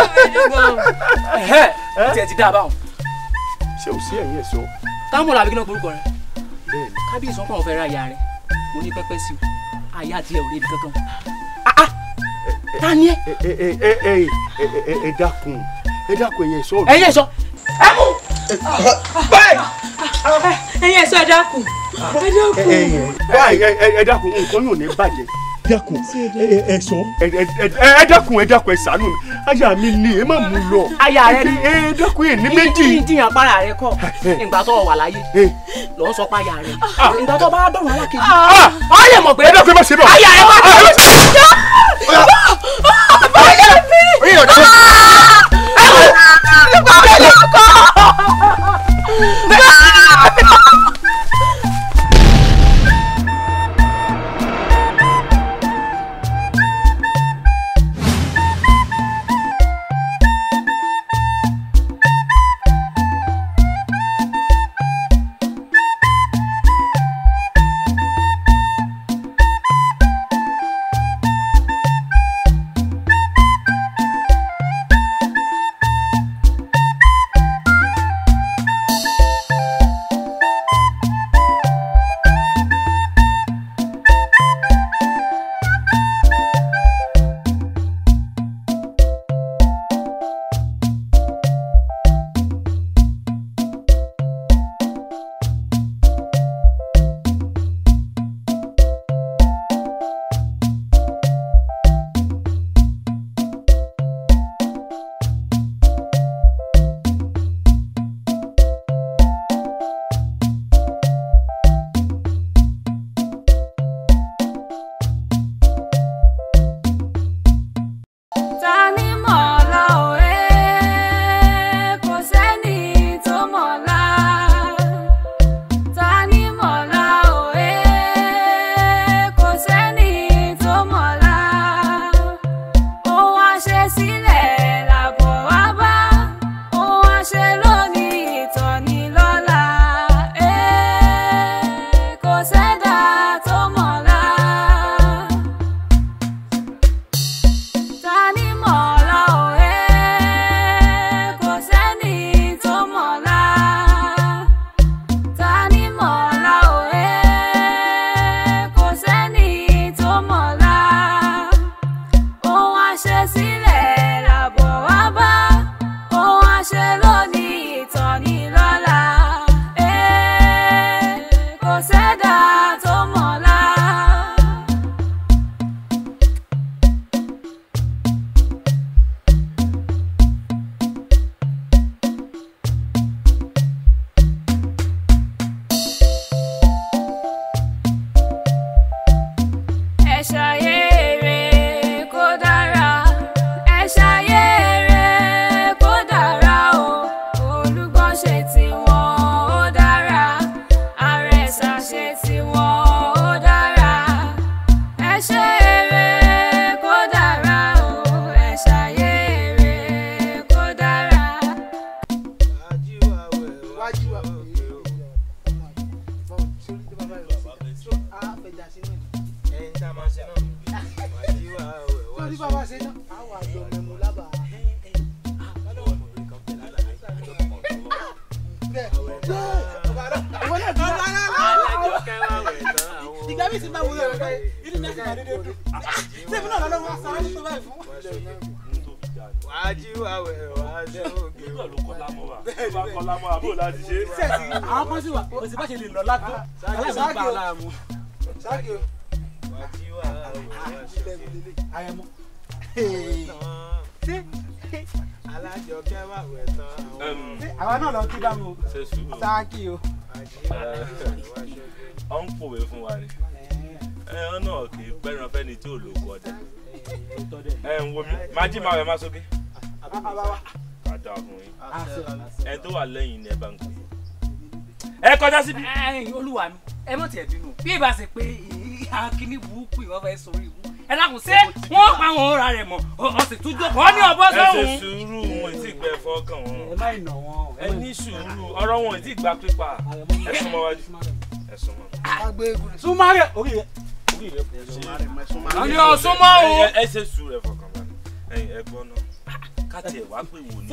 ẹ̀hẹ́ làbí kíná korúkọ rẹ kábíyèsí wọn kàn fẹ́ ra ìyá rẹ mo ní pẹ́pẹ́ sí o àyà àti ẹ̀ ò lébi kankan. tani ẹ. ẹ dákun ẹ dákun ẹ̀yìn ẹ̀sọ́. ẹ̀yìn ẹ̀sọ́. ẹ mú. báyìí. ẹ̀yìn ẹ̀sọ́ ẹ dákun ẹ dákun. ẹ dákun nǹkan yóò ní bàjẹ́ dákun ẹ sọ. ẹ dákun ẹ dákun ẹ ṣàánú mi aya mi ni ẹ má mú lọ. aya rẹ ni ẹ dákun yẹn ní méjì. ìdí ìdíyàn para rẹ kọ ìgbà tó wà láyé lọ sọ pa aya rẹ ìgbà tó bá dọ̀rọ̀ alákejì. ọyẹ mọ̀ pé ẹ dákun ẹ má ṣe bọ̀. aya rẹ má ṣe bọ̀. ọyẹ mi. ẹ̀yin olúwa mi ẹ mọ̀ tiẹ̀ bínú bí ìbá ṣe pé akíní burúkú ìwọ́n fẹ́ sórí ibú ẹ dákun ṣé wọ́n pa àwọn ọ̀rá rẹ̀ mọ̀ ọ̀sẹ̀ tó jókòó ní ọ̀bọ sóhun. ẹ ṣe sùúrù wọn ti gbẹ fọkàn wọn. ẹ má ìnà wọn. ẹ ní sùúrù ọ̀rọ̀ wọn ti gbà pípa ẹ súnmọ́ wájú ẹ súnmọ́. súnmọ́ rẹ̀ orí rẹ̀ orí rẹ̀ kò súnmọ́ rẹ̀ mọ̀ súnmọ́ rẹ̀. ọ̀nà súnmọ́ o. ẹ ṣe sùúrù ẹ fọkàn balẹ̀ ẹ̀yin ẹ gbọ́ náà káàtì ẹ̀ wá pé wò ní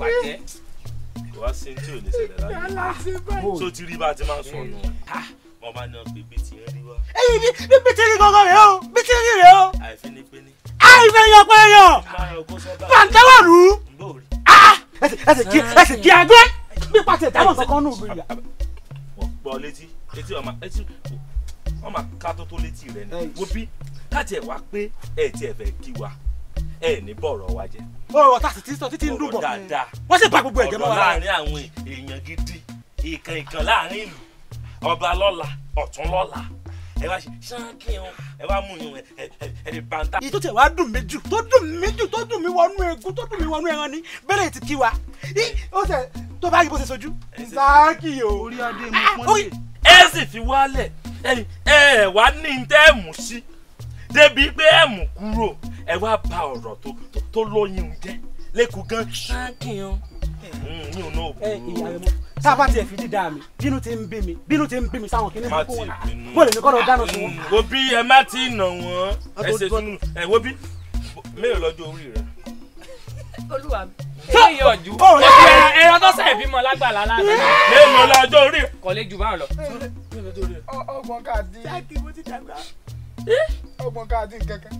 ìdòwò wá sí tí ò ní ṣẹlẹ̀ láyé tó ti rí bá a ti máa ń sọ nù wọn bá ní ọgbẹ bíi ti ń rí wá. ẹ̀yin ní ní bíi ti rí gangan rẹ o bíi ti rí rẹ o. àìfẹ́ ni pé ní. àìfẹ́ yọ pé yọ. pàǹtẹ́wọ̀ rú. ẹsẹ̀ kí agbẹ́ pípa tẹ̀ dáwọ̀ kankan nù bí. gbọ́ létí etí ọmọ etí ọmọ ká tó tó létí rẹ ni wo bí káàtì ẹ̀ wá pé ẹ̀ tí fẹ́ kí wa ẹ ní bọ̀rọ̀ wa jẹ. ọ̀rọ̀ tá a sì ti sọ títí ń dùn bọ̀ wọ́n sì bá gbogbo ẹ̀jẹ̀ mọ́ wa láàrin àwọn èèyàn gidi ìkan ìkan láàrin ìlú ọba lọ́la ọ̀tún lọ́la ẹ wá ṣáàkì ọ ẹ wá mú yín ẹ ẹ bàǹtà. èyí tó tẹ̀ wá dùn mí jù tó dùn mí jù tó dùn mí wọnú egun tó dùn mí wọnú ẹran ni bẹ́ẹ̀ ti kí wa ó tẹ̀ tó bá yí bó ṣe sojú ṣáàkì o. orí adé mi pọ́n lè. ẹ sì fi wálẹ̀ ẹ ẹ wá ní tẹ́ẹ̀mù sí débi pé ẹ mú kúrò ẹ wá ba ọ̀rọ̀ tó tó lóyún jẹ́ lẹ́kùn gan ṣáàkìyàn hmm, mi ò náà kúrò. tá a bá tiẹ̀ fi dídá mi bínú ti ń bí mi bínú ti ń bí mi sáwọn kìnìún kó wọn bó lè ní kọ́ lọ dáná sí wọn. Hmm, wo ẹ má ti nà wọn ẹ ṣe sunu ẹ wo bí mélòó lọ́jọ́ orí rẹ. olúwa mi èyí yọjú ẹran tó sẹ̀ bímọ lágbàlá lánàá. mélòó lọ́jọ́ orí rẹ. kọ́lé jù lọ. ọgbọ̀n kàdí. sáà ọgbọ́n káàdì nkankan.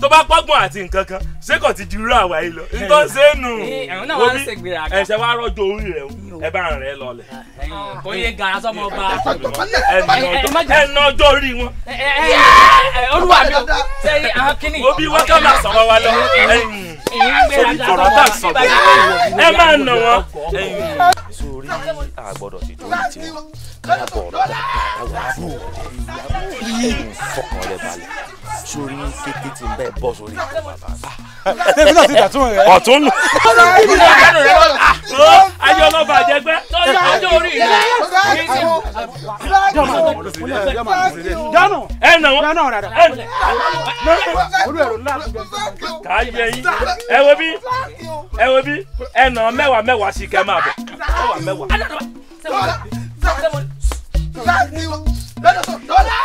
tó bá pọ́gbọ́n àti nkankan ṣé kò ti ju irú àwa yìí lọ nítorí ṣé nù omi ẹ̀ṣẹ̀ wa rọ́jò orí rẹ̀ ẹ bá rẹ̀ lọlẹ̀. kò gara sọmọ ọba ẹnà ọjọ́ orí wọn. olúwa mi sẹ́yìn àwọn kìnnì. obi wákà máa sọ̀rọ̀ wa lọ sórí tọ̀rọ̀ tá a sọ ẹ máa nà wọ́n. sórí àgbọ̀dọ̀ ti tó ní tiwọn káyà bọ̀ ọ̀rọ̀ àtàwọn àbúrò fọkàn rẹ balẹ̀ sórí kété tí n bẹ́ẹ̀ bọ́ sórí ìkọ́ bàbá rẹ. ẹbí náà ti rẹ. ọ̀tún ayé ọlọ́ba àjẹgbẹ́. ọjọ́ orí rẹ. dánù. ẹ nà wọn. dánù rárá. ẹ nà yín. ẹ wo bí ẹ wo bí ẹ nà mẹ́wàá mẹ́wàá sí kẹ́ máa bọ̀ mẹ́wàá mẹ́wàá. Dọ́là dọ́là.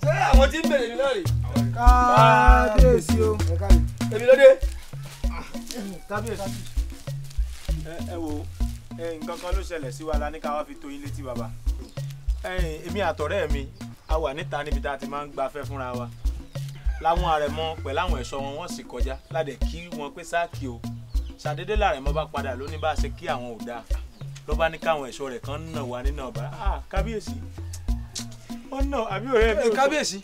Ṣé àwọn tí ń bèrè mi náà rè? Kábíyèsí o. Èmi ló dé. wo nǹkan kan ló ṣẹlẹ̀ sí wa la ní ká wá fi tó yín létí bàbá. àtọ̀rẹ́ mi a wà níta níbi tá a ti máa ń gbafẹ́ fúnra wa láwọn àrẹ̀mọ pẹ̀lú àwọn ẹ̀ṣọ́ wọn wọ́n sì kọjá ládẹ̀ kí wọn pé sáàkì o ṣàdédé làrẹ̀mọ bá padà ló ní bá ṣe kí àwọn ò dáa ló bá ní káwọn ẹ̀ṣọ́ rẹ̀ kan nà wá nínà ọ̀bá kábíyèsí ó nà àbí ọ̀rẹ́ mi. kábíyèsí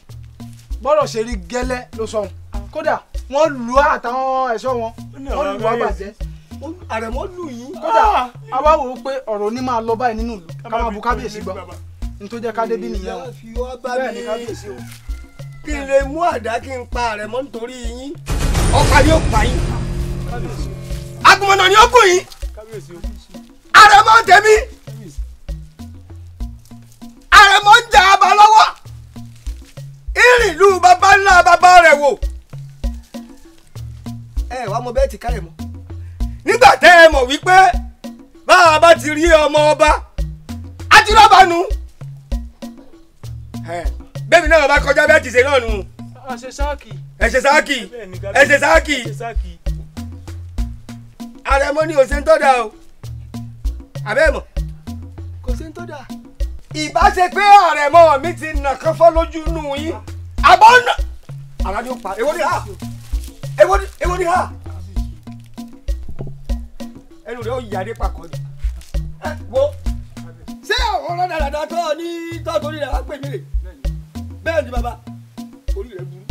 bọ́rọ̀ ṣe rí gẹ́lẹ́ ló sọ wọn kódà wọ́n lù á àtàwọn ẹ̀ṣọ́ wọn wọ́n lù á bàjẹ́ àrẹ̀mọ lù yín kódà àwa wò ó pé ọ̀rọ̀ ní máa lọ báyìí nínú ìlú ká máa kábíyèsí gbọ́ ní jẹ́ ká nìyẹn o bẹ́ẹ̀ ni kábíyèsí o kí n lè mú àdá kí n pa rẹ̀ mọ́ nítorí yín ọ̀pá ni ó pa yín agunmọ̀nà ni ó gùn yín àrẹ̀mọ tèmi àrẹ̀mọ ń jà abà lọ́wọ́ ìrìlú bàbá ńlá bàbá rẹ̀ wò ẹ wàá mọ bẹ́ẹ̀ ti kárẹ̀ mọ́ nígbà tẹ́ ẹ mọ̀ wípé bá ti rí ọmọ ọba á ti bẹ́ẹ̀ni náà bá kọjá bẹ́ẹ̀ ti ṣe náà nù. ẹ ṣe sáàkì. ẹ ṣe sáàkì. ẹ ṣe sáàkì. àrẹ̀mọ ni òṣèǹ tó dà o àbẹ́ẹ̀mọ̀ kò ṣe ń tó dà. ìbá ṣe pé àrẹ̀mọ mi ti nà kán fọ́ lójú nù yín àbọ̀ nà. ara ni ó pa èwo ni ha èwo ni ha ẹnu rẹ ó yàrá pàkọ́ ni. wo ṣé àwọn ọ̀rọ̀ tó ní tọ́jú ní ìdáwọ́ pè mí rè bẹ́ẹ̀ ni bàbá orí rẹ burú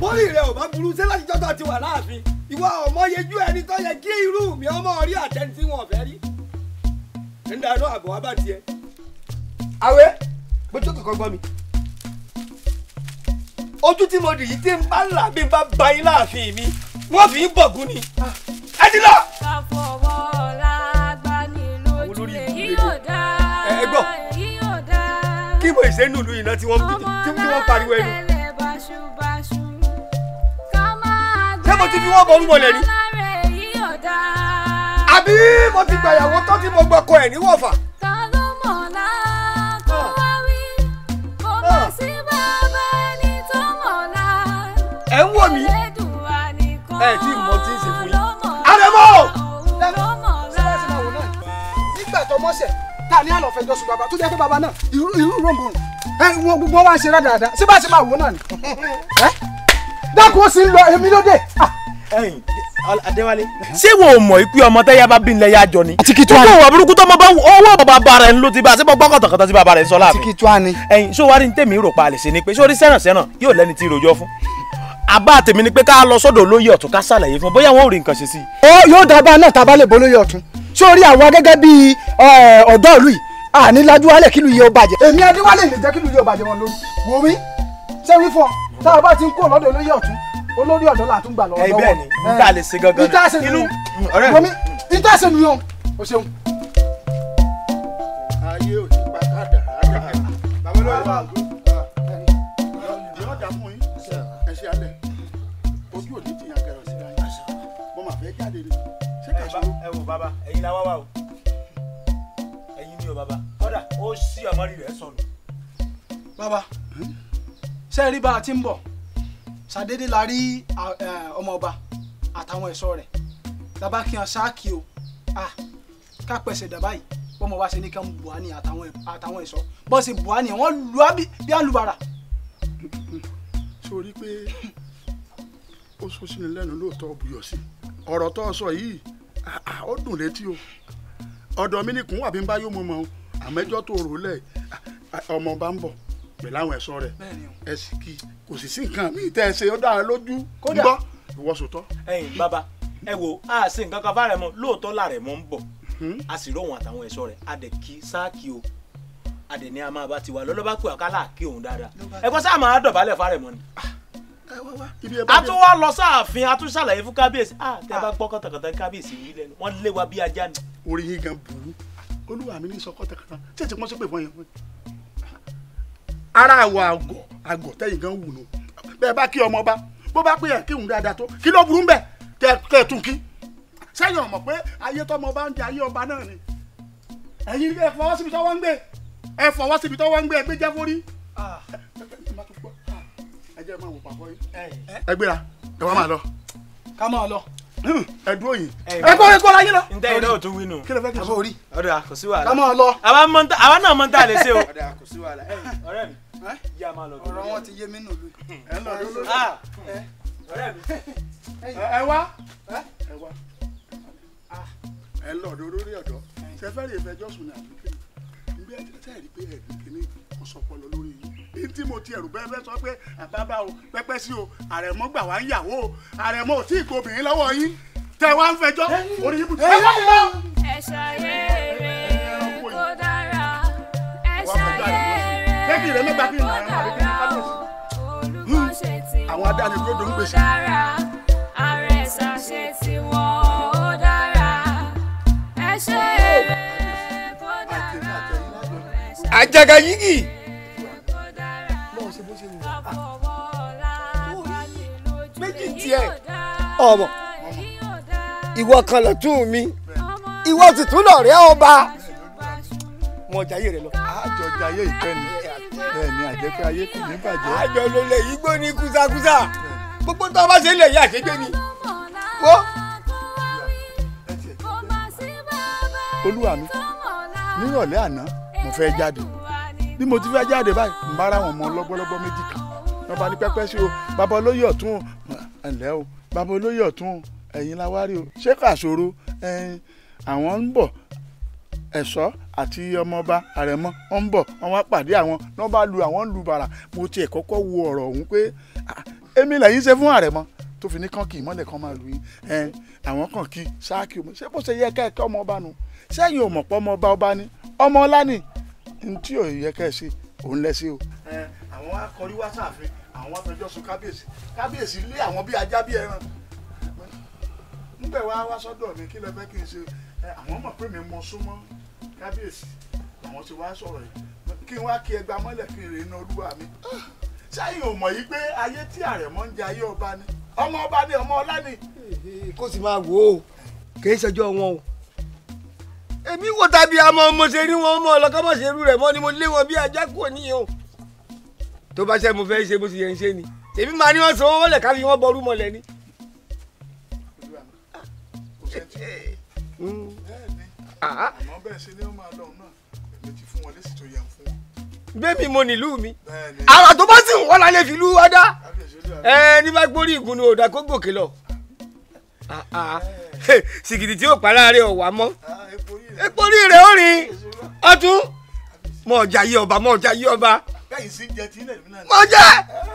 bọ́ọ̀lì rẹ ò bá burú ṣé láti jọ́tọ̀ ti wà láàfin ìwọ ọmọ ẹni tó yẹ kí irú mi ọmọ rí àtẹni tí wọn fẹ́ rí ń darú àbọ̀ wá bá tiẹ̀. àwẹ gbẹjọ kọkọ gbọ́ mi ojú tí mo dì yìí tí n bá là bí n bá ba yín láàfin mi wọ́n fi ń bọ̀gún ni ẹ ti lọ. ká fọwọ́ ra. fèrèsé nùlù iná tí wọ́n pariwo ẹnu. ṣé mo ti fi wọ́n bọ̀ ń wọlé ni. àbí mo ti gbàyàwó tó tí mo gbọ́kọ ẹ̀ ní wọ̀fà. ẹ ń wò mí ẹ tí mo ti ń ṣe fún yín. àrẹ̀mọ́. nígbà tó mọ́sẹ̀ ta ni àlọ́ fẹjọ́ sùn bàbá tó jẹ́ pé bàbá náà irú irú ẹ wọn gbogbo wa ń ṣe rádaràda ṣé bá wò náà ni dákun ó sì ń lọ èmi lóde. Ah! Adéwálé ṣé wo mọ̀ pé ọmọ tẹ́yà bá bí nílẹ̀ yá jọ ni. àtikítúwa ni ìwà burúkú tó bá ọwọ́ bàbá rẹ̀ ló ti bá a ṣé mo gbọ́ kọ̀tọ̀kọ̀tọ̀ sí sọ láàbì. àtikítúwa àbá tèmi ni pé ká lọ sọ́dọ̀ olóyè ọ̀tún ká ṣàlàyé fún bóyá wọn ò rí nǹkan ṣe sí. ó yóò dábàá náà tá a bá lè bolóyè sórí àwa gẹ́gẹ́ bí eh, ọ̀dọ́ ìlú yìí àní lajú alẹ̀ kílù yìí ó bàjẹ́. èmi adéwálé lè jẹ́ kílù yìí ó bàjẹ́ wọn lórí wò mí ṣé wí fún ọ tá a bá ti ń kó lọ́dọ̀ olóyè ọ̀tún olórí ọ̀dọ́ là tún gbà lọ́wọ́. ẹ bẹ́ẹ̀ ni n ta lè ṣe gangan náà inú mm, ọ̀rẹ́ mi. n ta ṣe nìyẹn o ṣeun. ayé ò ní pa káàdà rárá bàbá lórí wa yóò dààmú yín ẹ ṣe alẹ ojú ò ní tìyàn gẹrọ ẹ wò bàbá ẹ̀yin la wá wà o ẹ̀yin ni o bàbá kódà ó sí àmọ́rí rẹ̀ sọnù. bàbá ṣé ẹ rí bá a ti ń bọ̀ ṣàdédé la rí ọmọ ọba àtàwọn ẹ̀ṣọ́ rẹ̀ bàbá kí hàn ṣáàkì o ká pẹ̀sẹ̀ dàbá yìí bọ́mọ bá ṣe ní kí wọ́n bùá ní àtàwọn ẹ̀ṣọ́ bọ́ ṣe bùá ní wọ́n lu á bí àlùbàrà. sórí pe, ó sọ sínú lẹ́nu lóòótọ́ buyọ̀ sí ọ̀rọ̀ tó sọ yìí ó dùn létí o ọ̀dọ̀ mi nìkún wà bí n bá yóò mọ ọmọ o àmẹ́jọ́ tó rò lẹ̀ ọmọ bá ń bọ̀ pẹ̀lú àwọn ẹ̀ṣọ́ rẹ̀ ẹ sì kí kò sì sí nǹkan míì tẹ́ ẹ ṣe ó dára lójú ń bọ́ ìwọ sòtọ́. ẹ̀yin bàbá ẹ wo a ṣe nǹkan kan fáre mọ lóòótọ́ làrẹ̀ mọ́ ń bọ̀ hmm? a sì rọ̀ wọn àtàwọn ẹ̀ṣọ́ rẹ̀ a dẹ̀ kí sáàkì o a dẹ̀ ní a máa bá tiwa lọ́lọ́ bá pè ọ́ kálá kí òun dáadáa ẹ̀kọ́ sáà máa dọ̀bálẹ̀ fáre mọ́ ni. Ah, a tún wá lọ sáàfin a tún ṣàlàyé fún kábíyèsí a tẹ bá gbọ́ kọ̀tàkọ̀tà kábíyèsí yìí lẹ́nu wọ́n lé wa bí ajá ni. orí yín gan burú olúwa mi ní sọ kọ̀tàkọ̀tà tí ètò wọn sọ pé fún yẹn. ara àwọ̀ àgọ̀ àgọ̀ tẹ̀yìn gan wù nù bẹ́ẹ̀ bá kí ọmọ bá bó bá pè é kí òun dáadáa tó kí ló burú ń bẹ̀ kẹ́ ẹ̀ tún kí. sẹ́yìn ọ̀mọ̀ pé ayé tọmọ bá ń jẹ ayé ọba náà ni ẹ̀yin ẹ fọwọ́ síbi tọ́wọ́ ń gbé ẹ fọwọ́ síbi tọ́wọ́ ń gbé ẹ gbé jẹ́ fórí jẹ́ ẹ máa wò pàpọ̀ yìí. ẹ gbéra ẹ wá máa lọ. ká máa lọ hmm, ẹ dúró yìí. ẹ kọ́ ẹ kọ́ la yín lọ. n tẹ́ yìí náà tún wí nù. kí ló fẹ́ kí n sọ. orí. ọ̀dà kò sí wàhálà. ká máa lọ. àwa náà mọ tá a lè ṣe o. ọ̀dà kò sí wàhálà. ọ̀rẹ́ mi yíyá máa lọ. ọ̀rọ̀ wọn ti yé mi nù lù. ẹ lọ lọ lọ. Ah! ọ̀rẹ́ mi. ẹ wá. ẹ wá. ẹ ah! lọ lórí ọ̀dọ́. ṣe fẹ́ rí ìfẹjọ́sùn ní àbíkẹ́ mi. n bí ẹ tẹ́ ẹ rí pé ẹ rí kíní ṣàkóso ọpọlọ lórí yìí ní tí mo ti ẹ̀rù bẹ́ẹ̀ sọ pé àbábá o pẹ́pẹ́ sí o àrẹ̀mọ gbà wá ń yàwó o àrẹ̀mọ ò tí ì gbobìnrin lọ́wọ́ yín tẹ wá ń fẹjọ́ orí yín bùtù. ẹ ṣàyẹ̀rẹ̀ kó dára ẹ ṣàyẹ̀rẹ̀ kó dára olùkọ́ hmm. ṣe ti wọ́n kó dára àrẹ̀sà ṣe wọ́n. àjàgà yígì. méjì tiẹ̀. ọmọ ìwọ kan lọ tún mi ìwọ sì tún lọ rẹ ọba wọn jayé rẹ lọ. àjọ jayé ìkẹni bẹ́ẹ̀ ni àjẹpẹ ayé kò ní bàjẹ́. àjọ ló lè igbó ní kúsákúsá gbogbo tó bá ṣe lè yí àṣegbé ni wọ́n. olúwa mi nírọ̀lẹ́ àná mo fẹ́ jáde bí mo ti fẹ́ jáde báyìí mo bá ra àwọn ọmọ lọ́gbọ́lọ́gbọ́ méjì kan wọn bá ní pẹ́pẹ́ sí o bàbá olóyè ọ̀tún o ẹ̀lẹ́ o bàbá olóyè ọ̀tún o ẹ̀yin la wá o ṣé kàṣòro ẹ̀yin àwọn ń bọ̀ ẹ̀ṣọ́ àti ọmọọba àrẹ̀mọ wọn ń bọ̀ wọn wá pàdé àwọn wọn bá lu àwọn lu bàrà mo tiẹ̀ kọ́kọ́ wo ọ̀rọ̀ ọ̀hún pé èmi lẹ́yìn ṣe fún àrẹ̀mọ tó fi ní kànkì ìmọ̀lẹ̀ kan máa lù yín àwọn kànkì sáàkì ṣé bó ṣe yẹ kẹ́kẹ́ ọmọọba nu sẹ́yìn ò mọ̀pọ̀ ọmọọba ọba ni ọmọ ọlá ni ntí ò yẹ kẹ́ ẹ ṣe òun lẹ sí o. àwọn akọrí wá sáàfin àwọn afẹjọ́ sùn kábíyèsí kábíyèsí lé àwọn bíi ajá bíi ẹran níbẹ̀ wá wá sọ́dọ̀ mi kí lẹ fẹ́ kí n ṣe àwọn mọ̀ pé mi mọ súnmọ́ kábíyèsí àwọn ti wá sọ̀rọ̀ yìí kí n wá kí ẹgbàá mọ́lẹ̀ kí n rè iná olúwa mi sẹ́yìn ò mọ̀ yí pé ayé tí àrẹ̀mọ ń jẹ ayé ọba ni ọmọ ọba ni ọmọ ọlá ni. kó sì máa wò ó kì í ṣẹjọ́ wọn o èmi wò tàbí àmọ́ mo ṣe rí wọn mọ́ ọlọ́kọ́ mọ̀ ṣerú rẹ̀ mọ́ ni mo lé wọn bí ajá kò níyẹn o tó bá ṣe mo fẹ́ ṣe bó ṣe yẹn ṣe ni tèmi máa ní wọn sọ wọn lẹ̀ ká wọn bọrú mọ́lẹ̀ ni. ni ó mo nílùú mi àrà tó bá sì ń wọ́n lálẹ́ fi lú wá dá ní bá gbórí ìgún ni òòdà kó gòkè lọ sìgìdì ah, ah. tí ò pa láàárẹ̀ ọ̀wà mọ́ epo orí rẹ̀ ó rìn ọtún mọ ọjà yí ọba mọ ọjà yí ọba mọ ọjà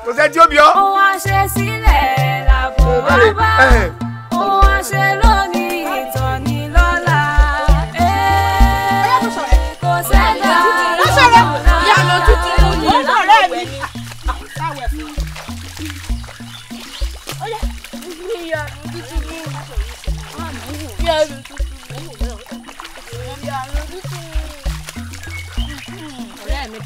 kò sẹ́ tí ó bí ọ. ohun àṣẹ sílẹ̀ làbọ̀ eh, eh. wá bá àṣẹ lónìí.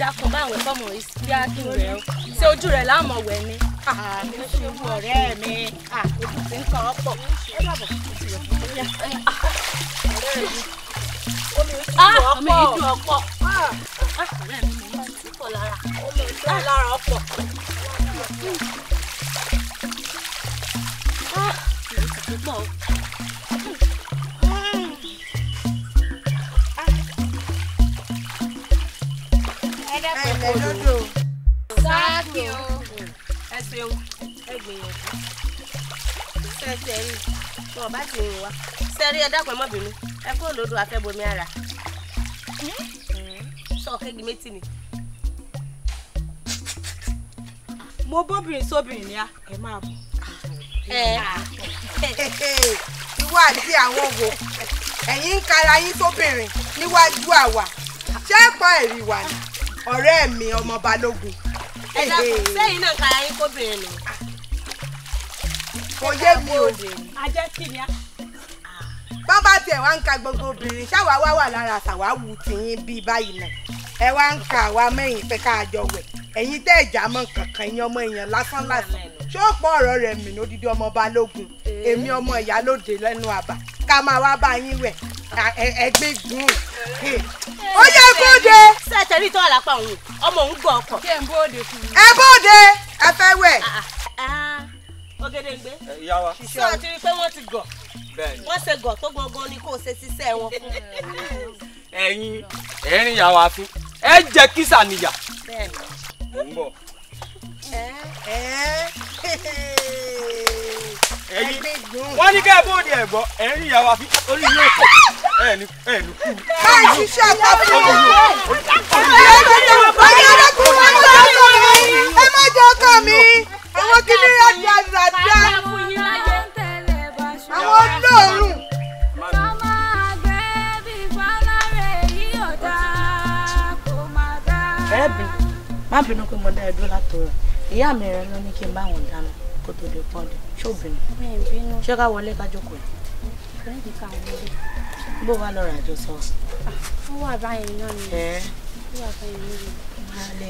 dákun bá àwẹ̀ fọ́ọ̀mù rí bí a kí n rẹ̀ ọ́ ṣé ojú rẹ̀ láàmú ọ̀wẹ̀ ni. àmì ah, ah, ṣe wú ah, ọ̀rẹ́ mi ojú ti ń kàn ọ́ omi ìdú ọ̀pọ̀ ọ̀rẹ́ omi ìdú ọ̀lára ọ̀pọ̀. Ah, ẹ̀lẹ́ lódò sáàkì o ẹ ṣeun ẹ gbìyànjú ṣẹ̀ṣẹ̀ rí tí wọ́n bá ti rìn wá sẹ́rí ẹ dákun ẹ mọ́ bínú ẹ kúrò lódò afẹ́bomi ara sọ kéègì méjì ni. mo bóbìnrin sóbìnrin ni a ẹ máa bọ̀. ìwọ àti àwọn wo ẹ̀yin ń kara yín sóbìnrin níwájú àwa ṣé é pọn ẹ̀rí wà ni ọ̀rẹ́ mi ọmọ balógun. ẹ dákun sẹ́yìn náà kàyà yín kó bèrè lọ. kò yé mi o. a jẹ́ ni a bọ́n bá tiẹ̀ wá ń ka gbogbo obìnrin ṣáwa wá wà lára ṣàwáwù tìyín bíi báyìí náà ẹ wá ń ka àwa mẹ́yìn pé ká jọ wẹ̀ ẹ̀yin tẹ́ ẹ̀já mọ́ kankan ẹ̀yin ọmọ èèyàn lásán lásán ṣé pọ̀ ọ̀rọ̀ rẹ̀ mì lódìdí ọmọ balógun èmi ọmọ ìyálóde lẹ́nu àbá ká máa wá bá yín wẹ̀ ẹgbẹ́ gùn ó yẹ kó de. sẹ́tẹ̀rì tó wà òun ọmọ òun gbọ́ ọkọ̀. ẹ bóde ẹ fẹ́ wẹ̀. Ah, ah, ah. Ògèdèngbé. ìyá wa. sọ àti rí pé wọ́n ti gọ̀ wọ́n ṣe gọ̀ tó gbọ̀ngàn ni kò ṣe ṣiṣẹ́ wọn fún. ẹ̀yin ẹ̀rín ìyá wa fún ẹ jẹ́ kísà níyà. mò ń bọ̀. ẹ̀yin wọ́n ní kẹ́ ẹ bóde ẹ̀ gbọ́ ẹ̀rín ìyá wa fún orí yóò kọ́ ẹ̀ẹ́nì ẹ̀ẹ́nì kú. báyìí ṣiṣẹ́ ìpàdé ọ̀hún. ẹ má jẹ́ ọkọ mi ẹ má jẹ́ ọkọ mi àwọn kìíní yà dáadáa àwọn olóòórùn. má bínú pé mo dá ẹ dúró látọ̀rọ̀ ìyá mi rẹ ló ní kí n bá wọn dáná kó tó dé pọ́ọ̀dù ṣóbìnrin ṣé ká wọlé ká jókòó bó wà lọ́rọ̀ àjọ sọ. Ah, ó wà báyìí náà ni ó wà báyìí náà ni.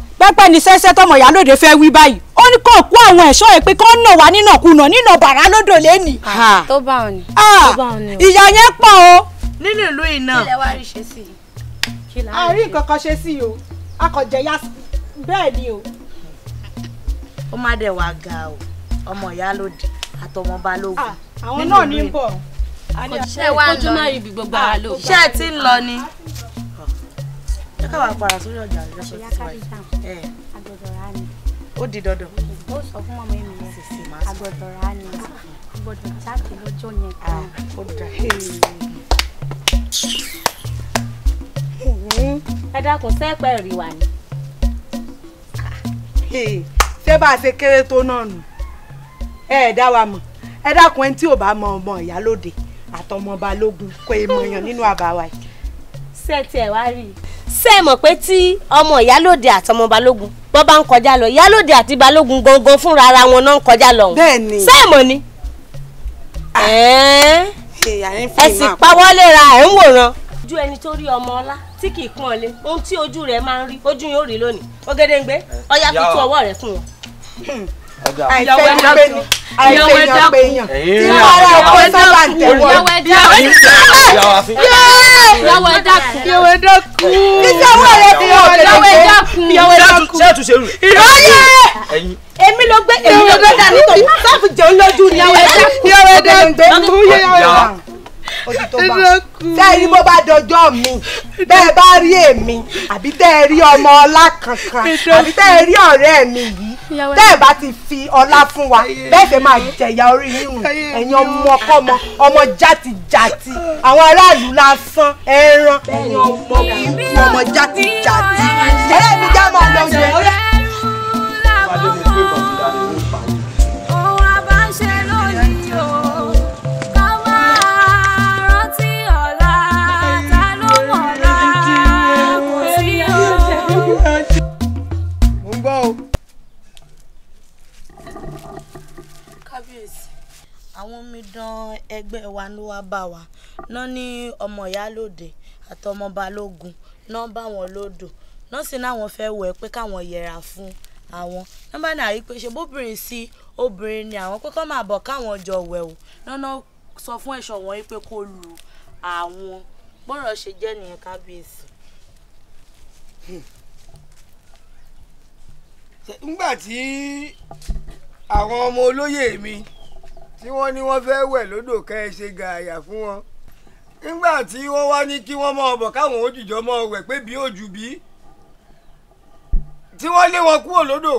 pẹ́pẹ́ ni sẹ́sẹ́ tọmọ ìyálòde fẹ́ wí báyìí ó ní kó kó àwọn ẹ̀ṣọ́ ẹ̀ pé kó nà wá nínà kùnà nínà bàrà lódò lẹ́nìí. Ah, tó bá wọn ni. Ah, ìyá yẹn pọ̀ o. nínú ìlú iná. ilé wa rí ṣe sí i. àárín nǹkan kan ṣe sí i o a kò jẹ yá bẹ́ẹ̀ ni o. ó má dẹ̀ wá ga o ọmọ ìyálòde àtọmọ balógun. Ah, àwọn náà ní bọ̀. ṣé wàá ń lọ ni. ṣé ẹ ti ń lọ ni ṣé káwá para sórí ọjà rẹ sọ ti wáyé ẹ agbọ́dọ̀ rà ni. ó di dandan. ó sọ fún mọ́mọ́ mi rẹ agbọ́dọ̀ rà ni agbọ́dọ̀ jáde lọ́jọ́ yẹn kan. ó dà ẹ dákun sẹ́pẹ̀ rí wa ni. Ah. ṣé bá a ṣe kéré tó náà nù ẹ dá wa mọ̀ ẹ dákun ẹni tí ò bá mọ ọmọ ìyálóde àtọmọ balógun kò èèmọ̀ yàn nínú àbáwá yìí. sẹ́ẹ̀tì ẹ̀ wá rí i. ṣé mọ̀ pé tí ọmọ ìyálòde àtọmọ balógun bọ́ bá ń kọjá lọ ìyálòde àti balógun gangan fúnra ara wọn náà ń kọjá lọ. bẹ́ẹ̀ni ṣé ni. Ah. ẹ sì pawọ́ léra ẹ̀ ń wòran. ojú ẹni tó rí ọmọ ọlá tí kì í kún ọ lé ohun tí ojú rẹ̀ máa ń rí ojú yóò rí lónìí Ògèdèǹgbé ọyá kútu ọwọ́ rẹ̀ fún wọn. àìfẹ́ ni pé ni àìfẹ́ èèyàn pé èèyàn tí wọ́n ara ọkọ sábà ń tẹ̀wọ́. yàwó ẹ dákun yàwó ẹ dákun iṣẹ́ owó rẹ ti yàwó ẹ dákun yàwó ẹ dákun ṣé àtúnṣe rù. ìrọ̀lẹ́ èmi ló gbé èmi ló gbé dání tó sáfù jẹun lójú ni yàwó ẹ dákun yàwó ẹ dákun yàwó ẹ dákun ojú tó bá ẹ rí bó bá dọjọ́ mi tẹ́ ẹ bá rí èmi àbí tẹ́ ẹ rí ọmọ ọlá kankan àbí tẹ́ ẹ rí ọ̀rẹ́ mi yìí tẹ́ ẹ bá ti fi ọlá fún wa bẹ́ẹ̀ fẹ́ máa jẹ̀yà orí yín ẹ̀yin ọmọkọ́mọ ọmọ játijàti àwọn aráàlú lásán ẹran ẹ̀yin ọmọ ọmọ játijàti ẹlẹ́mi já máa lọ yẹ̀ àwọn omidan ẹgbẹ́ wa ló wáá bá wa ná ní ọmọ ìyálòde àtọmọ balógun ná bá wọn lódò ná sì náwọn fẹ́ wẹ̀ pé káwọn yẹra fún àwọn nọ́mbà náà rí pé ṣe bóbìnrin sí obìnrin ni àwọn pé kọ́ máa bọ̀ káwọn jọ wẹ̀ o nọ́nà sọ fún ẹ̀ṣọ́ wọn pé kó lu àwọn bọ́rọ̀ ṣe jẹ́ nìyẹn kábíyèsí. nígbà tí àwọn ọmọ olóyè mi tí wọ́n ní wọ́n fẹ́ wẹ̀ lódò ká ẹ ṣe gààyà fún wọn nígbà tí wọ́n wá ní kí wọ́n máa bọ̀ káwọn òjìjọ́ máa wẹ̀ pé bí òjù bí tí wọ́n lé wọn kúrò lódò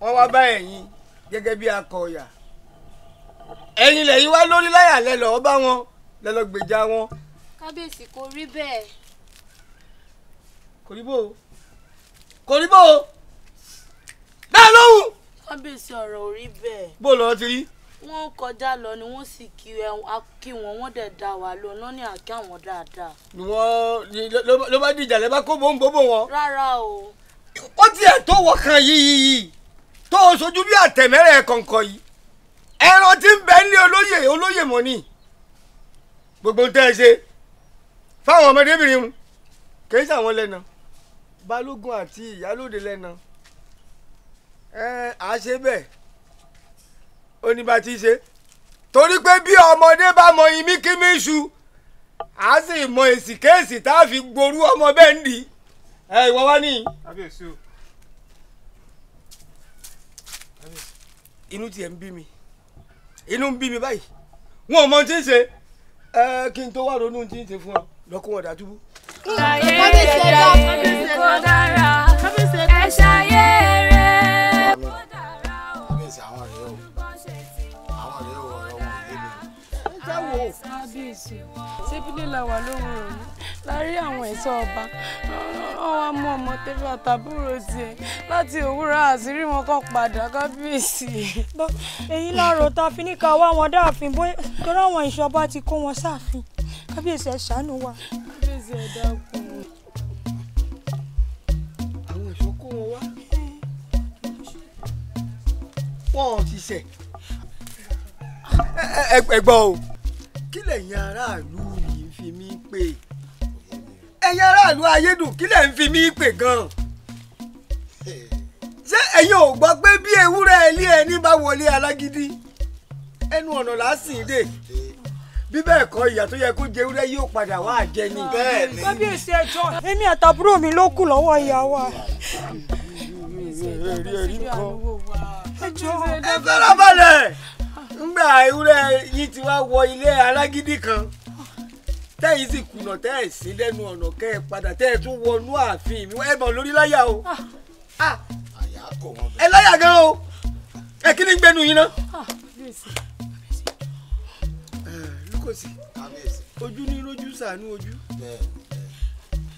wọ́n wá bá ẹ̀yin gẹ́gẹ́ bí akọ̀ọ̀yà ẹ̀yin lẹ́yìn wá lórí láyà lẹ́lọ́ bá wọn lẹ́lọ́ gbèjà wọn. kábíyèsí kò rí bẹ́ẹ̀. kò rí bò ó kò rí bò ó dá lóhùn kábíyèsí ọ̀rọ̀ ò rí bẹ́ẹ̀. bó lọ ti rí. wọ́n kọjá lọ ni wọ́n sì kí wọn wọ́n dẹ̀ da wà lọ náà ní àkí àwọn dáadáa. wọ́n ló bá dìjà lẹ́ bá kó bò ń bò bò wọn. rárá o. ó tiẹ̀ tó wọ kan yíyí tó o sojú bí àtẹ̀mẹ́rẹ̀ kọ̀ǹkọ̀ yìí ẹran tí ń bẹ ní olóyè olóyè mọ̀ ni gbogbo tẹ́ ẹ ṣe fáwọn ọmọdébìnrin kì í ṣàwọn lẹ́nà balógun àti ìyálóde lẹ́nà ẹ à á ṣe bẹ́ẹ̀ ó ní bá ti ṣe torí pé bí ọmọdé bá mọ imí kí mi ṣu a sì mọ èsì kéèsì tá a fi gboru ọmọ bẹ́ẹ̀ ń di ẹ ìwọ wá ní. inú tiẹ̀ ń bí mi inú ń bí mi báyìí wọn ò mọ tí ń ṣe ẹ kí n tó wá ronú tí ń ṣe fún ọ lọkùnrin ọ̀dà túbú. kàyé ẹ̀dá kò dára. kábíyèsí ṣébílẹ̀ làwà lóhùn òní láàárín àwọn ẹ̀ṣọ́ ọba ọwọ́ mú ọmọ tẹ́fẹ́ àtàbúrò tiẹ̀ láti òwúrọ̀ àṣírí wọn kàn padà kábíyèsí. èyí láàrò tá fi ní ká wá wọn dáàfin bóyá torí àwọn ìṣọba ti kó wọn sáàfin kábíyèsí ẹ ṣàánú wa. kábíyèsí ẹ dákun. àwọn ìṣọ́ kó wọn wá wọn ti ṣe ẹgbọ́n o kí lẹ̀yin aráàlú yìí fi mí pè ẹ̀yin aráàlú ayédùn kí lẹ̀ ń fi mí pè gan-an ṣé ẹ̀yin ò gbọ́ pé bí ewúrẹ́ ilé ẹni bá wọlé alágídí ẹnu ọ̀nà làásìndè bí bẹ́ẹ̀ kọ́ ìyà tó yẹ kó jẹ ewúrẹ́ yóò padà wá jẹ ni. bábí èsì ẹjọ́ èmi àtàbúrò mi ló kù lọ́wọ́ ìyá wa. ẹ fẹ́ràn balẹ̀ kódà ewúrẹ́ yìí ti wá wọ ilé alágídí kan tẹ́yìn sì kùnà tẹ́ ẹ̀ sí lẹ́nu ọ̀nà kẹ́ ẹ padà tẹ́ ẹ tún wọnú ààfin mi ẹ mọ̀ lórí láyà o ah. Ah. ẹ láyà gan o ẹ kí ni gbẹnu yín ná. Ah, eh, lukosi ojú ní lójú ṣàánú ojú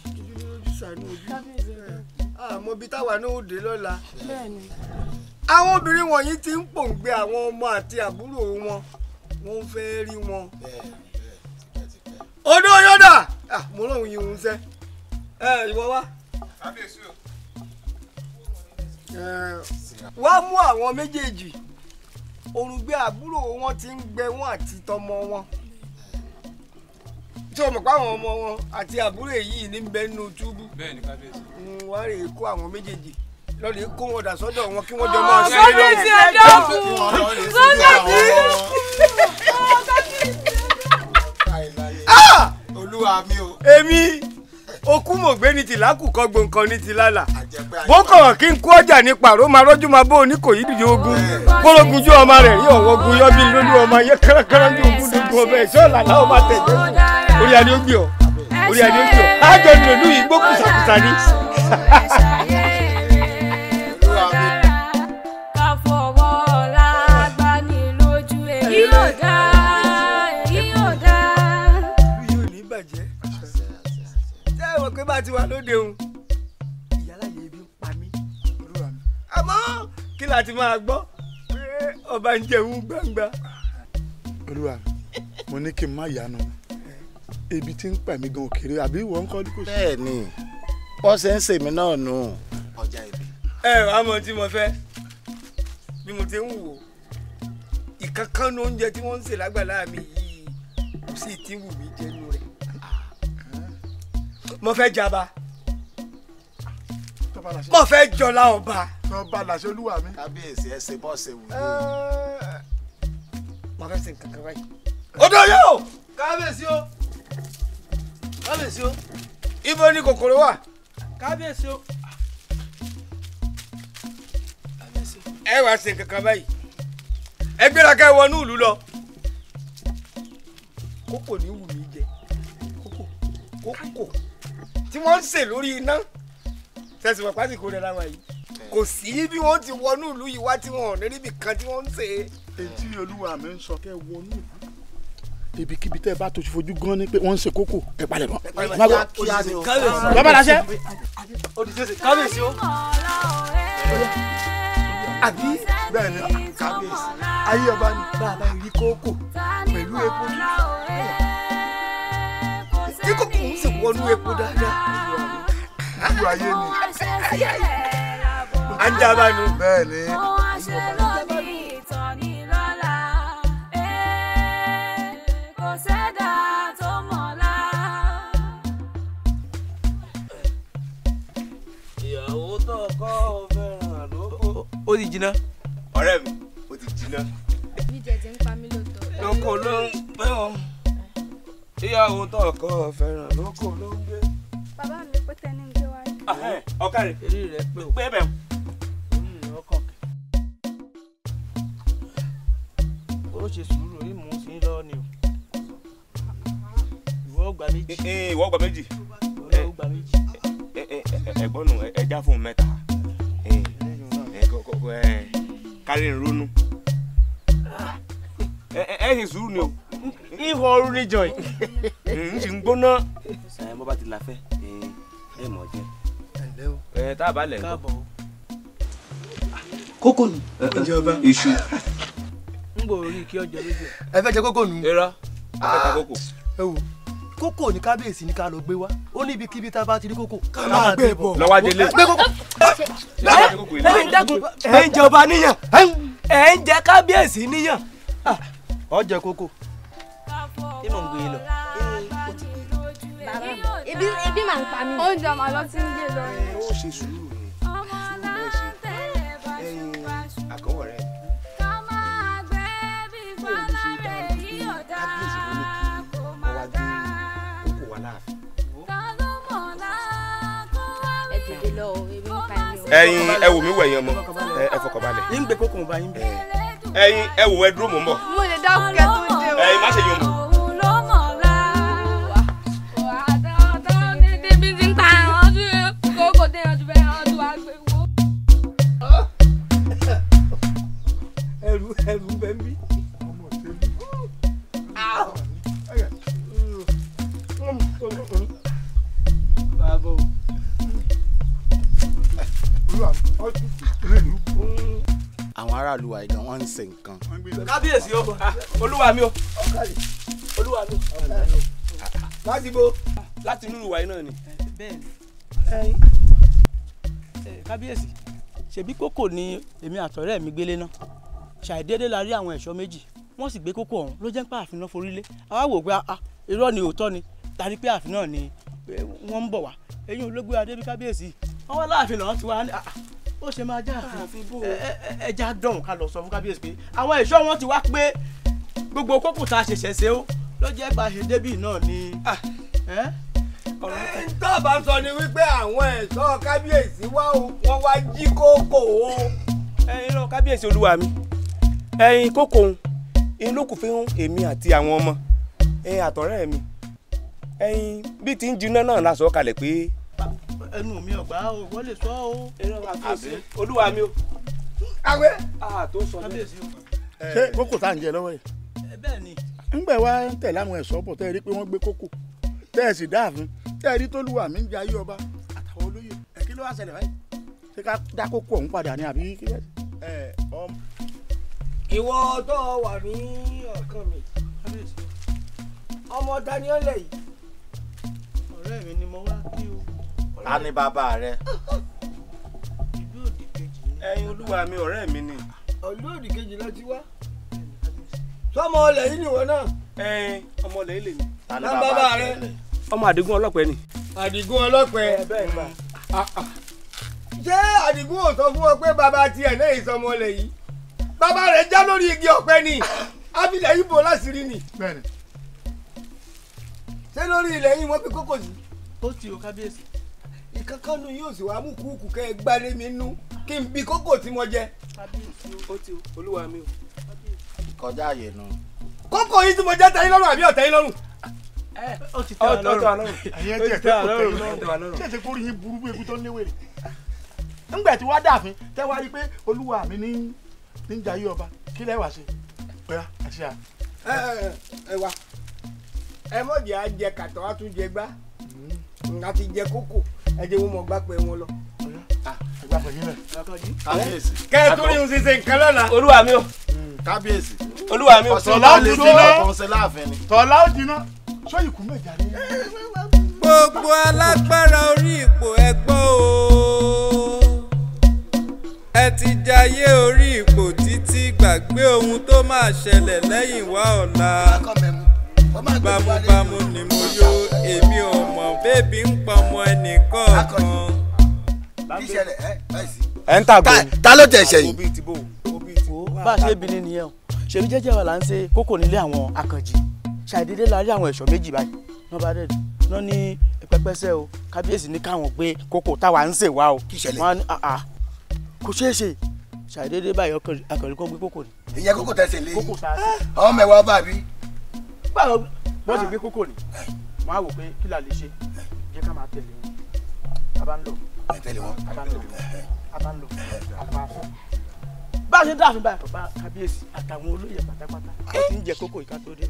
ojú ní lójú ṣàánú ojú àmọ́ eh, bíi táwa náà ó dé lọ́la àwọn obìnrin wọ̀nyí ti ń pòǹgbẹ àwọn ọmọ àti àbúrò wọn wọ́n fẹ́ rí wọn. odò yọ̀dà mo lóun yìí ń sẹ́ ẹ ìwọ wá. wá mú àwọn méjèèjì orùngbẹ àbúrò wọn ti ń gbẹ wọn àti tọmọ wọn tí o mọ̀ pé àwọn ọmọ wọn àti àbúrò èyí ní bẹ́ẹ̀ nù túbú. bẹ́ẹ̀ ni kábíyèsí. wọ́n á rè é kó àwọn méjèèjì lọ́ọ̀lì kó wọn dà sọ́dọ̀ wọn kí wọ́n jọ oh, máa ṣe é lọ́wọ́. ọ̀gá mi ti ẹjọ́ kù lọ́sẹ̀ tí. olúwa mi o. èmi okú mògbé ni tìlá kù kọ́ gbọ̀ǹkan ní tìlálà bókọ̀ kí n kú ọjà ní pàrọ̀ máa rọ́jú máa bó oníkòyí dìde ogun kórógun jú ọmọ rẹ̀ rí ọ̀wọ́ gun yọ́bí lójú ọmọ ayé kárakára ní ogun lójú ọmọ ẹ̀ṣọ́ ọ̀làlá ọmọ tẹ̀jẹ́ orí adé ó gbé ọ orí adé ó gbé ọ ájọ nìlú yìí gbókùsàkùsà ni. bá ti wà lóde òun. ìyáláyé ibi ń pa mí rúra mi. àmọ́ kí la ti máa gbọ́ pé ọba ń jẹun gbangba. olúwa mo ní kí n má yanu ebi tí ń pa mí gan òkèrè àbí ìwọ ń kọ́ ní kò sí. bẹ́ẹ̀ni wọn ṣe ń ṣe mí náà nù. ọjà ibi. ẹ àmọ́ tí mo fẹ́ bí mo ti ń wò ìkankan ní oúnjẹ tí wọ́n ń ṣe lágbàlá mi yìí kò sì ti wù mí jẹ nù mo fẹ́ jaba mo fẹ́ jọlá ọba. tọ́ba làṣẹ olúwa mi. kábíyèsí ẹ bọ́ọ̀sì wù. mo fẹ́ ṣe nǹkan kan báyìí. odò yóò. kábíyèsí o kábíyèsí o. ibo ni kòkòrò wà. kábíyèsí o. ẹ wá ṣe nǹkan kan báyìí ẹ gbéra ká ẹ wọnú ìlú lọ. kókò ní wù mí jẹ kókò kókò tí wọ́n ń sè lórí iná tẹ̀sùn pàpà sì kó rẹ̀ láwọn yìí kò sí bí wọ́n ti wọnú ìlú yìí wá tí wọ́n ò ní níbi kan tí wọ́n ń sè. etí olúwa mi ń sọ kẹ́ wọnú ìlú ibikíbi tẹ́ ẹ bá tójú fojú gan ni pé wọ́n ń ṣe kókó ẹ palẹ̀ mọ́. bàbá láṣẹ. kábíyèsí o. àbí bẹ́ẹ̀ ni kábíyèsí ayé ọba ní bàbá ìrí kókó pẹ̀lú epo wọnú epo dáadáa. olú ayé ni. à nu. bẹ́ẹ̀ ni. ìyàwó tó kọ́ ọ fẹ́ràn ti jiná. mi ó ti jiná. pa mí lóòótọ́. lóko ló ń pẹ́ wọn tíyàwó tọkọ fẹ́ràn lóko ló ń gbé. bàbá mi pé tẹni ń gbé wáyé. Ah, eh, ọkà rẹ eré rẹ pé o pé bẹ́ẹ̀ hmm, o ṣe sùúrù yìí mò ń sin lọ ni o ìwọ ọgbà eh, eh, méjì. ìwọ ọgbà méjì. ìwọ ọgbà méjì. ẹ̀gbọ́n nù ẹja fún mẹ́ta kárí ń ronú ẹ ah, ẹ ṣe sùúrù ni o ihò ooru ni jọ̀ọ́ yìí n sì ń gbóná. ẹ mo bá ti lafẹ́ ẹ mọ̀ jẹ́. ẹ tá a bá lẹ̀ ń bọ̀. kókò nù. ìjọba iṣu. n kò rí kí ọjọ́ lójú ẹ. ẹ fẹ́ jẹ kókò nù. irọ́ ẹ fẹ́ ta kókò. ẹ wò kókò ní kábíyèsí ni ká lọ gbé wá ó ní ibikíbi tá a bá ti rí kókò. ká máa gbé bọ̀ lọ́wọ́ adelé. gbé kókò. ẹ ń dẹ́kun ẹ ń jẹ ọba níyàn ẹ ń jẹ kábíyèsí níyàn. ó jẹ kókò ṣé mò ń gbé lọ. ebi ebi máa ń pa mí. oúnjẹ màá lọ sí ilé lọ. ẹ ó ṣe sùúrù ni sùúrù ẹ ṣe ẹyin àkọwọ rẹ. ẹyin ẹ wò mí wẹ̀yìn ọmọ ẹ fọkànbalẹ̀. yín gbé kókò mo bá yín bẹ̀. ẹyin ẹ wò ẹ dúró mò mo lè dá ọkọ kẹtù dé o. ẹyin má ṣe yún mọ. ẹrù bẹ ń bí. Ah. bàbá o. àwọn aráàlú wa ìdán wọn ń ṣe nǹkan. kábíyèsí o ah, olúwa mi o olúwa mi o. láti bo. láti inú ìwà iná ni. bẹ́ẹ̀ni eh, kábíyèsí ṣebí kókò ni èmi àtọ̀rẹ́ mi gbélé náà ṣàìdédé la rí àwọn ẹ̀ṣọ́ méjì wọ́n sì gbé kókó ọ̀hún ló jẹ́ pé ààfin náà forí lé àwa wò pé ah, ah, irọ́ ni òótọ́ ni tàbí pé ààfin náà ni eh, wọ́n ń bọ̀ wá ẹ̀yin ológbé adébí kábíyèsí wọ́n wá láàfin lọ́wọ́ ti wá ní ah, ó ṣe máa já ààfin ẹja dọ̀hún ká lọ sọ fún kábíyèsí pé àwọn ẹ̀ṣọ́ wọn ti wá pé gbogbo kókò tá a ṣẹ̀ṣẹ̀ ṣe ó ló jẹ́ pé àṣedébì náà ni tó bá sọ ni wípé àwọn ẹ̀ṣọ́ kábíyèsí wá wọ́n wá jí kókó o. ẹ irọ́ kábíyèsí olúwa mi ẹyin kókó inú kò fi hàn èmi àti àwọn ọmọ ẹyin àtọ̀rẹ́ mi ẹyin bí ti ń jiná náà la kalẹ̀ pé. ẹnu mi ọgbà o wọ́n lè sọ o. olúwa mi o. a tó sọ bẹ́ẹ̀. ṣé kókò tá à ń jẹ lọ́wọ́ yìí. bẹ́ẹ̀ ni. ńgbẹ̀ wá ń tẹ̀lé ẹ̀ṣọ́ bọ̀ tẹ́ ẹ rí pé wọ́n gbé kókò tẹ́ ẹ sì dáàfin tẹ́ ẹ rí ìwọ tó wà ní ọkàn mi ọmọ danielẹ yìí. ọ̀rẹ́ mi ni mo wá kí o. ta ni bàbá rẹ. ẹyin olúwa mi ọ̀rẹ́ mi ni. ìlú kejì la ti wá. sọmọ ọlẹ yìí nìwọ náà. ẹyin ọmọ ọlẹ yìí lè ní. ta ni bàbá rẹ. ọmọ àdìgún ọlọ́pẹ ni. àdìgún ọlọ́pẹ. ẹ bẹ́ẹ̀ ni ṣé àdìgún ò sọ fún ọ pé bàbá tiẹ̀ náà ìsọmọ ọlẹ yìí. bàbá rẹ̀ já lórí igi ọ̀pẹ ni abilẹ̀ ibo láṣìírí ni. ṣé lórí ilẹ̀ yìí wọ́n fi kókò sí. ó ti o kábíyèsí. ìkankanu yóò sì wá mú kúkú kẹ́ ẹ gbáre mi nú kí n bi kókò tí mo jẹ. kábíyèsí ti o olúwa mi o. kọjá àyè nù. kókò yìí tí mo jẹ́ ti tẹ́ tẹ́ lọ́rùn ṣé níjà yí ọba kí lẹ́wà ṣe pẹ́ra àṣà. ẹ wá ẹ jẹ kàtọ́ á tún jẹ gbá nga hmm. ti jẹ kókò ẹ jẹ́ wọ́n mọ̀ gbá pẹ́ wọn lọ. kẹ́ ẹ ṣiṣẹ́ nǹkan lọ́la. olúwa mi o. Hmm. kábíyèsí. olúwa mi o. tọ́lá ó jiná tọ́lá ó jiná sọ ni. gbogbo alágbára orí ipò o. ẹ ti jayé orí ipò títí gbàgbé ohun tó máa ṣẹlẹ̀ lẹ́yìn wá ọ̀la bámúbámú ni mo yó èmi ò bébí ń pọmọ ẹnìkọ̀ọ̀kan. ẹ ń tàgò ta ló tẹ̀ ṣẹ̀yìn. bá a ṣe bí nìyẹn o ṣèlú jẹ́jẹ́ wa là ń ṣe kókò nílé àwọn akànjì ṣàdédé la rí àwọn ẹ̀ṣọ́ méjì báyìí wọ́n bá dẹ̀ ní pẹ́pẹ́sẹ́ o kábíyèsí ní káwọn gbé kókò táwa ń ṣèwà o. kí ìṣẹ̀lẹ̀ kò ṣeé ṣe ṣàdédé báyìí akọ̀rí kan gbé kókò ni. ìyẹn kókò tẹsẹ̀ lé yìí àwọn mẹ́wàá bá bí. báwo wọ́n ti gbé ah. kókò ni wọ́n á wò pé kí la lè ṣe jẹ́ ká máa tẹ̀lé wọn a bá ń lọ. ẹ tẹ̀lé wọn. a bá ń lọ a bá ń lọ a bá fún. bá a ṣe dáàfin báyìí bàbá kábíyèsí àtàwọn olóyè pátápátá ẹ ti ń jẹ kókò ìka dé.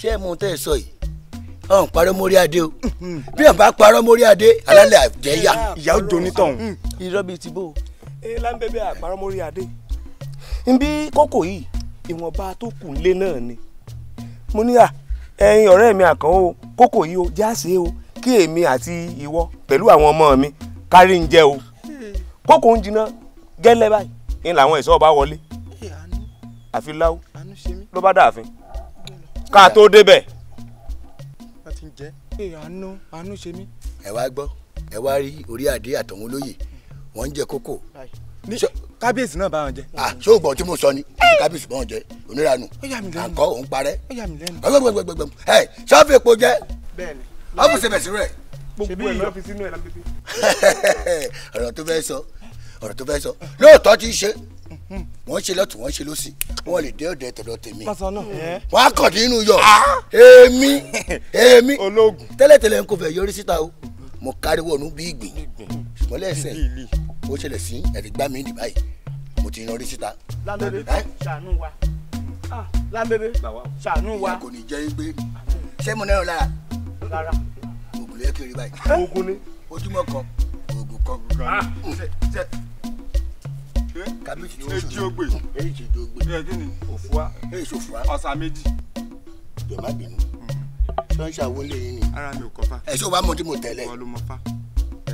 ṣé mo tẹ́ ẹ sọ yìí ọ̀n parọ́ mórí adé o bí ọ̀n bá parọ́ mórí adé alálẹ̀ àjẹ́ yá. ìyá ó joni tọ̀hún. Hmm, hmm. irọ́ bíi ti bó o. ee lámbẹ́bẹ́ àparọ́ mórí adé nbí kókò yìí ìwọ̀nba tó kù lé náà ni mo ní à ẹ̀yin ọ̀rẹ́ mi àkàn o kókò yìí o jáàsì o kí èmi àti ìwọ pẹ̀lú àwọn ọmọ mi kárí ń jẹ o kókò ń jiná gẹ́lẹ́ báyìí ń làwọn ẹ̀ṣọ́ ọba wọlé àfi láwù ló bá dàáfin ká tó débẹ̀ ee àánú àánú ṣe mí. ẹ wá gbọ́ ẹ wá rí orí adé àtọ̀hún olóyè wọ́n ń jẹ kókò. ní kábíyèsí náà bá wọn jẹ. à ṣé o gbọ́ tí mo sọ ni kábíyèsí bá wọn jẹ oníranu àǹkọ́ òun parẹ́. ẹ ṣáfì epo jẹ ọ́fíìsì bẹ̀sí rẹ̀. gbogbo ẹ̀ lọ́ọ́ fi sínú ẹ̀ lágbègbè. ọ̀rọ̀ tó fẹ́ sọ ọ̀rọ̀ tó fẹ́ sọ lóòótọ́ ti ṣe wọ́n ṣe lọ́tún wọ́n ṣe lọ́sì wọ́n lè dé ọ̀dọ̀ ẹ̀tọ̀dọ̀ tèmi wọ́n á kàn nínú yọ ah. èmi èmi tẹ́lẹ̀tẹ́lẹ̀ ń kò fẹ́ yọrí síta o mo kárí wọnú bí ìgbín ṣùgbọ́n lẹ́sẹ̀ ó ṣẹlẹ̀ sí ẹ̀rígbá mi nì báyìí mo ti yọrí síta. lámbébé ṣàánú wa ah, lámbébé ṣàánú wa. kò ní jẹ́ gbé ṣé mo náírà lára. lára. ògùn lè kiri báyìí. ogun ni. ojúmọ́ kan oògùn kan. Ah, kàmí ti tó sùn. ejiogbe ejiogbe òfua òfua ọ̀sà méjì. jọba bínú tó mm. ń ṣàwọlé yín ni. ara mi ò kọ́ fa. ẹ̀ṣọ́ wa mọ tí mo tẹ̀lé. wọ́n ló mọ fa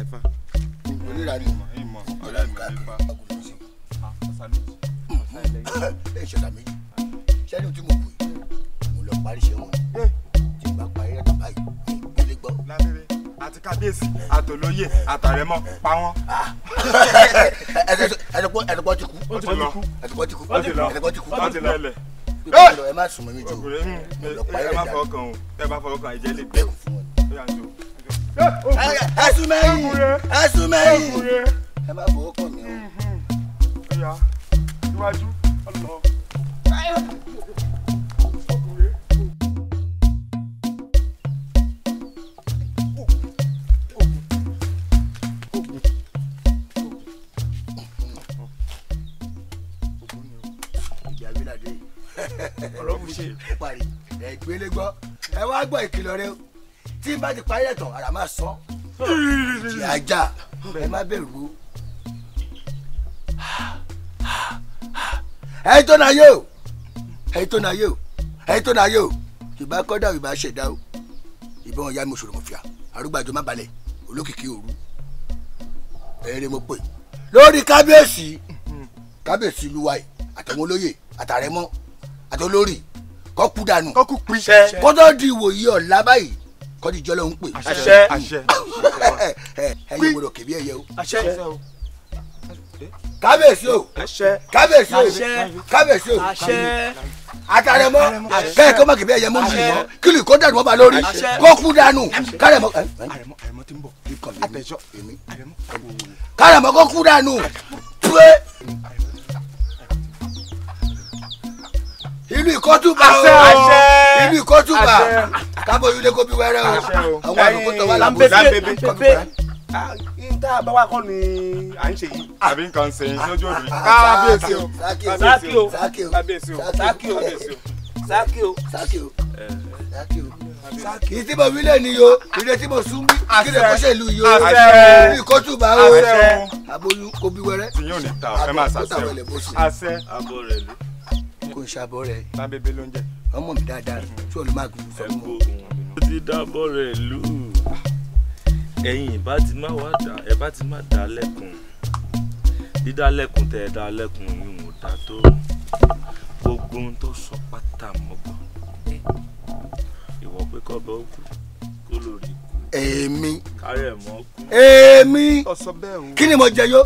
ẹ̀fa. oníra ni ọ̀rẹ́ mi ní fa. Ah, ọ̀sà méjì. ẹ̀ṣọ́ sàmì sẹ́ni tí mo pè é mo lọ parí ṣẹ́wọ̀n eh. tí n bá parí ẹ̀ àti kábíyèsí àtòlóyè àtàrẹmọ pa wọn. ẹnìpọ̀ ẹnìpọ̀ ti kú ẹnìpọ̀ ti kú ẹnìpọ̀ ti kú ẹ má sùn mọ́ mi jù ẹ má fọwọ́ kan o ẹ má fọwọ́ kan ẹ̀jẹ̀ lè bẹ̀rù fún ọ. asumẹyin asumẹyin ẹ má fọwọ́ kàn mí o. iwájú ọlọ. ṣe parí ẹgbẹ́lẹ́ gbọ́ ẹ wá gbọ́ ìkìlọ̀ rẹ tí n bá ti parí ẹ̀tàn ara máa sọ ti ajá ẹ má bẹ̀rù o. ẹ tó na yóò ẹ tó na yóò ẹ tó na yóò ìbá kọ́dà ìbá ṣẹ̀dá o ìbọn ọ̀yá mi òṣòro mọ̀fìà arúgbàjọ má balẹ̀ olókìkí òru ẹ̀rẹ̀ mo pè lórí kábíyèsí kábíyèsí luwai àtàwọn olóyè àtàrẹmọ àtọlórí kọ́ kú dànù kó tó di ìwòye ọ̀la báyìí kọ́ di jọlọ ń pè. àṣẹ àṣẹ ẹ ẹ yẹ wọlé kèbí ẹ yẹ o. àṣẹ o kábíyèsí o kábíyèsí o kábíyèsí o atarẹmọ bẹẹ kọ mọ kìbí ẹyẹ mọ mi mọ kílì kó dànù ọba lórí kó kú dànù kárẹmọ kárẹmọ kó kú dànù tuwe. ìlú ìkọ́tùbà o ìlú ìkọ́tùbà kábọ̀ ìlú lẹ́kọ́ bí wẹ́rẹ́ o àwọn àlùkò tó wà lábẹ́ bẹ́ẹ̀ nta bá wà kọ́ ni à ń ṣe yìí. àbí nǹkan ṣe yín lójú òbí. Ah, kábíyèsí o kábíyèsí o kábíyèsí o sákì o sákì mo wílẹ̀ ni yo ilé tí mo sún bí kí lè kọ́ṣẹ́ ìlú yo ìlú ìkọ́tùbà o àbóyún kò bí wẹ́rẹ́. tí yóò ní ta kò ń ṣàbọ̀ rẹ̀. sábẹ́bẹ́ ló ń jẹ. ọmọ mi dáadáa tí olùmọ̀ àgùntàn sọ fún mi. ó ti dábọ̀ rẹ̀ lù ẹ̀yin ìbá ti má wá dá ẹ bá ti má dá lẹ́kùn dídá lẹ́kùn tẹ̀ ẹ dá lẹ́kùn yìí ò dá tó gbogbo tó sọ pátá mọ́kàn ìwọ pé kọ́bẹ̀ ó kú kó lórí kú. èmi kárẹ̀ mọ́ kú. èmi kí ni mo jẹ yó.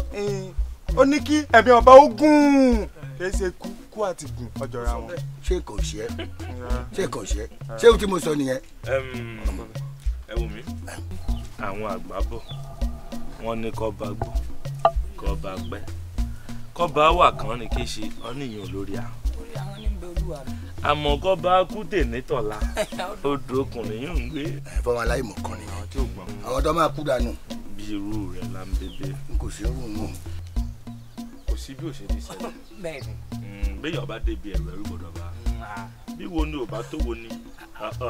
ó ní kí ẹ̀mí ọba ó gùn kí ṣe kú kúkú àti gùn ọjọ́ra wọn. ṣé kò ṣe ṣé kò ṣe ṣé o ti mo sọ nìyẹn. ẹ wù mí àwọn àgbà bọ̀ wọ́n ní kọ́ bá gbọ́ kọ́ bá pẹ́ kọ́ bá wà kàn ní kí ṣe ọ́nìyàn lórí àwọn àmọ́ kọ́ bá kú tèmi tọ̀la odò ọkùnrin yìí ń gbé. fọwọ́n aláìmọ̀ kan nìyẹn àwọn tó máa kú dànù. bí irú rẹ̀ la ń bebe. n kò sí irú wọn sí bí òṣè ti ṣẹlẹ̀. bẹ́ẹ̀ni. Hmm, béèyàn bá débi ẹ̀rọ ẹ̀rú gbọ́dọ̀ bá ah. bí wo ni ò bá tó wo ni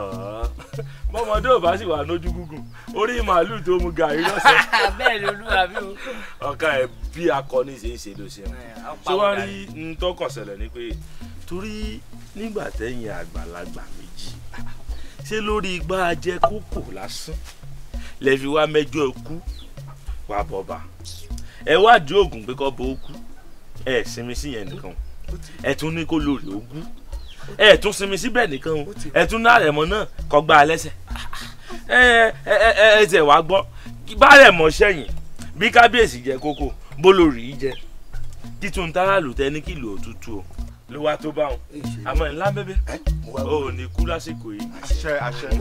bọ́mọdé ò bá sì wà lójú gúngùn orí màálùú tó mu gàrí lọ́sẹ̀. bẹ́ẹ̀ ni olúwa bí o. ọ̀ka ẹ̀ bí akọni ṣe ń ṣe ló ṣe wọn. Eh, ṣé wàá rí n tó kàn ṣẹlẹ̀ ni pé torí nígbà tẹ́yìn àgbàlagbà méjì ṣé lórí igbá ajẹ kókò lásán lẹ́fi wá mẹ́jọ ikú wà bọ̀bà ẹ wádìí oògùn pé kọ́ bó kú ẹ sinmi sí yẹn nìkan ẹ tún ní kó lórí ogún ẹ tún sinmi síbẹ̀ nìkan o ẹ tún ní àrẹ̀mọ náà kọ́ gba lẹ́sẹ̀ ẹ ẹ ẹ tẹ̀ wá gbọ́ bá àrẹ̀mọ sẹ́yìn bí kábíyèsí jẹ kókó bó lórí yìí jẹ títún táràlù tẹ ní kìlò òtútù o ló wá tó bá wọn àmọ́ ńlá bẹbẹ ò ní kú lásìkò yìí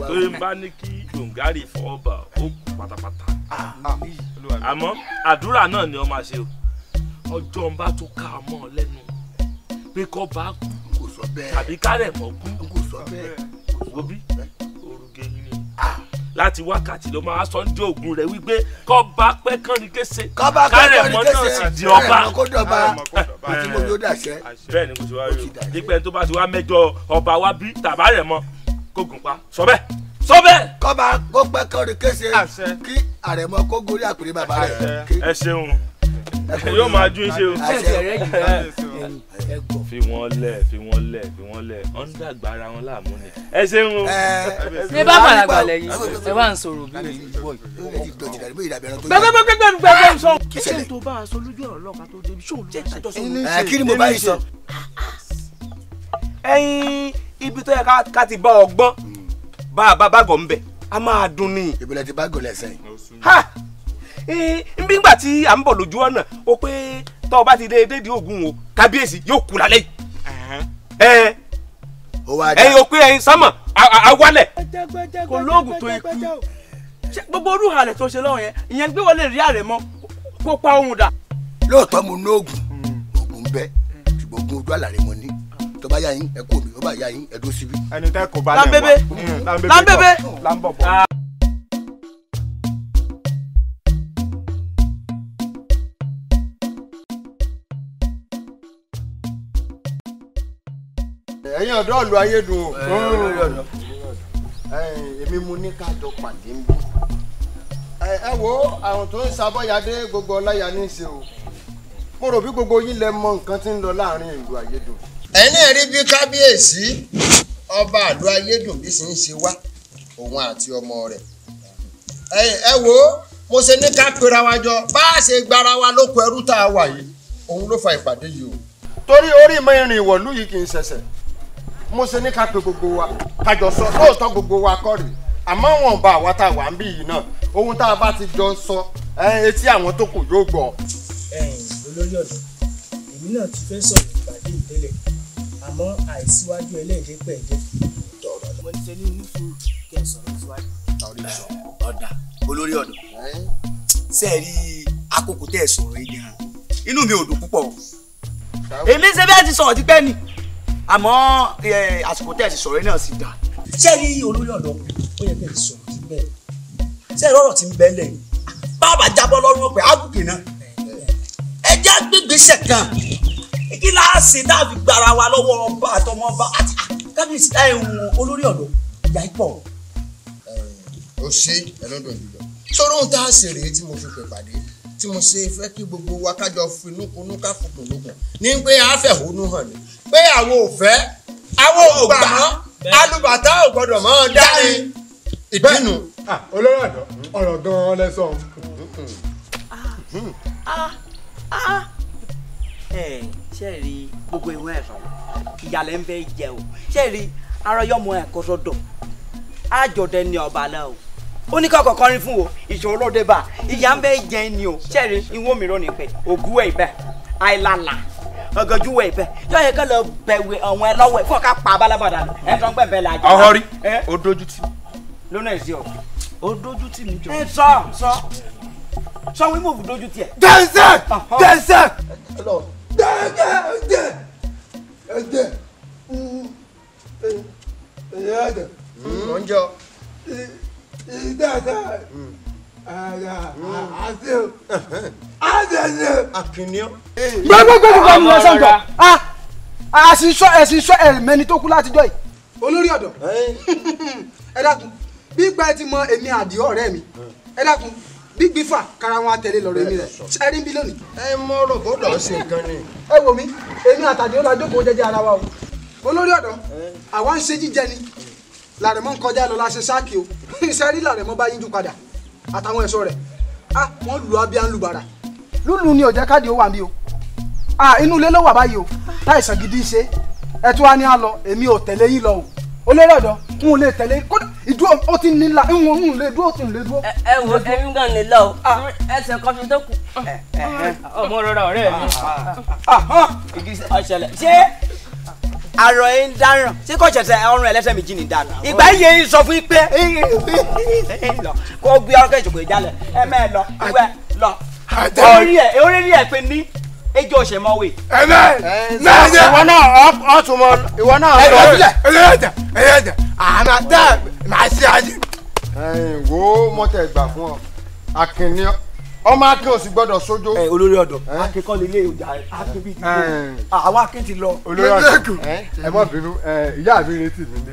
tó ń bá ní kí dòǹgárì fọwọ́ bá ó kú pátápátá ah, ah. àmọ́ àdúrà náà ni ọ máa ṣe o ọjọ́ n bá tún ká ọmọ lẹ́nu pé kọ́ bá kú tàbí kárẹ̀ mọ́ kú wo oruge ni láti wákàtí ló máa sọ ní ogun rẹ wípé kọ́ bá pẹ́ kánrin kése kárẹ̀ mọ́ náà sì di ọba ah. bẹ́ẹ̀ ni kò sí wá rí o dípẹ́ tó bá ti wá mẹ́jọ ọba wa bí tàbá rẹ̀ mọ́ kó gùn pa sọ bẹ́ẹ̀ sọ bẹ́ẹ̀. kọ́ba kó pẹ́ kánrin kése kí àrẹ̀mọ kó gorí àpèrè bàbá rẹ̀. ẹ ṣeun yóò máa ju iṣẹ́ o. fi wọn lẹ fi wọn lẹ fi wọn lẹ wọn ń dàgbà ara wọn láàmú ni. ẹ ṣeun o. ní bá bàlágbà lẹ́yìn ẹ wá ń sọ̀rọ̀ bí gbẹgbẹgbẹgbẹgbẹgbẹ sọ. kí ṣe tó bá a sọ lójú ọ̀rọ̀ lọ́ka tó débi ṣó jẹ́ ìdájọ́ sọ. kí ni mo bá yìí sọ. ẹyin ibi tó yẹ ká ti bá ọgbọ́n bá a bá bá gọ̀ ń bẹ̀ a máa dun ni. ìbílẹ̀ ti bá gọ̀ lẹ́sẹ̀ yìí. Eh, nbí ngbà a à ń bọ̀ lójú ọ̀nà o pé tọ́ ọ bá ti dé dédìí ògùn o kábíyèsí yóò kú lálẹ́ ẹ ẹyin o pé ẹyin sámọ̀ awalẹ̀ kò lóògùn tó gbogbo orú halẹ̀ tó ṣe lọ́wọ́ yẹn ìyẹn gbé wọlé rí àrẹ̀ mọ́ kó pa ohun dà. lóòótọ́ mo hmm. ṣùgbọ́n ojú mo ní tó bá yín ẹ kú omi tó bá yín ẹ ẹ̀yin ọ̀dọ́ ọ̀lù ayédùn o. èmi mo ní ká jọ pàdé ń bí. ẹ wo àrùn tó ń sabọ́yadé gbogbo ọláyà ní í ṣe o mo rò bí gbogbo yín lẹ mọ nǹkan tí ń lọ láàrin ìlú ayédùn. ẹ̀yin náà rí bí kábíyèsí ọba àlú ayédùn bí sì ń ṣe wá òun àti ọmọ rẹ̀ ẹ wo mo ṣe ní ká pera wa jọ bá a ṣe gbára wa lóko ẹrú tá a wà yìí òun ló fa ìpàdé yìí o. torí orí mẹ́rin ìwọ̀lú yìí kì í ṣẹ̀ṣẹ̀ mo ṣe ní ká pe gbogbo wa kájọ sọ lóòótọ́ gbogbo wa kọ́ rèé àmọ́ wọn bá àwa tá a wà ń bí yìí náà ohun tá a bá ti jọ sọ etí àwọn tó kù yóò gbọ́. olórí ọ̀dọ́ èmi náà ti fẹ́ sọ̀rọ̀ ìpàdé ìtẹ́lẹ̀ àmọ́ àìsíwájú ẹlẹ́ẹ̀dẹ́ pẹ̀lẹ́ tọ̀rọ̀ lọ. mo ti ṣe ní inú fún kẹ́ sọ̀rọ̀ síwájú. ọ̀dà olórí ọ̀dọ́ ṣe é rí àkókò tẹ́ ẹ̀ sọ̀rọ̀ yìí gan-an inú mi ò dùn púpọ̀ èmi ṣe bẹ́ẹ̀ ti sọ̀rọ̀ tipẹ́ ni àmọ́ àsìkò tẹ̀ sí sọ̀rọ̀ náà sì dà. ṣé rí olórí ọ̀dọ́ ó yẹ kẹ́ ẹ sọ̀rọ̀ tí ń bẹ̀ ṣé ẹ rọ̀rọ̀ tí ń bẹ́lẹ̀ bàbá jábọ́ lọ́rùn ọ̀pẹ àgùkè náà ẹ jẹ́ gbégbèsè kan kí láàsì dáàbì gbára wa lọ́wọ́ ọba àtọmọba àti kábíyèsí táyà ń um, olórí ọ̀dọ́ ìyá ìpọ̀. ó ṣe ẹlọ́dọ̀ jùlọ sọ́rọ́ ohun tá a ṣèrè tí mo fi pè pàdé tí mo ṣe fẹ́ kí gbogbo wa kájọ finúkunú ká fòkùn lókun ní pé a fẹ̀hónú hàn ní pé àwọn ò fẹ́ àwọn ò mọ́ alùbàtà ò gbọ́dọ̀ mọ́ dání ìbẹ́nu. Ah, olórí ọ̀dọ́ ọ̀rọ̀ gan-an lẹ sọ. Ah, ah, rí gbogbo ìwé ẹ̀fọn ìyàlẹ̀ ń fẹ́ jẹ o ṣe rí arọyọmọ ẹ̀kọ́ sọ́dọ̀ àjọ̀dẹ ni ọ̀bàlẹ̀ o ó ní kọ́kọ́ kọrin fún o ìṣòro lóde bá ìyá ń bẹ́ jẹ́ ni o ṣẹ́rin ìwọ mìíràn ní pẹ́ ògùwẹ̀ ìbẹ́ àìlàlà ọ̀gànjúwẹ̀ ìbẹ́ yóò yẹ kó lọ bẹ̀wẹ̀ ọ̀wọ́n ẹ lọ́wọ́ ẹ fún ọ̀ká pa abalabàdà lọ ẹ̀ ń tán gbẹ̀bẹ̀ ọhọrí o dojú tì. lónà ẹ̀sìn ọ̀ o dojú tì mí jọ. sọ sọ sọ wí mò ń dojú tì ẹ. dẹ́sẹ̀ dẹ́sẹ̀ dẹ́sẹ̀ dẹ́sẹ̀ ẹ̀yẹ́ ẹ̀dẹ̀. ọ̀njọ́ dáadáa ara àti àdéhùn. akínníọ́. gbogbo gbogbo gbogbo mi lọ sọ́ńtọ̀ a sì sọ ẹ̀sìn sọ ẹ̀mẹ́ni tó kú látijọ́ yìí. olórí ọ̀dọ́ ẹ dákun bí gba ẹ ti mọ èmi àdìọ́ ọ̀rẹ́ mi ẹ dákun gbígbí fà kára wọn àtẹlé lọ́rọ̀ èmi rẹ ṣẹrí bí lónìí. ẹ mọ rògbò lọ sí nǹkan ni. ẹ àwa ń ṣe jíjẹ ni làrẹ̀mọ́ ń kọjá lọ láṣẹ sáàkì o iṣẹ́ rí làrẹ̀mọ́ bá yíjú padà àtàwọn ẹ̀ṣọ́ rẹ̀ a ah, wọ́n lu abíá ń lu bàrà lúlù ni ọ̀jẹ̀ káàdì ó wà mí o a ah, inú ilé ló wà báyìí o láìsàn gidi ṣe ẹ tún wá ní á lọ èmi ò tẹ̀lé yín lọ o olórí ọ̀dọ́ n ò lè tẹ̀lé kódà ìdúró ó ti nílà n ò lè dúró tí n lè dúró. ẹ wo ẹyin gan ni lọ o ah. ẹsẹ kan fi tó kù. ọmọ rọra ọ̀rẹ́ mi. ṣé arọ ẹ ń dáràn ṣé kò ṣẹ̀ṣẹ̀ ọrùn ẹlẹ́sẹ̀ méjì ní dáná. ìgbà yẹ ń sọ fún yín pé kó gbé ọkọ̀ ìṣòkò ìjálẹ̀ ẹ mẹ́ẹ̀ lọ wẹ́ lọ. orí ẹ orí ẹ pé ní ejò ṣe mọ wè. ẹ bẹ náà yẹ ìwọ náà ọtún mọ ìwọ náà. ẹ lọ sílẹ̀ ẹ yẹ ẹjẹ ẹ yẹ ẹjẹ àmà dá màá ṣe ayé. ẹyin wo mọtẹ gbà fún ọ akínní ọmọ akin ò sì gbọ́dọ̀ sójó. ẹ olórí ọ̀dọ́ akin kọ́ lélẹ̀ ìjà akin bíi ti lé àwọn akin ti lọ. olórí ọ̀dọ́ ẹ mọ bínú ìyá mi retí mi lé.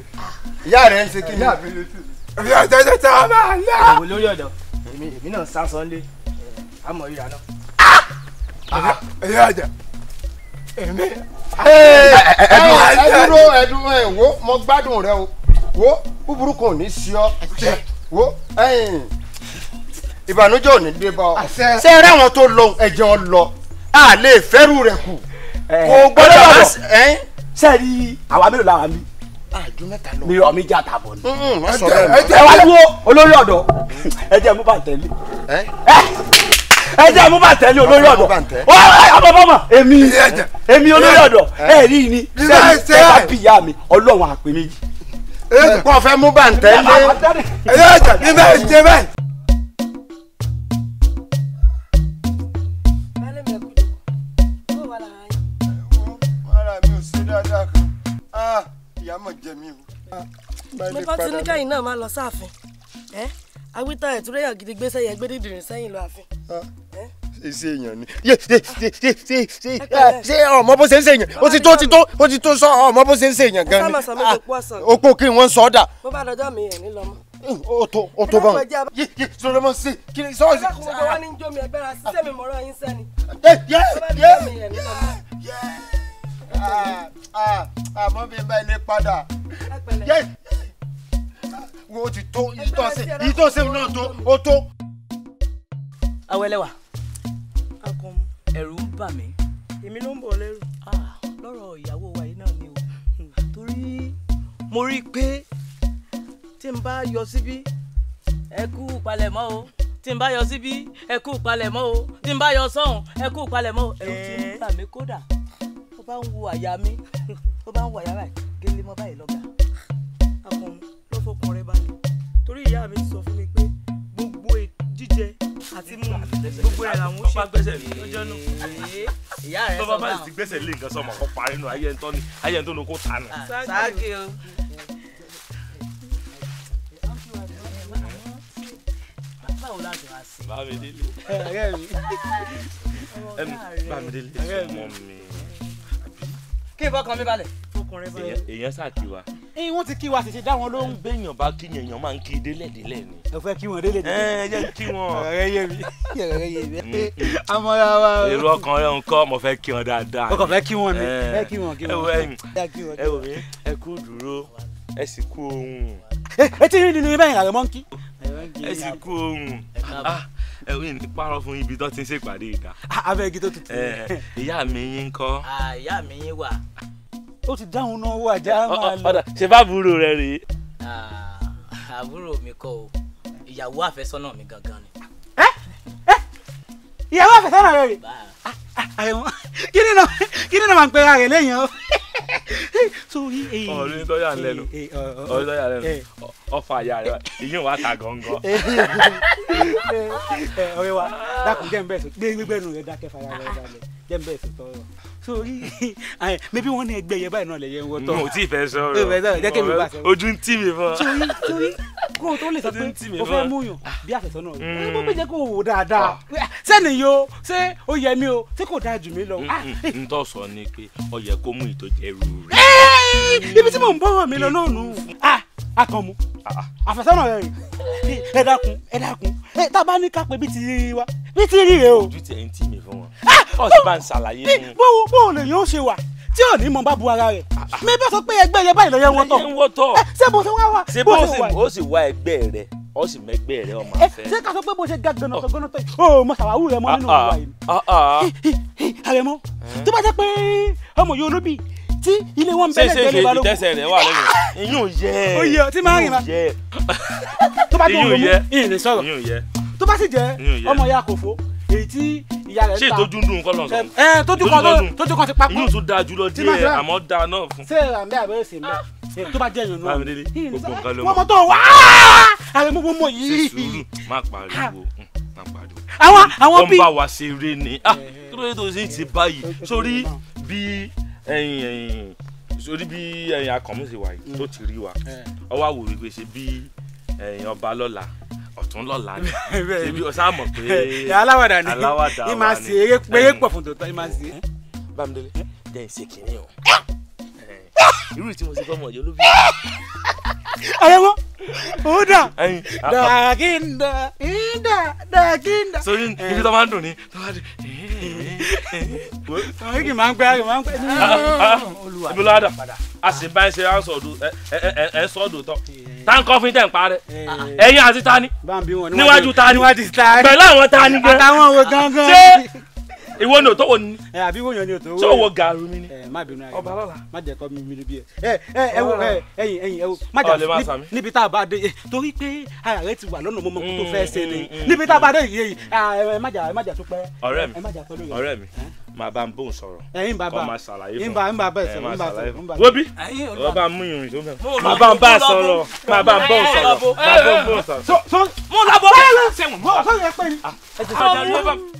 ìyá rẹ ń ṣe kí ni. ìyá mi retí mi. ìyá jẹjẹ tí a máa lọ. olórí ọ̀dọ́ èmi náà sá sọ́nlé àmọ́ ìyá náà. Ah! Ah! ìyá àjà èmi. ẹ dúró ẹ dúró ẹ wo mo gbádùn rẹ o wo búburú kan ò ní sí ọ wo ẹ̀yin ìbànújẹ́ ò ní dé bá ọ ṣe é ráwọn tó lọ ẹ̀jẹ̀ ọ lọ a lè fẹ́rù rẹ̀ kù kò gbọ́dọ̀ bá ṣe. sẹ́ẹ̀rí àwa mélòó làwọn mi àdún mẹ́ta lọ. mi ọmọ ìjà tàbọ̀ ni. ẹ wá wo olórí ọ̀dọ́ ẹ jẹ́ mú bá tẹ̀lé. ẹ mú bá tẹ̀lé olórí ọ̀dọ́ ọmọ bọ́mọ èmi èmi olórí ọ̀dọ́ ẹ rí ni sẹ́yìn ẹ bá bí ìyá mi ọlọ́run àpè méjì. kò fẹ́ mú bá tẹ̀lé. ẹ yẹ ẹ jẹ bẹ́ẹ̀. mọ̀ jẹ mí o. Ah, mo bá ti ní kẹ́yìn náà máa lọ sáàfin awítá ẹ̀túrẹ́yàn gidi gbèsè yẹn gbé dídìrín sẹ́yìn lọ àfin. Ah, ṣe ṣe èèyàn ni ah, ṣe ọmọ bó ṣe ń ṣe èèyàn ó ti tó ó ti tó ó ti tó sọ ọmọ bó ṣe ń ṣe èèyàn gan ni opó kí wọ́n sọ ọ́ dà. bó bá dọjọ́ mi yẹn ní lọ́mọ o hmm, tó o tó báwọn yé yé sọlọ mọ sí kí ni sọ sí. ọlọ́kùnrin wọn ni ń jó mi ẹgbẹ́ ra sísẹ́mi mọ́rọ́ yín sẹ́ni. yé yé yé yé àmọ́ ah, ah, ah, mi bá ilé padà wo ti tó yìí tó ṣe náà tó ó tó. awẹ́lẹ́wà ẹ̀rù ń bà mí. èmi ló ń bọ̀ lẹ́rù. lọ́rọ̀ ìyàwó wa yìí náà ni o hmm, torí mo rí i pé tí n bá yọ síbí ẹ kú palẹ̀mọ́ o tí n bá yọ síbí ẹ kú palẹ̀mọ́ o tí n bá yọ sọ́hùn ẹ kú palẹ̀mọ́ o ẹ̀rù ti ń bà mí kódà bá ń wo àyà mi tó bá ń wo àyà rẹ̀ gélé mọ́ báyìí lọ́gà. akọ ló fọkàn rẹ balẹ̀ torí ìyá mi sọ fún mi pé gbogbo e, jíjẹ àti mímu gbogbo ẹ̀ làwọn ó ṣe lọ́jọ́ náà. ìyá rẹ sọ ti gbẹ́sẹ̀ lé nǹkan sọmọ kó parí nù ayé ntọ́ni ayé ntọ́ni kó tà nù. sáàkì o. báwo la jọ àṣẹ. báwo mi délé. báwo mi délé sọmọ mi kí n fọkàn mi balẹ̀. èèyàn sá kí wa. ẹyin wọn ti kí wa ṣẹ̀ṣẹ̀ dá wọn lóhùn. béèyàn bá kí yẹn èèyàn máa ń kí délẹ̀délẹ̀ ni. ẹ fẹ́ kí wọn délẹ̀délẹ̀. ẹ ẹ jẹ́ kí wọn. ọ̀rẹ́ yé mi ọ̀rẹ́ yé mi. Mm-hmm. amọ̀ra wa. èrò ọkàn rẹ ń kọ́ mo fẹ́ kí wọn dáadáa. o kò fẹ́ kí wọn ni. ẹ kí wọn kí wọn. ẹ wò mí ẹ kú dúró ẹ sì kú ohun. ẹ ti rí nínú ibẹ̀ ìràwọ̀ mọ́ńkì. ẹ sì kú ohun ẹ̀wìn ní pààrọ̀ fún ibi tó ti ń ṣèpàdé ìta. abẹ́gi tó tutù. ìyá mi yín ń kọ́. ìyá mi yín wà. ó ti dáhùn náà wà já máa lọ. ṣe bá àbúrò rẹ rèé. àbúrò mi kọ́ o ìyàwó àfẹ́sọ́nà mi gangan ni. ìyàwó àfẹ́sọ́nà rẹ rèé. àyẹ̀wò kí ni náà máa ń pera rẹ̀ lẹ́yìn o sórí ee ọ̀rẹ́ tó yà lẹ́nu ọ̀rẹ́ uh, uh, oh, tó yà lẹ́nu ọ̀fọ̀ àyà rẹ ìyẹn wàá ta gọ̀ǹgọ̀. Eh, eh, eh, ọ̀rẹ́ wa dákun jẹ́ ń bẹ́ẹ̀ gbẹ́gbẹ́nu rẹ dákẹ́ fara rẹ balẹ̀ jẹ́ ń bẹ́ẹ̀ sọ sórí mẹbí wọn ní ẹgbẹ yẹn báyìí náà lè yẹ ń wọtọ. mo ti fẹ́ sọ̀rọ̀ jẹ́ kí mi bá sọ. ojú ń tì mí fún. sórí sórí kó o tó lè sọ pé o fẹ́ mú yàn bí àfẹ́sọ́nà o mm. ẹ bó jẹ́ kó o wò dáadáa sẹ́ni yo ah, ṣé o yẹ mi o ṣé kò dáa jù mí lọ. Mm, ah, mm, eh. n tọ́ sọ ni pé ó yẹ kó mú ìtọ́jẹ́ rú rẹ̀. ibi tí mò ń bọ̀ wọ̀ mí lọ náà nù. Ah, akànmu ah, ah. àfẹ́sọ́nà rẹ̀ rè ẹ dákun ẹ dákun ẹ tá a bá ní ká pé bí ti rí wa bí ti rí rè o. ojú ti ẹni tí mi fún wọn ọsì ah! bá ń ṣàlàyé fún un. bó bó lè yóò ṣe wà tí ò ní mọ bá bu ara rẹ̀ mi bá sọ pé ẹgbẹ́ yẹn báyìí lọ́yẹ̀ wọ́n tọ̀ eh, ṣé bó ṣe wá wa bó ṣe wà. ṣé bó ṣe wá ẹgbẹ́ rẹ̀ ọ sì mẹgbẹ rẹ ọmọ afẹ. Eh, ṣé ká sọ pé bó ṣe ga gbẹnà oh. tó gbẹnà tó yìí ó oh, mọ sàwáwù rẹ mọ nínú ìwà yìí. àrẹ̀mọ tí ilé wọn bẹ́ẹ̀ lẹ́gbẹ̀ẹ́ balógun. ìtẹ́sẹ̀ rẹ̀ wà lẹ́yìn iyún yẹ. oyè ọtí máa ń rìn ma tó bá tó ń lomú ìyìn lè sọ̀rọ̀ tó bá sì jẹ́ ọmọ ya kò fo èyí tí ìyá rẹ̀ ta ṣé ìtọ́jú ń dùn kọ́ lọ́sọ̀. ẹ tójú kan tójú kan ti papọ̀. inú tó da jùlọ díẹ̀ àmọ́ da náà fún. ṣé ra mẹ́ àbẹ́rẹ́ sí mẹ́ tó bá jẹ́ ìyọnu. báwo ni gbogbo nǹkan ló mọ. wọ́n mọ tó wá ààrẹ mú mọ ẹyin ẹyin sórí bí ẹyin akọ̀mú ṣe wà yìí mm. tó ti rí wa ọwọ́ eh. àwò wípé ṣe bí ẹyin ọba lọ́la ọ̀tún lọ́la ni ṣebí ọ̀sá mọ̀ pé eh, aláwàdà ni aláwàdà wa ni ìmà sí eré péré eh. pọ̀ fún tòótọ́ ìmà sí. bámidélé jẹ́ ìṣe kìnìún irú tí mo ṣe fọ́mọ̀ ọ̀jọ́ ló bí. Ayo, òun dà dàkínda ìdà dàkínda. sori ibi ini, máa ń dùn nih. tó máa ń dùn. àwọn igi máa ń pẹ́ àwọn máa ń pẹ́ ní olùwà. ibi lọ́dà a sì bá ẹ ṣe à ń sọ̀dọ̀ ẹ ń sọ̀dọ̀ tọ́ táǹkọ́ fún tẹ̀ ń parẹ́ ẹ̀yin àti tani níwájú tani pẹ̀lú àwọn tani gan. àtàwọn wo gangan ìwọ ni òtọ́wọ̀ ni. ẹ àbí wọ́n yàn ni òtọ́wọ̀. tí òwò gàrú mi ni. ẹ má bínú ayé ọba lọ́la. má jẹ́ kọ́ mi mi bí ẹ. ẹ ẹ wo ẹ ẹyin ẹyin ẹ wo má jà níbi tá a bá dé torí pé ara rẹ ti wà lọ́nà mọ́mọ́ kó tó fẹ́ ṣe ni mm, mm, níbi tá a bá mm. dé yìí ẹ má jà ẹ má jà tó pẹ́. ọ̀rẹ́ mi ọ̀rẹ́ mi máa bá ń bóun sọ̀rọ̀ kọ́ máa ṣàlàyé fún un máa ṣàlàyé fún un. wóbi wọ́n bá mú ìrìn tó mẹ́rin máa bá ń bá sọ̀rọ̀ máa bá ń bóun sọ̀rọ̀ máa bá ń bóun sọ̀rọ̀. mo lọ bọ́ ẹ ṣe wọ́n mọ́ ọ sọ yẹ pé ni. Ah,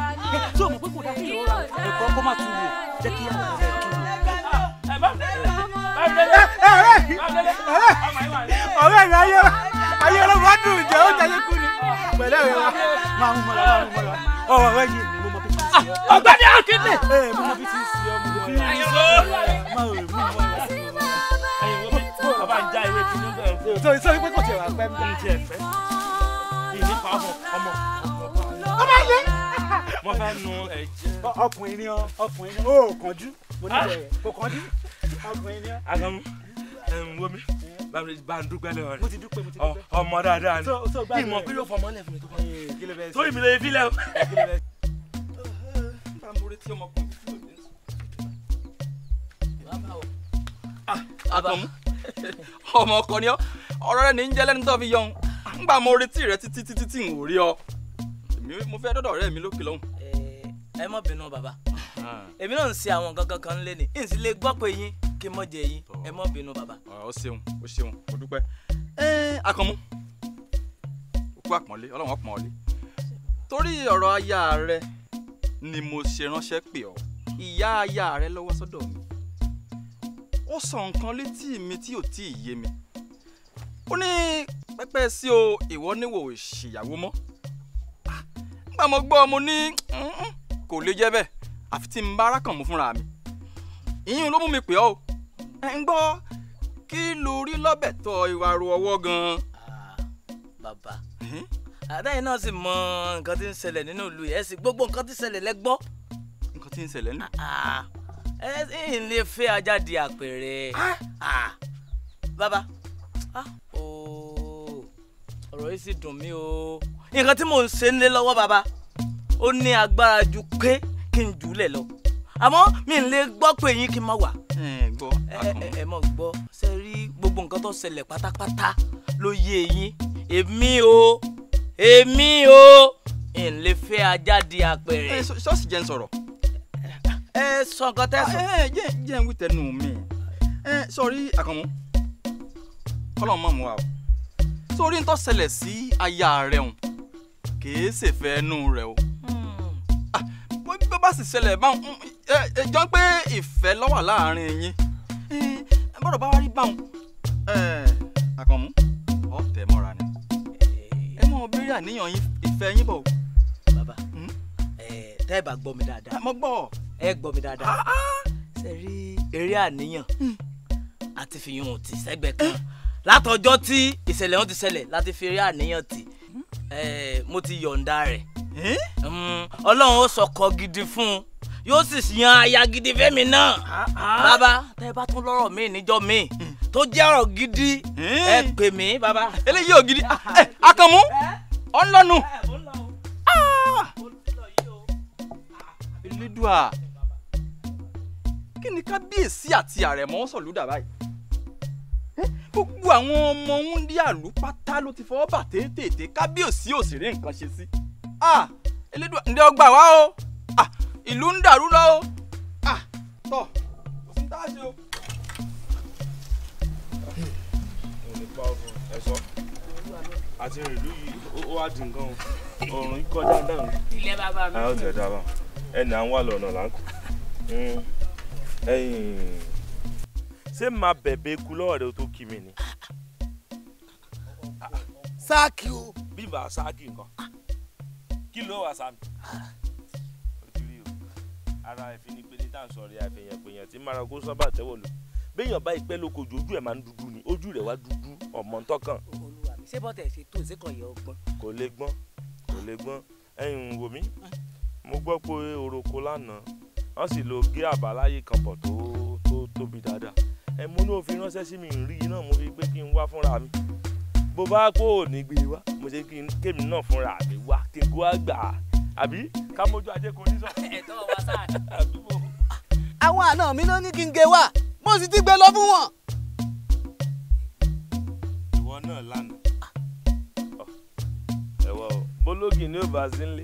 tí o mọ̀ pé kò dá kí ìrora ẹ̀kọ́ kó má tún wò jẹ́ kí àwọn ọ̀rẹ́ tún wò. ọ̀rẹ́ mi ayé ayé ọlọ́run wá dùn jẹ́ ó jẹ́ kú ni pẹ̀lẹ́ rẹ wá máa mú mọ́lá máa mú mọ́lá ọ̀rọ̀ rẹ yìí mo mọ̀ bí ti ń sè ah, ọ́. ọ̀gbẹ́ni akéde. ẹ mo mọ̀ bí ti ń sè ọ́ mo fi ń sọ máa rè mú mọ́lá. bàbá ń já ìwé tí ó ń bẹ̀rẹ̀. sọ ìsọ̀rí pé kò tiẹ̀ wá pẹ́ mi. ìyẹn pa ọmọ ọmọ mo fẹ́ nu ẹ̀jẹ̀. ọkùnrin ni ọkùnrin ni ó kánjú mo ní bẹ̀rẹ̀ kò kánjú ọkùnrin ni. agamu wo mi bá a dúpẹ́ lẹ́wọ̀n rẹ̀. mo ti ọmọ dáadáa ni ìmọ̀ pé yóò fọmọ lẹ̀ fún mi tó kọ́. tó ìmìlẹ̀ ibi lẹ̀ o. ọmọ ah, ọkọ ni ọ ọ̀rọ̀ rẹ ní ń jẹ́ lẹ́nu tó fi yọ̀n gbà mo retí rẹ títí títí n ò rí ọ mo fẹ́ dọ́dọ̀ ọ̀rẹ́ mi lókè lọ́hùn ẹ má bínú bàbá ah. èmi náà ń ṣe àwọn nǹkan kankan lé ní n sì lè gbọ́ pé yín kí n mọ̀ jẹ yín ẹ má bínú bàbá. Ah, ó ṣeun ó ṣeun ó dúpẹ́ ẹ akànmú òkú àpọ́nlé ọlọ́run ọ̀pọ̀nlé torí ọ̀rọ̀ aya rẹ ni mo ṣe ránṣẹ́ pè ọ́ ìyá aya rẹ lọ́wọ́ sọ́dọ̀ mi ó sọ nǹkan létí mi tí ò tí ì yé mi ó ní pẹ́pẹ́ sí o ìwọ níwò ìṣìyàwó mọ́ ah, nígbà mo gbọ́ mo ní kò lè jẹ́ bẹ́ẹ̀ àfi tí n bá arákàn mú fúnra mi ìyún ló mú mi pè ọ́ o ẹ̀ ń gbọ́ kí lo rí lọ́bẹ̀ tọ ìwà ro ọwọ́ gan-an. Ah, bàbá àdáyé náà sì mọ nǹkan tí ń ṣẹlẹ̀ nínú ìlú yẹn sì gbogbo nǹkan tí ń ṣẹlẹ̀ lẹ́gbọ́. nǹkan tí ń ṣẹlẹ̀ nù. Ah, ah. ẹ ẹ ń lè fẹ́ ajá di àpẹẹrẹ. bàbá ọ̀rọ̀ yìí sì dùn mí o nǹkan tí mò ń ṣe ń lé lọ́wọ́ bàbá ó ní agbára ju pé kí n jùlẹ̀ lọ àmọ́ mi ń lè gbọ́ pé yín kí n má wà. ẹ mọ̀ gbọ́ ṣe rí gbogbo nǹkan tó ṣẹlẹ̀ pátápátá ló yé yín èmi o èmi o ń lè fẹ́ ajá di apẹ̀rẹ̀. ẹ ṣọ́ọ̀ṣì jẹ́ ń sọ̀rọ̀. ẹ sọ nǹkan tẹ́ sọ. ẹ jẹ́ jẹ́ ń wí tẹnu mi ẹ sọrí àkànmú kọ́lọ́ mọ̀ mú wa o sórí ń tó ṣẹlẹ̀ sí aya rẹ̀ hùn kì í ṣèfẹ́ ẹnu rẹ̀ o bá sì ṣẹlẹ̀ báwọn ẹ jọ pé ìfẹ́ ló wà láàrin yín ẹ bọ́dọ̀ bá wá rí báwọn àkànmú ọ̀tẹ̀ mọ́ra ni ẹ mọ obìnrin àníyàn ìfẹ́ yín bọ̀. bàbá hmm? tẹ́ ẹ bá gbọ́ mi dáadáa mo gbọ́ ẹ gbọ́ mi dáadáa ah, ah. ṣe rí eré àníyàn àti fìyàn ò tì sẹ́gbẹ̀ẹ́ kan látọjọ́ tí ìṣẹ̀lẹ̀ wọn ti ṣẹlẹ̀ láti fi eré àníyàn tì hmm. mo ti yọ̀ǹda rẹ̀ ọlọ́run ó sọkọ gidi fún un yóò sì yan aya gidi fẹ́mi náà ah, ah. bàbá tẹ́ ẹ bá tún lọ́rọ̀ mi níjọ́ mi tó jẹ́ ọ̀rọ̀ gidi ẹ pè mí bàbá. eléyìí ò gidi ah, eh, akànmú ọlọ́nu elédùà kí ni kábíyèsí àti àrẹ̀mọ́ sọ̀lúdà báyìí gbogbo àwọn ọmọ ń rí àlùpàtà ló ti fọwọ́ bà tètè kábíyèsí ò sì rí nǹkan ṣe sí. Si ah elédùn ǹdẹ́ ọgbà wá o ah ìlú ń dàrú lọ o ah tọ̀ kò sí táàsì o. àti ìlú yìí ó wá di nǹkan o òòrùn kọ dáadáa. ilé bàbá mi. àwọn ọ̀tẹ̀ dábàá ẹnì à ń wà lọ́nà là ń hmm. ṣé màá bẹ̀bẹ̀ ikú lọ́wọ́ rẹ tó kí mi ni. sáàkì o. bí màá sáàkì nǹkan kí ló wà sami ó ti rí o ara ẹ̀fín ni pé ní tá à ń sọ rí àfihàn pèèyàn tí marako sábà tẹ́wọ̀ lò béèyàn bá ìpẹ́ lóko ojú ojú ẹ̀ máa ń dúdú ni ojú rẹ̀ wá dúdú ọmọ ń tọ́kàn. olúwa mi ṣé bọ́tẹ̀ ṣe tó ṣe kàn yẹ ọgbọ́n. kò lè gbọ́n kò lè gbọ́n ẹ̀yin wò mí mo gbọ́ pé oroko lánàá wọ́n sì lo gé àbáláyé kan pọ̀ tó tóbi dáadáa ẹ̀ mo ní òfin ránṣẹ́ sí mi rí iná mo fi pé kí n wá fúnra mi bó bá kó ò ní gbé wa mo ṣe kí kémi náà fúnra mi wá kí n kó wá àbí ká mójú ajé kò ní sọ. àwọn àna mi ló ní kí n gé wa mo sì ti gbé lọ fún wọn. ìwọ náà lánàá ẹ̀wọ̀ bólógì ni ó bá sí ń lé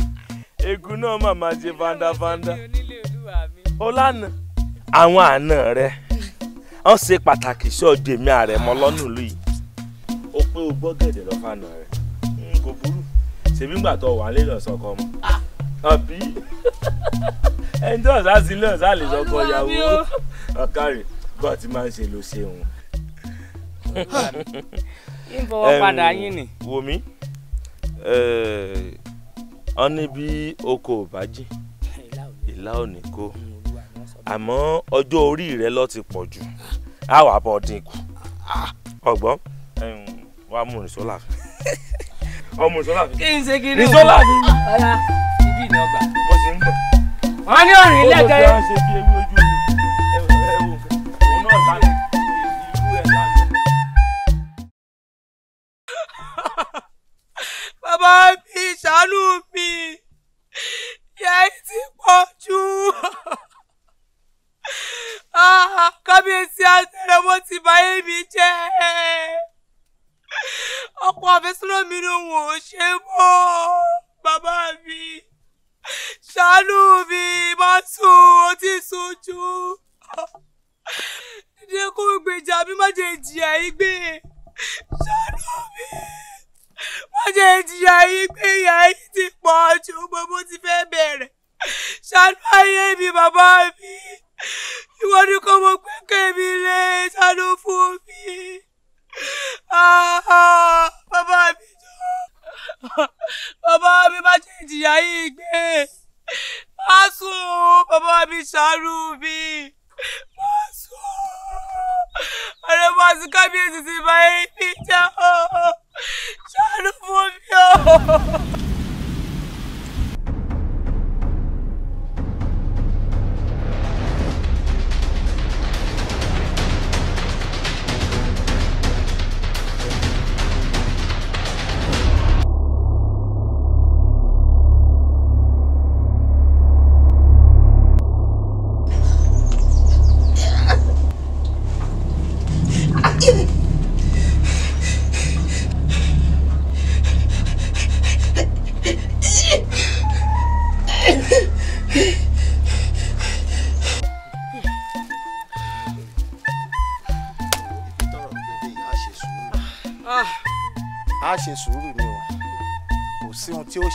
egun náà mà máa ṣe fandafanda ó lánàá àwọn àna rẹ wọ́n ṣe pàtàkì sí ọjọ́ èmi àrẹ̀mọ lọ́nà ìlú yìí ó pé o gbọ́ gẹ̀dẹ̀ lọ́fàànà rẹ̀ hmm, kò burú ṣèbí ńgbà tó wà lé lọ́sọ̀ kọ́ mọ́ ah! àbí ẹni tó ọ̀sá sí lé ọ̀sá lè sọkọ ìyàwó ọ̀kárì bá ti máa ń ṣe ló ṣe òun. ń bọ̀wọ̀ padà yín ni. wò mí ọ ní bí oko ò bá jìn ìlà ò ní kó àmọ́ ọjọ́ orí rẹ lọ ti pọ̀ jù á ah! wà bọ̀ dín ah! ọgbọ́n wàá mú rìsọ́là fi ọmọ rìsọ́là fi. kí n ṣe kiri o rìsọ́là fi. ọ̀la ibi ìdọ́gba. bó ṣe ń bọ̀. wọ́n ní òrìn ilé jìyà yìí gbé ṣàánú mi má jẹ́ jìyà yìí gbé ìyà yìí ti pọ̀ ju gbogbo ti fẹ́ bẹ̀rẹ̀ ṣàánú ayé mi bàbá mi ìwọ ni kò mọ̀ gbẹ́kẹ̀ mi lé ṣàánú fún mi bàbá mi jọ bàbá mi má jẹ́ jìyà yìí gbé má sùn bàbá mi ṣàánú mi. 妈苏，俺妈苏看病是是买一张，吃了不妙。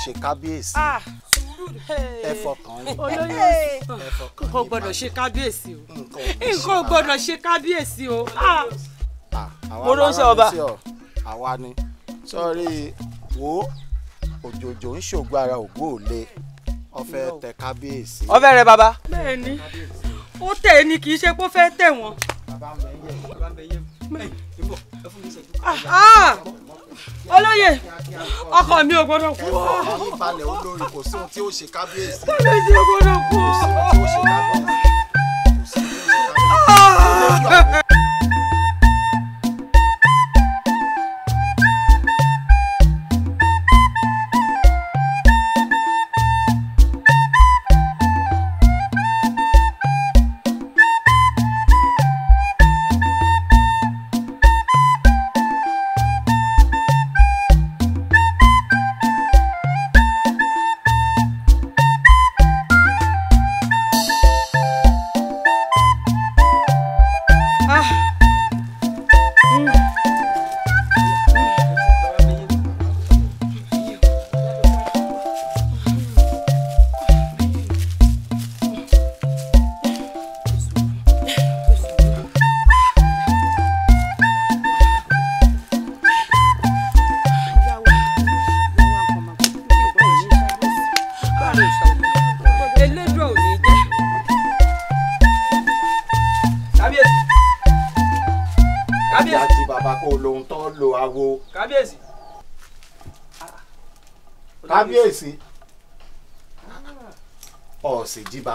ṣe kábíyèsí ah, ẹ fọkàn yín olóyè nǹkan ò gbọdọ̀ ṣe kábíyèsí o nǹkan ò gbọdọ̀ ṣe kábíyèsí o ah. Ah, mo ló ń ṣe ọba àwa ni sọrí wo òjòjò ń ṣògo ara ògbó òle ọfẹ tẹ kábíyèsí. ọfẹ rẹ bàbá. bẹ́ẹ̀ni ó tẹ ẹni kì í ṣe pé ó fẹ́ tẹ wọn. bàbá mi ẹ yẹ mi olóyè ọkọ mi ò gbọ́dọ̀ kú. ọkọ mi balẹ̀ olórí kò sí ohun tí ó ṣe kábíyèsí. kábíyèsí ò gbọ́dọ̀ kú. kò sí ohun tí ó ṣe kábíyèsí.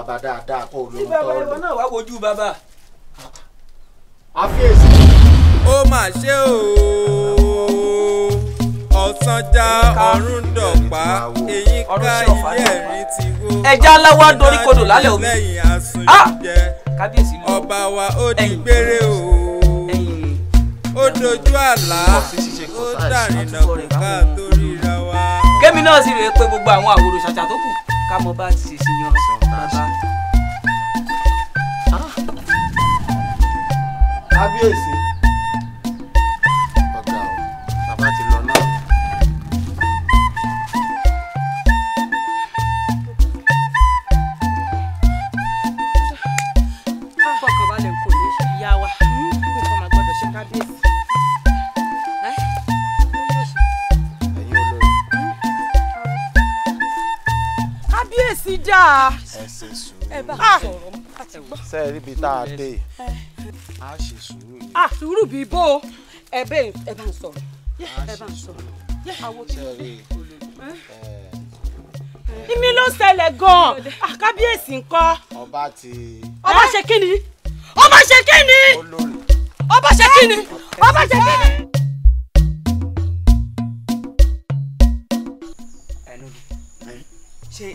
bàbá dáadáa kó o lóun tọ́ lò. tí bàbá ìwọ náà wá wojú bàbá. àfiyèsí. ó mà ṣe o ọ̀sánjà ọ̀run dọ̀pá èyí ká ilé mi ti wó. ẹja aláwa dorí kodò lálẹ́ omi. lẹ́yìn asunjẹ ah! ọba wa ó di gbére o ó dojú àlá ó dàrínà kó ká torí ra wa. kémi náà sì rèé pé gbogbo àwọn àwòrò ṣàṣà tó kù ká mọ bá ti ṣe sí yan. kábíyèsí. ọ̀gá o bàbá ti lọ náà. fọkànbalẹ̀ kò ní ìyá wa nǹkan máa gbọ́dọ̀ ṣe kábíyèsí. kábíyèsí dáa. ẹ ṣe sùúrù. ẹ bá a sọ̀rọ̀ àti gbọ́. sẹ́ẹ̀rì bíi tá a dé a ṣe sùúrù ni. a ah, sùúrù bíi bó o ẹ bẹ ẹ bá ń sọ ẹ bá ń sọ àwo kí ló dé. ìmí ló ṣẹlẹ̀ gan-an àkábíyèsí ah, ńkọ́. ọba ti. ọba ṣe kí ni ọba ṣe kí ni ọba ṣe kí ni ọba ṣe kí ni. ẹnu ṣe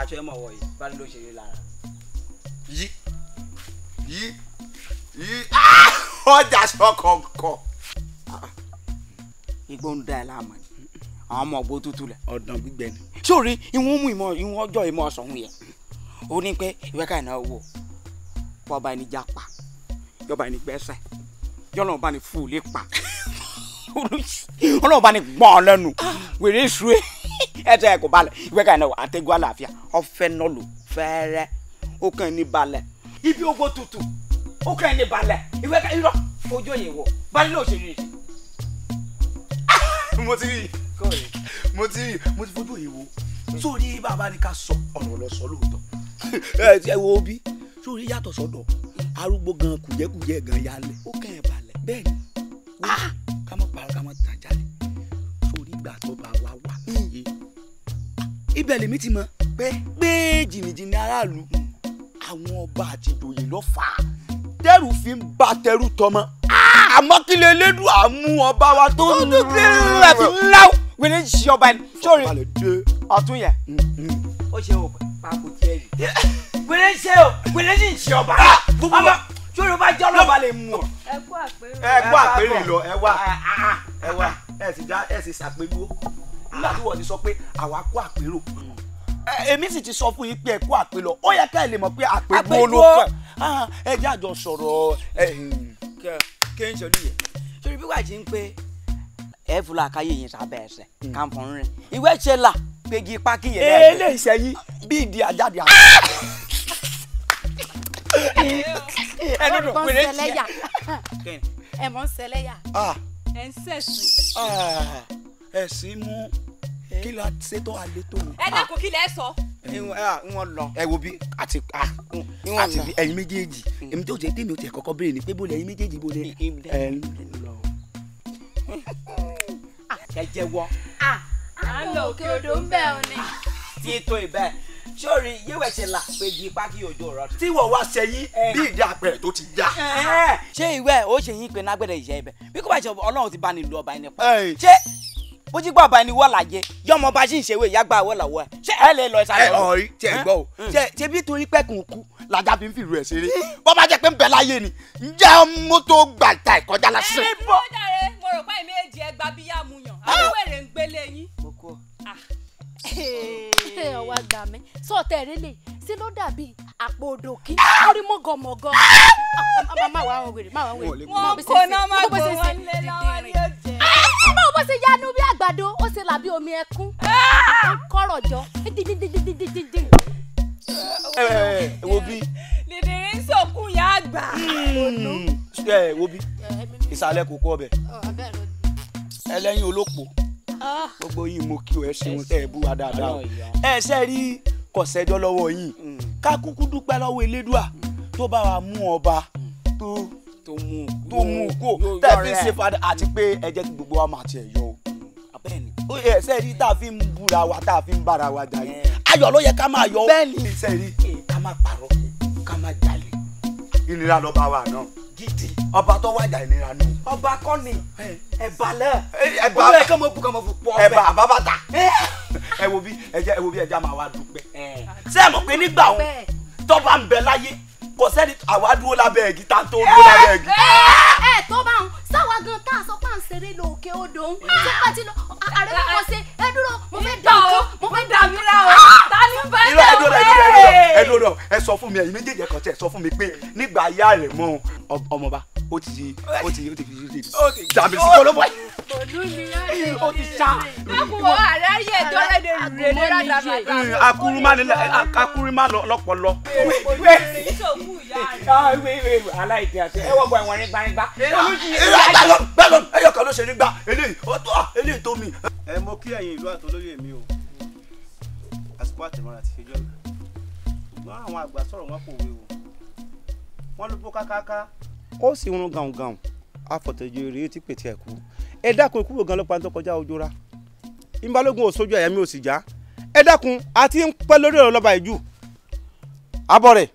aṣọ ẹ mọ̀ wọ̀nyí bá ló ṣe rí lára. yí yí yìí ah! ọjà sọkàn kọ. Ah! igbó ń da ẹ láàmú àwọn ọmọ ògbó tútù lẹ. ọ̀dàn gbígbẹ ni. sórí ìwọ̀n mú ìmọ̀ ìwọ̀n ọjọ́ ìmọ̀ ọ̀sán yẹn ó ní pé ìwé ká ìnáwó wò bọ́ọ̀bá ẹni já pa yọba ẹni gbẹ́sẹ̀ yọ̀nà ọba ni fúlẹ̀ pa ọlọ́ọ̀bá ni gbọ́n lẹ́nu wèrè ìṣúwé ẹ̀tọ́ ẹ̀ kò balẹ̀ ìwé ká ìnáwó àtẹ́gùn àlàáfíà ọ̀fẹ́ nọ́ọ̀lù fẹ́ẹ́rẹ́ ó kàn ní balẹ̀ ibi ogbó tutù ó kàn ní balẹ̀ ìwé ká irọ́ fojú òye wò balẹ̀ ló ṣe rí i. mo ti rí i mo ti rí i mo ti fojú òye wò hmm. sórí bàbá ni ká sọ ọ̀rọ̀ lọ sọ lóòótọ́ ẹ wo bí sórí yàtọ̀ sọ́dọ̀ arúgbó gan kùjẹ́kùjẹ́ gan yálẹ̀ ó kàn ẹ̀ balẹ̀ bẹ́ẹ̀ ni ah! ká mọ̀ pààrọ̀ ká mọ̀ tàjà lẹ̀ sórí ìgbà tó bá wá wà níye ibẹ̀ lèmi ti mọ̀ pé pé jìnnìjìnnì aráàlú hmm, àwọn ọba àti ìdòyè lọ́fàá tẹ́rù fi ń ba tẹ́rù tọmọ. àmọ́ kí lè lédu àmú ọba wa tó ń dùn kí lè fi láwù wíní ṣí ọba ni sórí ọ̀tún yẹn mm, mm. ó ṣe o pàápù tiẹ̀ yìí wíní ṣe o wíní ṣì ṣí ọba ọba sórí ọba jọ́ lọ́ba lè mú ọ. ẹ kú àpérò lọ ẹ wá ah, ah, ah. ẹ wá ẹ sì já ẹ sì ṣàpérò nígbà tí wọ́n ti sọ pé àwa kú àpérò èmi sì ti sọ fún yín pé ẹ kú àpérò ó yẹ ká ẹ lè mọ̀ pé àpérò ló kàn ẹ jẹ́ àjọ sọ̀rọ̀. Hmm, kí n sọ̀rọ̀ yẹ. sori bí wàá jí ń pé ẹ fúlà káyé yín sábẹ́ ẹsẹ̀ hmm. kàǹfọ̀n rìn ìwé ṣe là gbégi pákí yẹn. eléyìí sẹ́yìn bí ìdí ajáde àná. ẹnu dùn péré tiẹ̀. ẹ mọ̀ ń ṣẹlẹ́yà ah. ẹ ń ṣẹ̀sìn. Ah, ẹ̀sìn mú kí ló ṣe tó àlétò. ẹ dákun kí lẹ sọ. wọn lọ. ẹ wo bí àti àti ẹyin méjèèjì èmi tó jẹ tèmi ò tẹ kọ́kọ́ béèrè ni pé bó ẹyin méjèèjì bó ẹ ń lọ. ẹ jẹ́wọ́. à ń lọ òkè odò ń bẹ̀ ọ ni. tí ètò ìbẹ́ sórí yíwẹ̀ ṣe là péjì pákí òjò rọ. tí wọ́n wá sẹ́yìn bí ìdí àpẹẹrẹ tó ti já. ṣé ìwé ó ṣe yín pé nágbẹ̀rẹ̀ ìyá ibẹ̀ bí kò bá ṣe ọlọ́run ti bá ní ìlú ọba ẹni pa. ṣé bó jí bàbá ni wọ́ọ̀lá jẹ yọmọ bá ṣì ń ṣe wé ìyá gba wọ́ọ̀lá wọ́ ẹ ṣé ẹ lè lọ ìsàlẹ̀. ẹ ọ̀rí tí ẹ gbọ́ o ṣe bí torí pẹ́kun kú làjà fi ń fìlú ẹ̀ ṣeré bọ́ bá jẹ́ pé ń bẹ láyé ni ǹjẹ́ mọ́tò gbàgbà ìkọjá lásán. ẹ bọ́ mo rò pé èmi èjì ẹgbàá bíyà mu yàn àwọn wèrè ń gbélé yín ọwọ́ àgbà mi sọ̀tẹ̀ rẹ́lẹ̀ sí ló dàbí àpò òdòkí lórí ah! mọ́gànmọ́gàn ah! ah, má wà àwọn wèrè má wà àwọn wèrè. wọn kò náà má gbọ́ wọn lé lọ́wọ́ ní oúnjẹ. báwo bó ṣe yanu bí àgbàdo ó ṣe làbí omi ẹkún ó kọ̀rọ̀ jọ dídídídídídídí. ẹ ẹ eh, eh, eh, wo bí. dìdìrín sọkún yá àgbà. ẹ hmm. wo bí ìsàlẹ̀ kò kọ́ ọbẹ̀ oh, ẹlẹ́yin olóòpó gbogbo yín mo kí o ẹ ṣeun tẹ ẹ bú wa dáadáa o ẹ ṣe rí kọsẹjọ lọ́wọ́ yín mm. ká kúkú dúpẹ́ lọ́wọ́ elédùà mm. tó bá wa mú ọba mm. tó tó mú kó tẹ̀fí ṣe padà àti pé ẹ jẹ́ gbogbo wa máa tiẹ̀ yọ o ẹ ṣe rí tá a fi ń búra wa tá a fi ń bára wa jà yìí ayọ̀ ló yẹ ká máa yọ o bẹ́ẹ̀ ni ṣe rí ká má parọ́ ká má jalè ìnira ló bá wa náà gidi. ọba tó wájà ìnira nù. ọba kọ́ ni ẹ̀bà lẹ̀. ẹ̀bà olú ẹ̀ka mọ̀ bùkà mọ̀ fún pọ̀ ọbẹ̀. ẹ̀bà àbábà ta. ẹ wo bí ẹja ẹ wo bí ẹja máa wá dúpẹ́. ṣé ẹ mọ̀ pé nígbà òun tọ́ba ń bẹ láyé kò sẹ́ni àwa dúró lábẹ́ ẹ̀gí tá a tó dúró lábẹ́ ẹ̀gí. ẹ ẹ tó bá ń sáwa gan tá a sọ ń ṣeré lọ òkè odò ń tí bá àrẹ mi kò ṣe mo fẹ́ dà mo fẹ́ dà mí rà ta ni bá dé o pé. ẹ dúró ẹ sọ fún mi ẹ̀yin méjèèjì ẹkọ tẹ sọ fún mi pé nígbà ayá rẹ mọ ọmọba ó ti ó ti ó ti fi ṣe dàbí sí kọlọ́bọ̀. ó ti sá. ọkùnrin àráyè tó ẹni rèé lóra dàbàdà. akuruma lọpọlọ. aláìdí àti ẹwọ bọ ẹwọn nígbà nígbà. bẹ́ẹ̀ ẹyọ kan ló ṣe nígbà eléyìí ó tó eléyìí tó ẹ mọ kí ẹ̀yin ìlú àtọlóyè mi o àsìkò àtìmọ́ra ti fi jọ́ ṣùgbọ́n àwọn àgbà sọ̀rọ̀ wọn kò wéwu wọ́n ló bó kákáká ó sì run gàùngàùn afọ̀tẹ̀jọ rèé tí pètè ẹ̀kú ẹ dákun ikú wo gan ló pa ní tó kọjá ojora ìbálògùn òṣojú àyàmí ò sì já ẹ dákun àti ń pẹ́ lórí ọ̀rọ̀ lọ́ba ìjù abọ́ rẹ̀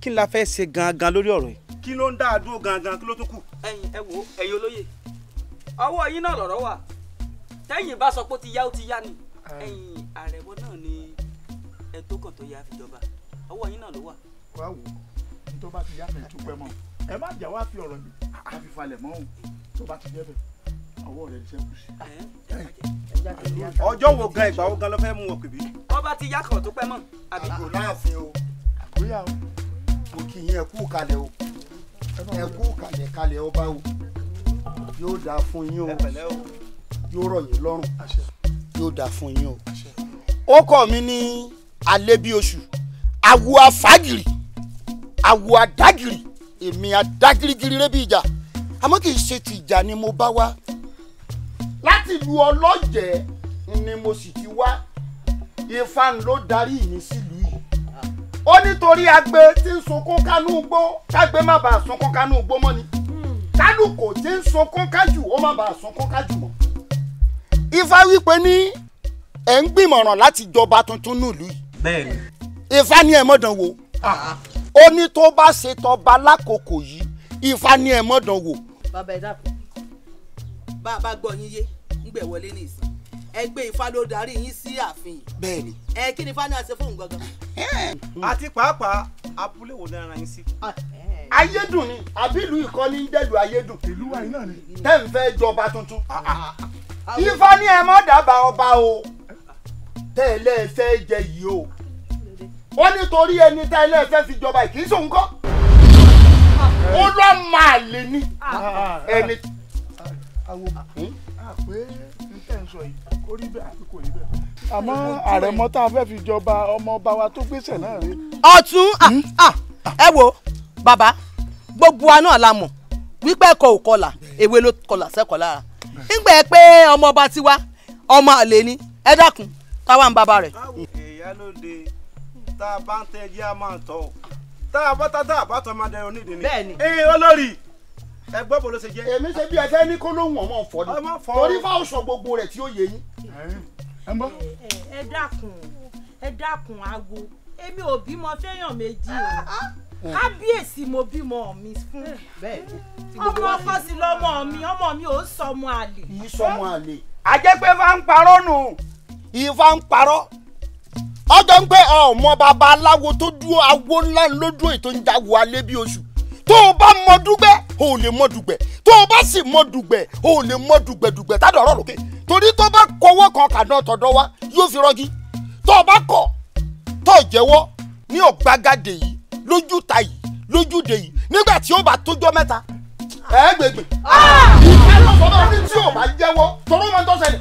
kí n la fẹ́ ṣe gangan lórí ọ̀rọ̀ yìí. kí ló ń dá a dúró gangan kí ló tó kù. ẹ̀yin ẹ wo ẹ̀yin olóye ọwọ́ yín náà lọ̀rọ̀ wà tẹ́yìn bá sọ pé ó ti yá ó ti yá ni ẹ̀yin àrẹ̀wọ̀ náà ni ẹ tó kàn tó yá àfijọba ọwọ́ yín náà ló wà. wá wò ó tó bá ti yá mi ìtúpẹ́ mọ́ ẹ má jà wá fi ọ̀rọ̀ mi. a fi falẹ̀ mọ́ òun tó bá ti jẹ́ bẹ̀ ọwọ́ rẹ̀ ṣe kù sí. ọjọ́ wo gan ìgbà wo gan ló fẹ́ mú wọn pèbí. wọ́n bá ti yákọ̀ tó pẹ́ mọ́. àbíkò náà fi o àgbéyà o mo kì í yẹn kú kalẹ̀ o ẹ kú kalẹ̀ kalẹ̀ ọba o yóò dáa fún yín o yóò rọ̀ yín lọ́rùn yóò dáa fún yín o. ó kọ́ mi ní alẹ́ bí oṣù awo afagiri awo adagiri èmi adágirigiri rẹ bí ìjà àmọ́ kì í ṣe ti ìjà ni mo bá wá láti lu ọlọ́jẹ̀ ni mo sì ti wá ifá ló darí mi sílùú yìí ó nítorí agbe tí ń sunkún kánú gbó kágbe má bàa sunkún kánú gbó mọ́ ni kánú kò tí ń sunkún kájù ó má bàa sunkún kájù mọ́ ifá wípé ní ẹ̀ ń gbìmọ̀ràn láti jọba tuntun nílùú yìí bẹ́ẹ̀ ni ifá ní ẹ̀ wo ó ní tó bá ṣe tọba lákòókò yìí ifá ní ẹ mọ́dàn wò. bàbá ẹ dàpọ̀ bá a bá gbọ́ yín yé ń gbẹ̀ wọlé ní ìsìn ẹgbẹ́ ifá ló darí yín sí ààfin yìí. bẹ́ẹ̀ni. ẹ kí ni fani àṣẹ fóun gangan. àti pàápàá abúlé wo náírà yín sí. ayédùn ni àbí ìlú ìkọ́ni ń dẹ̀lú ayédùn. ìlú wa ni. tẹ́ ń fẹ́ jọba tuntun. Ah, ah, ah. ifá ní ẹ mọ́ dábàá ọba o tẹ́lẹ̀ fẹ́ jẹ yìí o ó nítorí ẹni tá ilé ẹsẹ ti jọba kì í ṣòun kọ́ ó lọ máa lè ní ẹni. àwọn àpé ntẹ̀ ń sọ yìí kò rí bẹ́ẹ̀ àbí kò rí bẹ́ẹ̀. àmọ́ àrẹ̀mọ tá a fẹ́ fi jọba ọmọọba wa tó gbèsè náà rí. ọ̀tún hmm? ẹ wo bàbá gbogbo wa náà la mọ̀ wípé ẹ̀kọ́ ò kọlà èwe ló kọlà sẹ́kọ̀ọ́ lára nígbà pé ọmọọba tiwa ọmọ àlè ni ẹ dákun táwa ń bàbá rẹ̀. ìyálóde tá a bá ń tẹ ẹjẹ́ a máa tọ̀ tá a bá tá a bá tọ́ máa dẹrọ nídìí ni. bẹ́ẹ̀ni. ee olórí ẹ gbọ́ bó ló ṣe jẹ́. èmi ṣe bí ẹsẹ̀ ní kó lóhùn ọmọ ọ̀fọ́ ni torí fáwọn sọ gbogbo rẹ̀ tí ó yẹ yín. ẹ mọ. ẹ dákun ẹ dákun aago èmi ò bímọ fẹ́yàn méjì o ah, ah. kábíyèsí mo bímọ mi fún ọmọ ọkọ sí lọmọ mi ọmọ mi ò sọmọ àlè. kì í sọmọ àlè. àjẹpẹ́ máa ń parọ́ nù ìfà ń parọ́ ọjọ́ ń pẹ́ ọmọ bàbá aláwo tó dúró awo ńlá lójú ètò ń jawo alẹ́ bí oṣù tó o bá mọ dùgbẹ́ o ò lè mọ dùgbẹ́ tó o bá sì mọ dùgbẹ́ o lè mọ dùgbẹ́ dùgbẹ́ tá dọ̀rọ̀ lókè torí tó bá kọwọ́ kan kàná tọ̀dọ̀ wa yóò fi rọ́gí tó o bá kọ̀ tó jẹ́wọ́ ní ọ̀gbagadè yìí lójú ta yìí lójúde yìí nígbà tí ó bá tójọ́ mẹ́ta ẹ̀ gbègbè. ìyá ah! mi tí ò bá jẹ́wọ́ tọ́lọ́mọ tó ṣẹlẹ̀.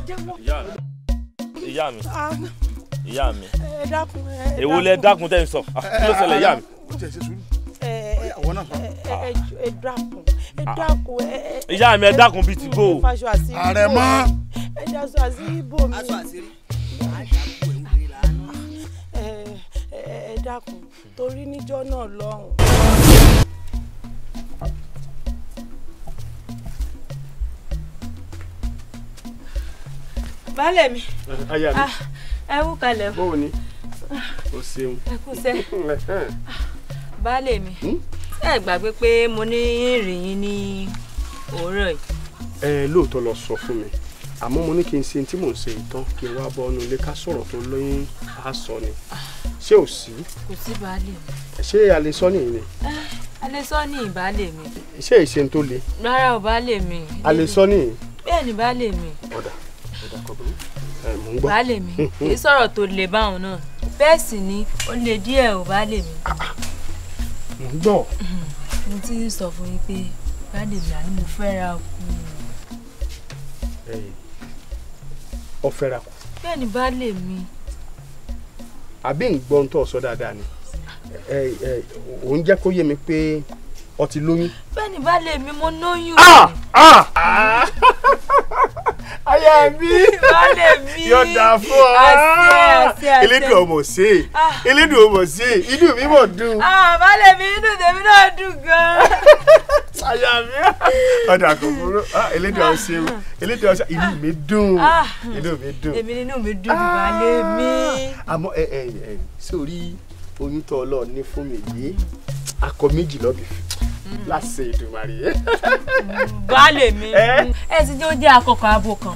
ìyá mi. Ah, ìyá mi èwo lẹ dákun tẹ́ ń sọ ah, kí ló ṣẹlẹ̀ ìyá mi. ẹ dákun ẹ ah. dákun ẹ. ìyá mi ẹ dákun bíi ti bò ó. ààrẹ mọ́. ẹ jásọ àti ibo mi. ẹ dákun torí níjọ́ náà lọ́hùn. baálé mi. aya mi. Ah, ẹ wú kalẹ̀. bó o ní o ṣeun. ẹ kú sẹ́ baálé mi hmm? ẹ gbàgbé pé mo ní ìrìn yín ní òórọ̀ yìí. ẹ lóòótọ́ lọ sọ fún mi àmọ́ mo ní kí n ṣe tí mò ń ṣe ìtàn kí n wá bọ́ ọ́nú ilé ká sọ̀rọ̀ tó lóyún àásọ ni ṣé ò sí. kò sí baálé mi. ṣé alẹ́sọ́ nìyí ni. Ah, alẹ́sọ́ ní ìbálẹ̀ mi. ṣé ìṣe tó le. rárá ò baálé mi. alẹ́sọ́ nìyí. bẹ́ẹ̀ ni baálé mi. ọ̀dà ọ̀dà kọ̀ọ̀kan baálé mi èyí sọ̀rọ̀ tó le báwọn náà bẹ́ẹ̀ sì ni ó le díẹ̀ ò baálé mi. Ah, ah. mo ń gbọ́. mo ti ń sọ fún yín pé baálé mi àní mo fẹ́ ra kù. ọ fẹ́ ra kù. bẹ́ẹ̀ ni baálé mi. àbí ń gbọ́ ohun tó sọ dáadáa ni ò ń jẹ́ kó yé mi pé. Pe o ti lóyún. bẹ́ẹ̀ni baálé mi mo lóyún. Ah, ah. aya mi baálé mi yọ̀dà fún ọ elédùn ọmọ ṣe ah. elédùn ọmọ ṣe inú mi mọ̀ dùn. baálé mi inú tèmi náà dùn gan-an. aya mi ọ̀dà kò burú elédùn ọmọ ṣe elédùn ọmọ ṣe inú mi dùn inú mi dùn. èmi inú mi dùn baálé mi. àmọ́ ẹ ẹ ẹ sórí oyún tó ọlọ́ọ̀ ní fún mi yìí akọ méjì lọ́bì láṣẹ ìdùnmàrè. baálé mi ẹ ti jẹ́ ó jẹ́ akọkọ abo kan.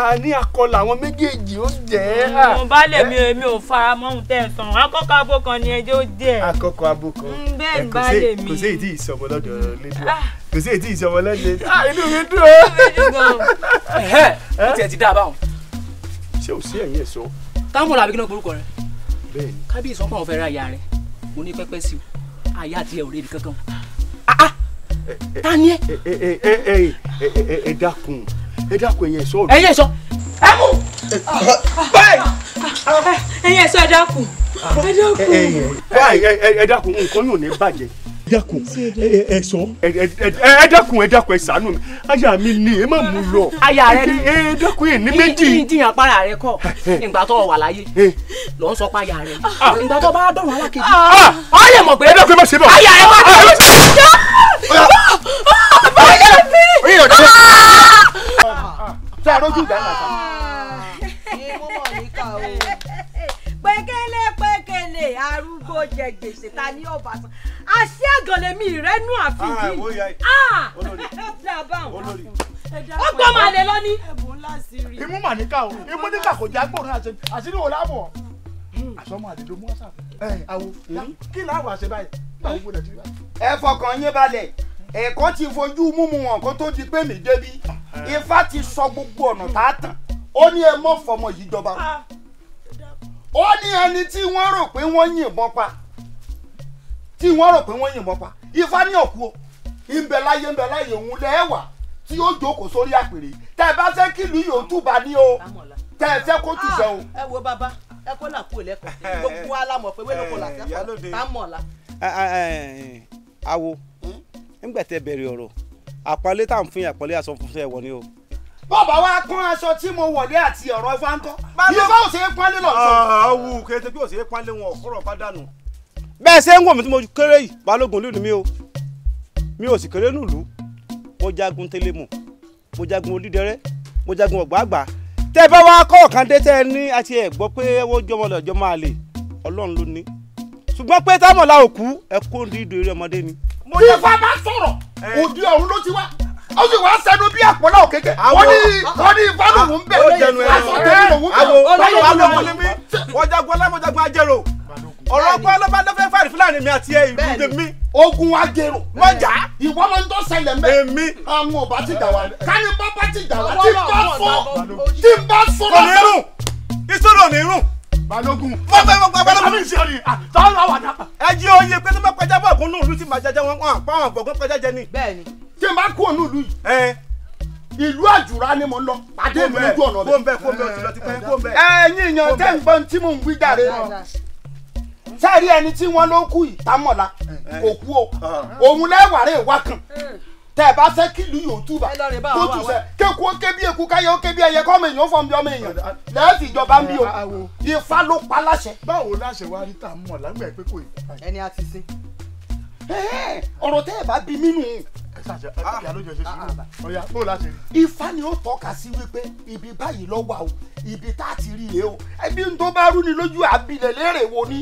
a ní akọ làwọn méjèèjì ó jẹ́. mo mm, baálé mi èmi ò fara mọ́ ohun tẹ̀ sàn akọkọ abo kan ni ẹjẹ́ ó jẹ́. akọkọ abo kan mm, bẹ́ẹ̀ ni baálé mi kò sí èyí tí ì sọmọ lọ́dọ̀ lẹ́dọ̀ ah. kò sí èyí tí ì sọmọ lọ́dọ̀ ah, inú mi dùn ó. ẹ̀hẹ́ ó tiẹ̀ ti dá a báwọn. ṣé ò sí ẹ̀yìn ẹ̀ sọ. táwọn mọ̀lá àbíkínà korúkọ rẹ̀ bẹ́ẹ̀ ni kábíyèsí wọn pàwọn fẹ́ ra ìyá rẹ̀ mo ní pẹ́pẹ́ sí i àyà tiẹ̀ ò lébi kankan. Ah, ah. ta ni ẹ. Eh, eh, eh, ẹ dákun ẹ dákun ẹyẹ sọ. ẹyẹ sọ. ẹ mú. báyìí. ẹyẹ sọ ẹ dákun ẹ dákun. ẹ dákun nǹkan yóò ní bàjẹ́ dákun ẹ sọ. ẹ dákun ẹ dákun ẹ ṣàánú mi aya mi ni ẹ má mú lọ. aya rẹ ni ẹ dákun ẹ ni méjì. ìdíyàn para rẹ kọ ah, eh. ìgbà tó wà láyé eh. lọ ń sọ pa aya rẹ ah. ìgbà tó bá dọ̀rọ̀ alákejì. ọ ah. lè mọ̀ pé ẹ dákun ẹ má ṣe bọ̀. aya rẹ má ṣe bọ̀. báyọ̀ mi. tẹ ẹ lójú ìgbà náà. pẹ̀kẹ́lẹ́ lè arúgbó jẹ gbèsè ta ní ọ̀bàṣán àṣé àgànlẹ̀mí rẹ́nu àfi ah, yìí ah! ó gbọ́ màá lè lọ ní. imú mà níkà o imú níkà kò já gbòòrùn àṣẹ àṣírí wo láàbọ̀ hmm. àṣọmọ àdìdó mú ọ̀sà ẹ̀ àwo hmm? kí làwọn àṣẹ báyìí. ẹ fọkàn yín balẹ̀ ẹ̀kọ́ ti fojú múmu wọn kó tó di pé mi débi ah, ifá ti sọ gbogbo ọ̀nà tá a tàn ó ní ẹ mọ́ fọmọ yìí jọba ó ní ẹni tí wọ́n rò pé wọ́n yìnbọn pa tí wọ́n rò pé wọ́n yìnbọn pa ifá ní òkú o ìbẹ̀ láyé ìbẹ̀ láyé òun lẹ́ẹ̀wà tí ó jókòó sórí àpèrè tẹ́ ẹ bá fẹ́ kílùú yóò túbà ní o tẹ́ ẹ fẹ́ kó tùṣẹ́ o. Ah, ẹ wo bàbá ẹ kó là kú lẹ́kọ̀ọ́ gbogbo alámọ̀ pé wẹ́lẹ́ kò là sẹ́kọ̀ọ́ tá mọ̀ la. Ah, ah, eh, eh, awo hmm? nígbà tẹ́ bẹ̀rẹ̀ ọ̀rọ̀ àpọ́nlé tá à ń fún yín àpọ́nlé aṣọ funfun ẹ̀ ni o bọ́ọ̀bà wa kún aṣọ tí mo wọlé àti ọ̀rọ̀ ifá ń tọ́ ifá ò ṣe é pálé lọ sọ. Ah, àwù kété bí ò ṣe é pálé wọn ọ̀kọ́rọ̀ bá dànù. bẹ́ẹ̀ ṣé ń wò mí tí mo kéré yìí balógun lílu mi o mi ò sì kéré nùlú mo jagun tẹlẹmù mo jagun olídẹrẹ mo jagun ọ̀gbàgbà tẹ bá wa kọ́ ọ̀kan dé tẹ ẹ ní àti ẹ̀ gbọ́ pé ẹwọ́ jọmọ lọ́jọ́ máa lè ọlọ́run ló ní ṣùgbọ́n pé támọ̀lá òkú ẹ̀kọ́ ń dídò eré ọmọdé ni. mo yẹ fún abá sọ̀rọ̀ òdi ọ̀run ló ti wá ó sì wá sẹnu bí àpọ́nlá òkèké wọ́n ní wọ́n ní ìbálòwò ń bẹ̀ àsọtẹ́lòwò ń bẹ̀ wọ́n jagun alámọ̀jagun ajẹ́rò ọ̀rọ̀ ọgbọ́n ló bá lọ́fẹ́ fàrí fúlàní mi àti ìlú de mi. ogun agero. wọ́n jà. ìwọ ló ń tọ́ ṣẹlẹ̀ mẹ́. èmi. àwọn ọba ti dà wá. káni bá bá ti dà wá. tí bá fọ́ tí bá fọ́. kò ní irun ìṣòro ní irun. balógun. mo fẹ́ mo fẹ́ balógun. àmì ìṣòro yìí tọ́ lọ wà dá. ẹ jí oyè pé tó bá pẹja bọ̀ gún ní ìlú tí màá jẹjẹ wọn pa àwọn àgbọ̀gún pẹja jẹ ni. bẹ́ẹ̀ni tí n bá kúrò nílùú yìí ìlú àjùrà ni mo ń lọ pàdé mi lójú ọ̀nà bẹ́ẹ̀. kó n bẹ kó n bẹ o ti lọ ti pẹ́ kó n bẹ. ẹ̀yin èèyàn tẹ́ ń gbọ́n tí mò ń wí jàre sẹ́ẹ̀rí ẹni tí wọ́n ló kú yìí támọ̀lá òkú o òun lẹ́wàárẹ̀ wá kan tẹ ẹ bá fẹ́ kí ìlú yòó túbà tó tù sẹ kéku ó ké bí eku káyọ ó ké bí ẹyẹ kọ́mọ èèyàn fọ́n bí ọmọ èèyàn lẹ́ẹ̀sì ìjọba ń bí o ifá ló pa láṣẹ. báwo láṣẹ wa rí tá a mọ̀ lágbẹ̀ẹ́ pé kò yìí. ẹni a ti sin. ọ̀rọ̀ tẹ́ ẹ bá bí mí nù ṣàṣẹ ah. ẹ tẹ̀lé àlójọ ṣe sùúrù ọ̀yà bó la ṣe rí. ifá ni ó tọ́ka sí wípé ibi báyìí ló wà o ibi tá a ti rí e o ẹbí n tó bá rú ni lójú àbílẹ̀ lérè wo ni.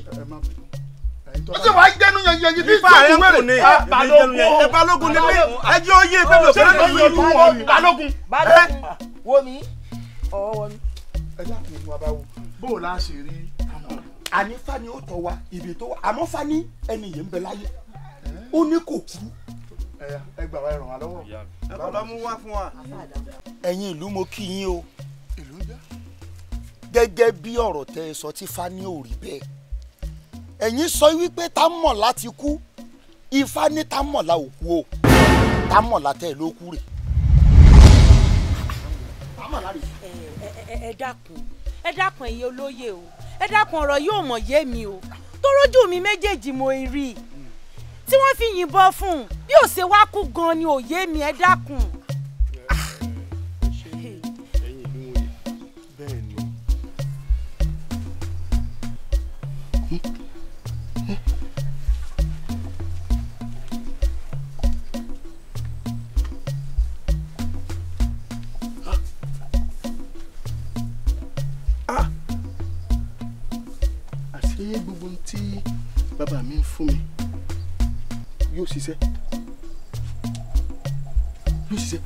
ó sì wá jẹ́nu yanyanyi bí ìjọba rẹ̀ kù ni balógun balógun ni mí ẹjẹ́ oyè bẹ́ẹ̀ bẹ́ẹ̀ bẹ́ẹ̀ bẹ́ẹ̀ balógun. balógun wo mi ọ̀wọ́ wọ mi. ẹ dákun wa bá wo bó la ṣe rí. àní fani ó tọ́ wa ibi tó wà àmọ́ fani ẹni yìí ń bẹ láyé eh? ó ní kò kú ẹ gbà wá ẹ ràn wá lọ́wọ́. ẹ kọ́ lọ mú wá fún wa. ẹ̀yin ìlú mo kí yín o gẹ́gẹ́ bí ọ̀rọ̀ tẹ ẹ sọ tí fani ò rí bẹ́ẹ̀ ẹ̀yin sọ wípé tá mọ̀ láti kú ifá ní tá mọ̀ la ò kú o tá mọ̀ la tẹ̀ ló kú rè. ẹ dákun ẹ dákun ẹ̀yin olóye o ẹ dákun ọ̀rọ̀ yóò mọ̀ yé mi o tó rójú mi méjèèjì mo rí i tí wọ́n fi yìnbọn fún un bí ó ṣe wá kú gan ni òye mi ẹ dákun. Ah! Ah! gbogbo ohun bàbá mi ń fún mi yóò ṣiṣẹ́ yóò ṣiṣẹ́.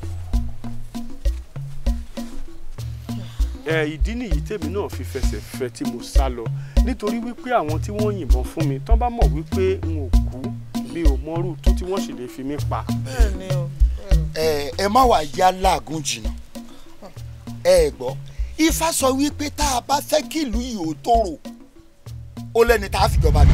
ẹ ìdí nìyí tèmi náà fi fẹsẹ̀ fẹ́ tí mo sá lọ nítorí wípé àwọn tí wọ́n yìnbọn fún mi tán bá mọ̀ wípé n ò kú mi ò mọrú tó tí wọ́n sì lè fi mí pa. ẹ má wàá yá láàgùn jìnnà ẹ gbọ́ ifá sọ wípé tá a bá fẹ́ kí ìlú yìí ó tòrò ó lẹ́ni tá a fìjọba lò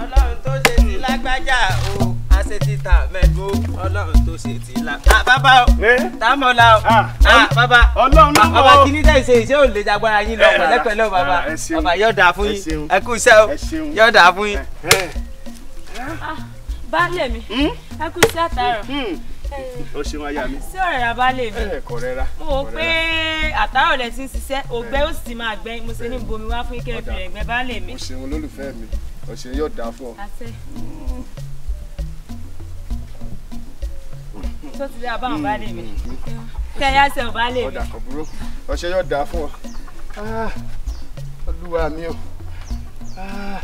ọlọ́run tó ṣe ti lágbájá o asetita mẹ́gbó ọlọ́run tó ṣe ti la. Ah, bàbá o tàmọ́lá o ah, ah, bàbá bàbá kí ní tẹ̀sí iṣẹ́ ò lè jagbára yín lọ pẹ̀lẹ́pẹ̀lẹ́ o bàbá bàbá yọ̀dà fún yín ẹ kú iṣẹ́ o yọ̀dà fún yín. baálé mi hmm? ẹ kú iṣẹ́ àtàrọ̀ hmm. eh, o ṣeun aya mi. sí ọ̀rẹ́ ra baálé mi. Eh, ẹ mo wò pé àtàrọ̀ lẹ ti ń ṣiṣẹ́ ògbẹ́ ó sì máa gbẹ́ mo ṣe ní eh. bomi wá fún ike ìbẹ̀rẹ̀ gbẹ baálé mi. o ṣeun olólùfẹ́ mi ọ̀sẹ̀ yóò dà fún ọ. tó ti dé abáwọn baálé mi kí ẹyà ṣe baálé mi. ọ̀dà kan burú ọ̀sẹ̀ yóò dà fún ọ. Ah, olúwa mi o. Ah.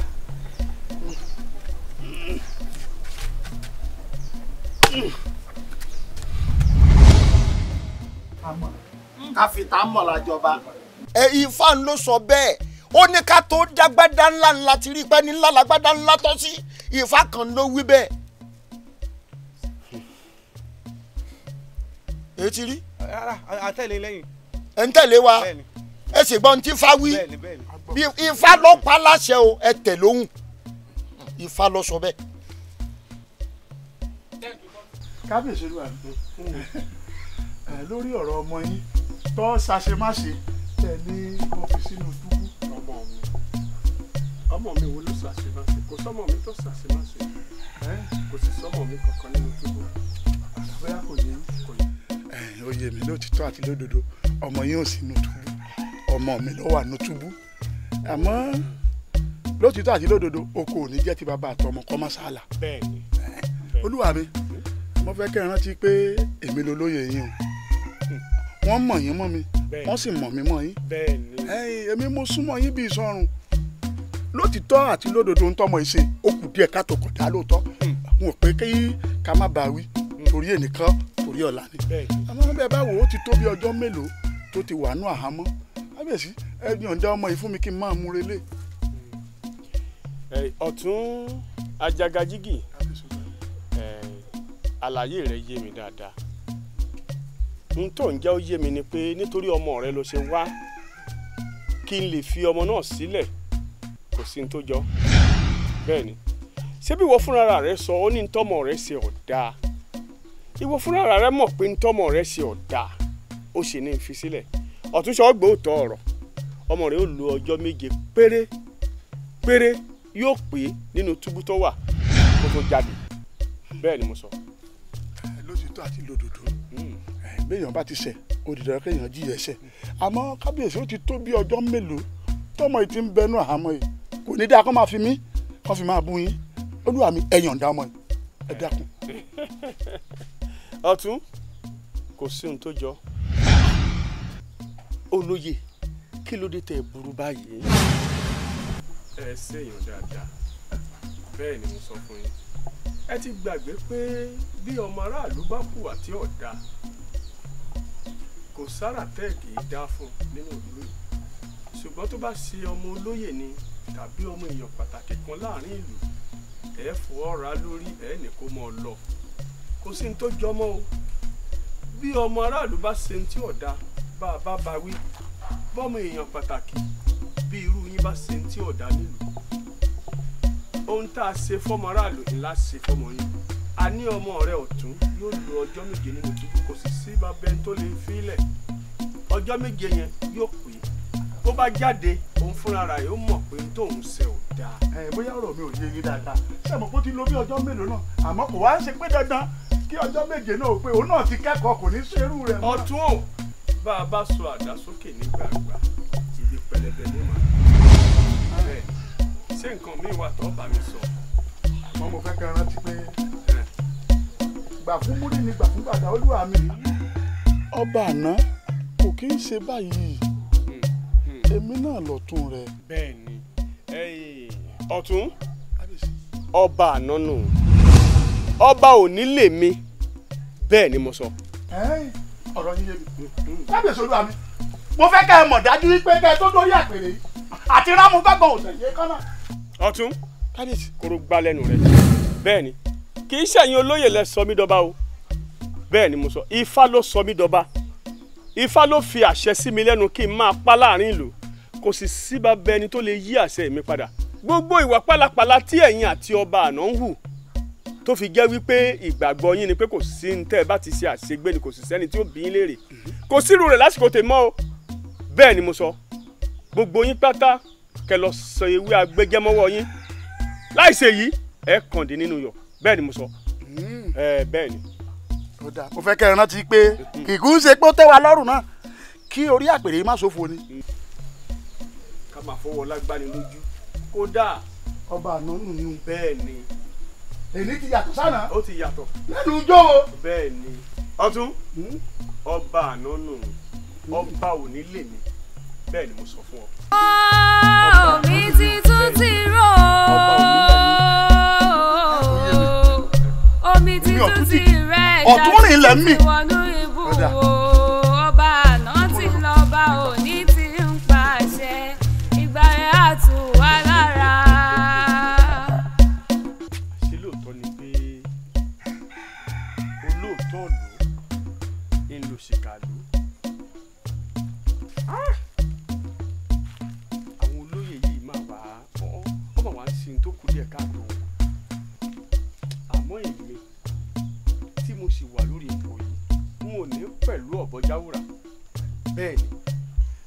ká fi tá a mọ̀ lájọba. ẹ ifá ló sọ bẹ́ẹ̀ ó ní ká tó dágbádá ńlá ńlá ti rí pẹ́ ní ńlá làgbádá ńlá tọ́ sí Ifá kan ló wí bẹ́ẹ̀. èyí rí. rárá e lẹ́yìn. ẹ ń tẹ̀lé wa ẹ sì gbọ́n tí Ifá wí bí Ifá ló pa láṣẹ o ẹ tẹ̀ lóhùn Ifá ló sọ bẹ́ẹ̀. kábíyèsí ló wà ní lórí ọ̀rọ̀ ọmọ yín tó ṣàṣemáṣe tẹ̀ ní ọ́fíìsì nùdú ọmọ mi ọmọ mi wo ló ṣàṣemáṣe kò sọmọ mi tó ṣàṣemáṣe kò sì sọmọ mi kankan nínú túbú àtàbẹ́yà kò yẹ kò yẹ. ó yé mi lóòtítọ́ àti lódodo ọmọ yín ò sí nù túbú ọmọ mi ló wà nù àmọ́ lóòtítọ́ àti lódodo oko ò ní jẹ́ ti bàbá àtọmọ kọ́ mọ́sálà olúwa mi mo fẹ́ kẹ́ ẹ rántí pé èmi lolóye yín o wọ́n mọ̀ yín mọ́ mi wọ́n sì mọ̀ mí mọ́ yín èmi mo súnmọ́ yín bíi sọ́run lótìtọ́ àti lódodo ń tọ́mọ ìṣe ó kù díẹ̀ ká tó kọ̀ dá lóòótọ́ hmm. n ò pé kí ká má bá wí hmm. torí ẹnìkan torí ọ̀la ni àmọ́ bẹ́ẹ̀ bá wò ó ti tó bí ọjọ́ mélòó tó ti wà nú àhámọ́ ábẹ̀sí ẹ yọ̀ǹda ọmọ yìí fún mi kí n máa mú relé. Hmm. ọ̀tún ajagajigi àlàyé rẹ̀ yé mi dáadáa n tó ń jẹ́ ó yé mi ni pé nítorí ọmọ rẹ ló ṣe wá kí n lè fi ọmọ náà sílẹ̀ kò sí ní tó jọ bẹ́ẹ̀ ni ṣebí ìwọ fúnra rẹ sọ ó ní ntọ́mọ rẹ ṣe ọ̀dà ìwọ fúnra rẹ mọ̀ pé ntọ́mọ rẹ ṣe ọ̀dà ó ṣe ní fi sílẹ̀ ọ̀túnṣe ọgbẹ́ òótọ́ ọ̀rọ̀ ọmọ rẹ ó lo ọjọ́ méje péré péré yóò pé nínú túbú tó wà kó tó jáde bẹ́ẹ̀ ni mo sọ. lótìtọ́ àti lódodo béèyàn bá ti ṣẹ̀ ó di dandan kéèyàn jìyà ẹ̀ṣẹ̀ kábíyèsí ó ti tó bí ọjọ́ mélòó tọmọ yìí ti ń bẹnu àhámọ́ yìí kò ní dáa kó máa fi mí kó fi máa bú yín olúwa mi ẹ̀yàn dá yìí ẹ dákun. ọ̀tún kò sí ohun tó jọ olóye kí ló dé tẹ ẹ burú báyìí. ẹ ṣèyàn dáadáa bẹ́ẹ̀ ni mo sọ fún yín ẹ ti gbàgbé pé bí ọmọ aráàlú bá kùwà tí ò kò sára tẹ́ kì í dá fún nínú ìlú ṣùgbọ́n tó bá ṣe ọmọ olóyè ni tàbí ọmọ èèyàn pàtàkì kan láàrin ìlú ẹ fọ́ ọ̀rá lórí ẹ ní kó mọ̀ lọ kò sí ní tó jọmọ́ o bí ọmọ aráàlú bá ṣe ní tí ọ̀dà bá a bá ba wí bọ́mọ èèyàn pàtàkì bí irú yín bá ṣe ní tí ọ̀dà nílùú ohun tá a ṣe fọmọ aráàlú ńlá ṣe fọmọ yín a ní ọmọ rẹ ọ̀tún yóò lo ọjọ́ méje nínú túbú kò bàbá tó lè filẹ̀ ọjọ́ méje yẹn yóò pé tó bá jáde òun fúnra rà yóò mọ̀ pé tóun ṣe ò dáa. ẹ bóyá ọ̀rọ̀ mi ò yé yín dáadáa ṣé mo kó ti lo bí ọjọ́ mélòó náà àmọ́ kò wá ṣe pé dandan kí ọjọ́ méje náà pé òun náà ti kẹ́kọ̀ọ́ kò ní ṣerú rẹ̀ mọ́. ọ̀tún ò bá a bá sọ àdá sókè nígbàgbà ibi pẹlẹbẹ ló máa bẹ́ẹ̀ ṣé nǹkan mi wà tó bá mi sọ. àmọ́ mo fẹ́ kẹ́ rántí pé gbà fún múrí ni gbà fún gbàdá olúwa mi ọba àná kò kí ń ṣe báyìí èmi náà lọ́tún rẹ. bẹ́ẹ̀ni ọ̀tún ọba àná nù ọba òní lèmi bẹ́ẹ̀ ni mo sọ. ọ̀rọ̀ yín yé mi kábíyèsí olúwa mi mo fẹ́ kẹ́ ẹ mọ̀ dájú wípé kẹ́ ẹ tó dórí àpèrè yìí àti rámú gbọ́gbọ́n òṣèlú kan náà. ọ̀tún kábíyèsí koro gbá bẹ́ẹ̀ ni kì í ṣẹ̀yin olóyè lẹ sọ mí dọba o bẹ́ẹ̀ ni mo sọ ifá ló sọ mí dọba ifá ló fi àṣẹ sí mi lẹ́nu kí n máa pa láàrin ìlú kò sì síba bẹ ẹni tó lè yí àṣẹ mi padà gbogbo ìwà pálapàla tí ẹ̀yin àti ọba àná ń hù tó fi jẹ́ wípé ìgbàgbọ́ yín ni pé kò sí ní tẹ́ ẹ bá ti ṣe àṣegbé ni kò sì sẹ́ni tí ó bí yín léèrè kò sírú rẹ̀ lásìkò tèmọ́ o bẹ́ẹ̀ ni mo sọ gbogbo yín pátá kẹ lọ sọ ewé agbẹjẹmọwọ yín láìsè yìí ẹ kàn dín nínú yọ bẹ́ẹ̀ ni mo sọ hmm. ẹ bẹ́ẹ̀ ni tó dáa mo fẹ́ kẹ́ ẹ rántí pé kìkú ń ṣe pé ó tẹ́ wa lọ́rùn náà kí orí àpèrè má ṣòfò ni. ká máa fọwọ́ lágbáni lójú kódà ọba ànánù ni bẹ́ẹ̀ ni. èyí ti yàtọ̀ sánà. ó ti yàtọ̀. lẹ́nu ijó o. bẹ́ẹ̀ ni ọtún hmm? ọba ànánù ọba òní lè mi bẹ́ẹ̀ ni mo sọ fún ọ. ọ̀ọ́ mi ti tún ti rò ó. omi ti tún ti rẹ̀ ìjà tó ti wọnú ibú wo ọba àná ti lọ bá òní. pẹ̀lú ọ̀bọ jáwúrà bẹ́ẹ̀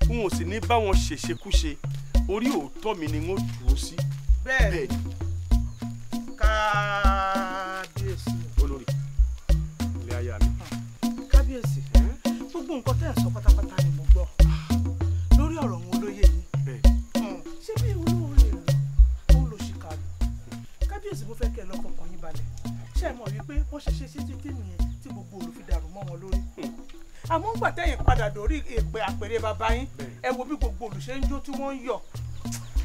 ni n ò sì ní bá wọn ṣèṣekúṣe orí òótọ́ mi ni wọ́n dúró sí. bẹ́ẹ̀ ni kábíyèsí. olórí ilé aya mi. kábíyèsí gbogbo nǹkan tẹ́ ẹ̀ sọ pátápátá ni mo gbọ́ lórí ọ̀rọ̀ wọn olóyè yìí hmm, ṣé bí olówó lè lò ó lò ṣìkà lò kábíyèsí mo fẹ́ kẹ́ ẹ lọ́kọ̀ọ̀kan yín balẹ̀ ṣé ẹ mọ̀ wípé wọ́n ṣe ṣe sí títí nìyí àmọ́ gbà tẹ̀yìn padà dórí èpè àpèrè bàbá yín ẹ wo bí gbogbo olùṣe ń jó tí wọ́n ń yọ̀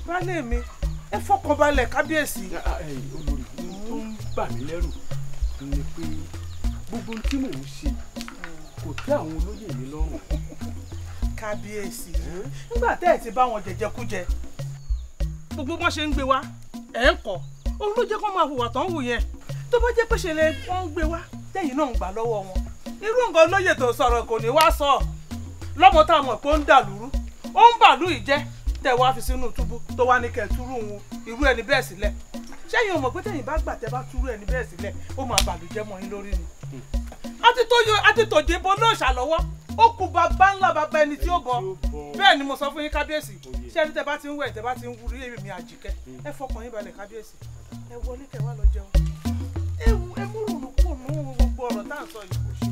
baálé mi ẹ fọkàn balẹ̀ kábíyèsí. Ah, ah, eh, olórí tó ń bà mí lẹ́rù ni pé gbogbo ohun tí mò ń ṣe kò tẹ́ àwọn olóyè mi lọ́rùn. kábíyèsí nígbà tẹ́ ẹ̀ ti bá wọn jẹjẹkújẹ gbogbo wọn ṣe ń gbé wa ẹ̀ ń kọ́ òun ló jẹ́ kó máa hùwà tó ń hù yẹn tó bá jẹ́ pé ṣe lè wọ́n ń gbé wa tẹ́yìn náà ń gbà lọ́wọ́ wọn irú nǹkan olóyè tó sọ̀rọ̀ kò ní wá sọ lọ́mọ táwọn mọ̀ pé ó ń dàlúrú ó ń bàlú ìjẹ́ tẹ̀ wá fi sínú túbú tó wá ní kẹ̀ túrú òun irú ẹni bẹ́ẹ̀ sílẹ̀ ṣẹ́yìn o mọ̀ pé tẹ̀yìn bá gbà tẹ́ bá túrú ẹni bẹ́ẹ̀ sílẹ̀ ó máa bàlújẹ́ mọ́ yín lórí ni. àti tòjì ibo náà ṣàlọ́wọ́ ó kú bàbá ńlá bàbá ẹni tí ó bọ bẹ́ẹ̀ ni mo sọ fún yín kábíyèsí ṣé ẹni tẹ́ bá ti ń wẹ̀ tẹ́ bá ti ń wúrí èmi àjíkẹ́ ẹ fọkàn yín balẹ̀ kábíyèsí ẹ wọlé kẹ́ wá lọ jẹun ẹ múrùnù kúrò nù gbogbo ọ̀rọ̀ tá à ń sọ yìí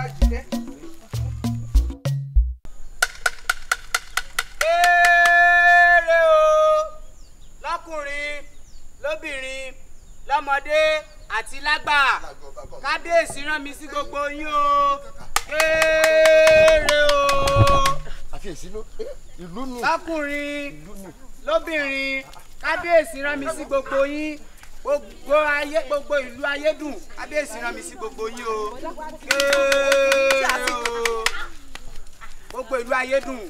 èrè o lọ́kùnrin lóbìnrin lọ́mọdé àti lágbà kábíyèsí rán mi sí gbogbo yín o eh, lọ́kùnrin lóbìnrin kábíyèsí rán mi sí gbogbo yín gbogbo ayé gbogbo ìlú ayé dùn kábíyèsí rán mi sí gbogbo yín o kéèrè o gbogbo ìlú ayé dùn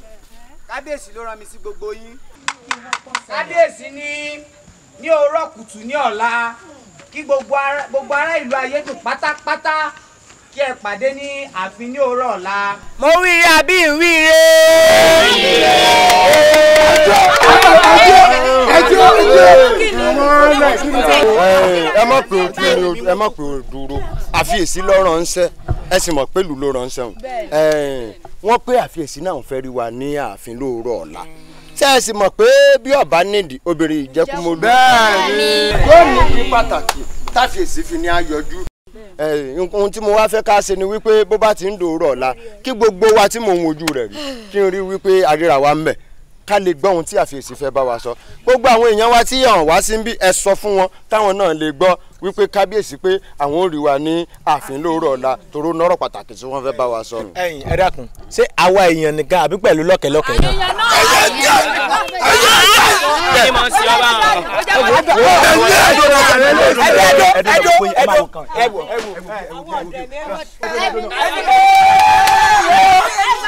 kábíyèsí ló rán mi sí gbogbo yín kábíyèsí ní ní òórọ̀ kùtù ní ọ̀la kí gbogbo ará ìlú ayé dùn pátápátá kí ẹ pàdé ní ààfin ní òórọ̀ ọ̀la. mo wíire àbí ìwíire. ìwíire ẹ má pè ó ẹ má pè ó dúró àfiyèsí ló ránṣẹ́ ẹ sì mọ̀ pé lù ló ránṣẹ́ o wọ́n pé àfiyèsí náà ń fẹ́ rí wa ní ààfin lóòrọ̀ ọ̀la tí ẹ sì mọ̀ pé bí ọba nídìí obìnrin ìjẹkùmọlú. bẹ́ẹ̀ni gómìnà ní pàtàkì táfíyèsí fi ní ayọjú ohun tí mo wá fẹ́ ká ṣe ni wípé bó bá ti ń dòórọ̀ ọ̀la kí gbogbo wa tí mò ń wojú rẹ̀ rí kí n rí wípé àríra wa ń bẹ̀ ká lè gbọ́ ohun tí àfiyèsí fẹ́ bá wa sọ gbogbo àwọn èèyàn wa tí yàn wá sí bí ẹ sọ fún wọn táwọn náà lè gbọ́ wípé kábíyèsí pé àwọn ò wa ní ààfin lóòrọ̀ ọ̀la toró nọ́rọ̀ pàtàkì tí wọ́n fẹ́ bá wa sọ. ẹ̀yin ẹ dákun ṣé àwa èèyàn nìkan àbí pẹ̀lú lọ́kẹ̀lọ́kẹ̀ náà. ẹyẹ jẹ ẹyẹ jẹ ẹyẹ mọ sí ọba ọhún. ẹdọ ẹdọ ẹdọ ẹdọ ẹdọ ẹwọ ẹwọ ẹwọ.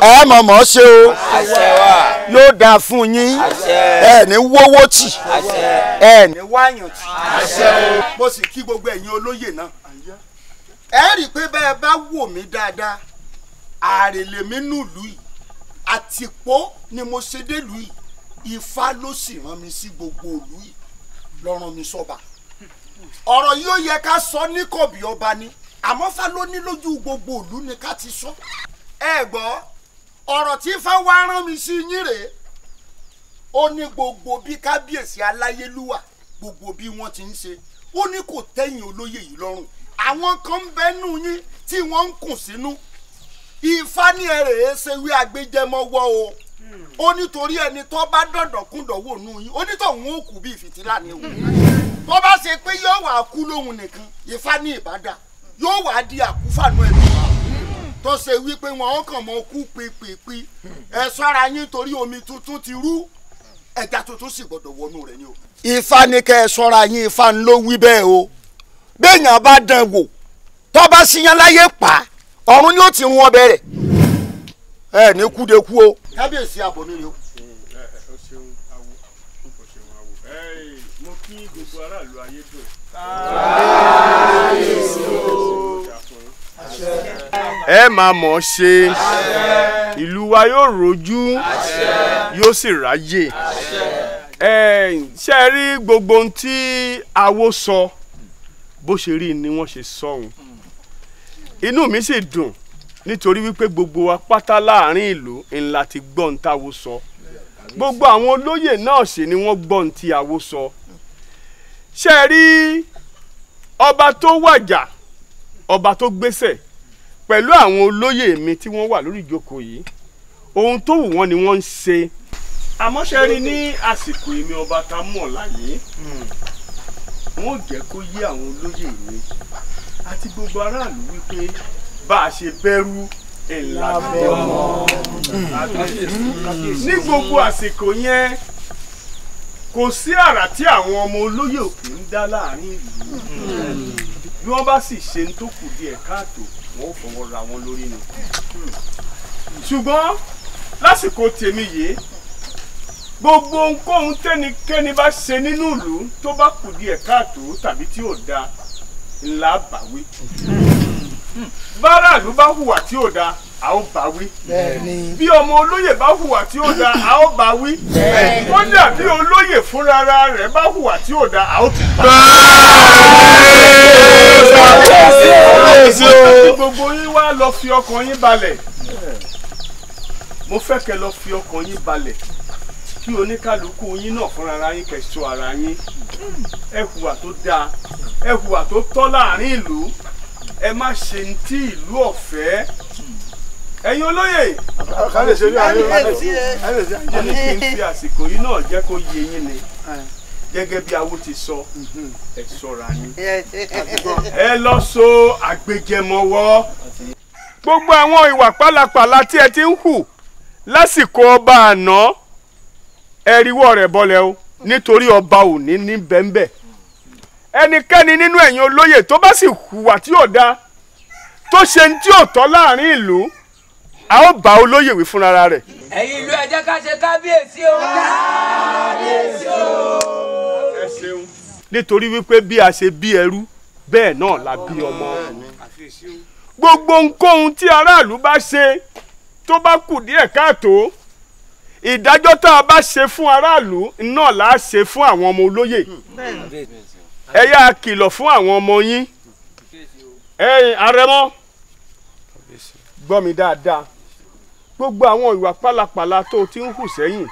ẹ mọ̀mọ́ ṣe o yóò dáa fún yín ẹ ní wọ́wọ́ tì ẹ ní wáyàn tì. mo sì kí gbogbo ẹ̀yin olóyè náà ẹ rí i pé bẹ́ẹ̀ bá wò mí dáadáa ààrẹ lèmi nùlù yìí àtìpó ni mo ṣe délù yìí ifá ló sì rán mi sí gbogbo ìlú yìí lọ́rùn mi sọ́ba ọ̀rọ̀ yìí ó yẹ ká sọ ní kọ̀bí ọba ni àmọ́ fá ló ní lójú gbogbo ìlú ni ká ti sọ ẹ gbọ́ ọ̀rọ̀ tí fẹ́ wá rán mi sí yín rèé ó ní gbogbo bí kábíyèsí aláyélúwà gbogbo bí wọ́n ti ń ṣe ó ní kò tẹ́yìn olóyè yìí lọ́rùn àwọn kan ń bẹ́nu yín tí wọ́n ń kùn sínú ifá ní ẹ̀rẹ̀ ẹ̀ ṣe wí agbẹjẹmọ́wọ́ o hmm. ó nítorí ẹni tó bá dọ̀dọ̀ kúndọ̀ wò nù yín ó ní tọ̀hún ó kú bí ìfìtílà ní òun tó bá ṣe pé yóò wà kú lóhun nìkan ifá ní ìbàdàn yóò wà á di àkúfànú ẹ̀mí wa tó ṣe wípé wọn kàn mọ kú pípípí ẹ ṣọ́ra yín torí omi tuntun ti rú ẹja tuntun sì gbọ́dọ̀ wọnú rẹ̀ ni o. ifá ni kẹ́ ẹ ṣọ́ra yín ifá ń ló wí bẹ́ẹ̀ o béèyàn bá dán wò tó bá síyan láyé pa ọ̀run ni ó ti rún ọbẹ̀ rẹ̀ ẹ ní kúdeku o. kábíyèsí àbọ̀ mi ni o. mo kí gbogbo aráàlú ayé dùn ẹ máa mọ̀ ọ́ ṣe ìlú wa yóò rojú yóò sì ráyè ṣe rí gbogbo ohun tí awo sọ bó ṣe rí ni wọ́n ṣe sọ̀hún inú mi sì dùn nítorí wípé gbogbo wa pátá láàrin ìlú ńlá ti gbọ́ ohun táwo sọ gbogbo àwọn olóyè náà sì ni wọ́n gbọ́ ohun tí awo sọ ṣe é rí ọba tó wàjà ọba tó gbéṣẹ́ pẹ̀lú àwọn olóyè mi tí wọ́n wà lórí ìjókòó yìí ohun tó wù wọ́n ni wọ́n ń ṣe. àmọ́ rí ní àsìkò èmi ọba tá a mọ̀ láyé wọ́n jẹ́ kó yé àwọn olóyè mi àti gbogbo aráàlú wípé bá a ṣe bẹ̀rù ńlá bọ́mọ. ní gbogbo àsìkò yẹn kò sí àrà tí àwọn ọmọ olóyè òkè ń dá láàrin ìlú bí wọ́n bá sì ṣe ń tó kù díẹ̀ káàtó wọn ò fọwọ́ ra wọn lórí ni. ṣùgbọ́n lásìkò tèmi yìí gbogbo ohunkóhun tẹ́nikẹ́ni bá ṣe nínú ìlú tó bá kù díẹ̀ káàtó tàbí tí ò dáa ńlá bàwí báráàlú bá hùwà tí ò dáa a ó bá wí. bí ọmọ olóyè bá hùwà tí ó da a ó bá wí. kódà bí olóyè fúnra rẹ̀ bá hùwà tí ó da a ó tún bá wí. gbogbo yín wá lọ fi ọkàn yín balẹ̀ mo fẹ́ kẹ́ lọ fi ọkàn yín balẹ̀ kí oníkálukú yín náà fúnra yín kẹ́ ṣọ́ ara yín ẹ hùwà tó dáa ẹ hùwà tó tọ́ láàrin ìlú ẹ má ṣe ní ti ìlú ọ̀fẹ́ ẹ̀yin olóyè kábíyèsí ẹ ní kí n fi àsìkò yìí náà jẹ́ kó yé yín ni gẹ́gẹ́ bí awo ti sọ ẹ ṣọ́ra ni ẹ lọ so àgbéjẹmọ́wọ́ gbogbo àwọn ìwà pálapàla tí ẹ ti ń hù lásìkò ọba àná ẹ ríwọ́ rẹ̀ bọ́lẹ̀ o nítorí ọba òní ní bẹ́ńbẹ́ ẹnikẹ́ni nínú ẹ̀yin olóyè tó bá sì hùwà tí ò dáa tó ṣe ní tí ò tọ́ láàrin ìlú a ó bá olóyè wí fúnra rẹ̀. ẹ̀yin ìlú ẹ jẹ́ ká ṣe kábíyèsí o. kábíyèsí o. ẹ ṣeun. nítorí wípé bí a ṣe bí ẹrú bẹ́ẹ̀ náà la bí ọmọ gbogbo ohunkóhun tí aráàlú bá ṣe tó bá kù díẹ̀ káàtó ìdájọ́ tá a bá ṣe fún aráàlú náà là ṣe fún àwọn ọmọ olóyè ẹ yá kìlọ̀ fún àwọn ọmọ yín ẹ̀yin arẹmọ gbọ́ mi dáadáa gbogbo àwọn ìwà pálapàla tó o ti ń hù sẹ́yìn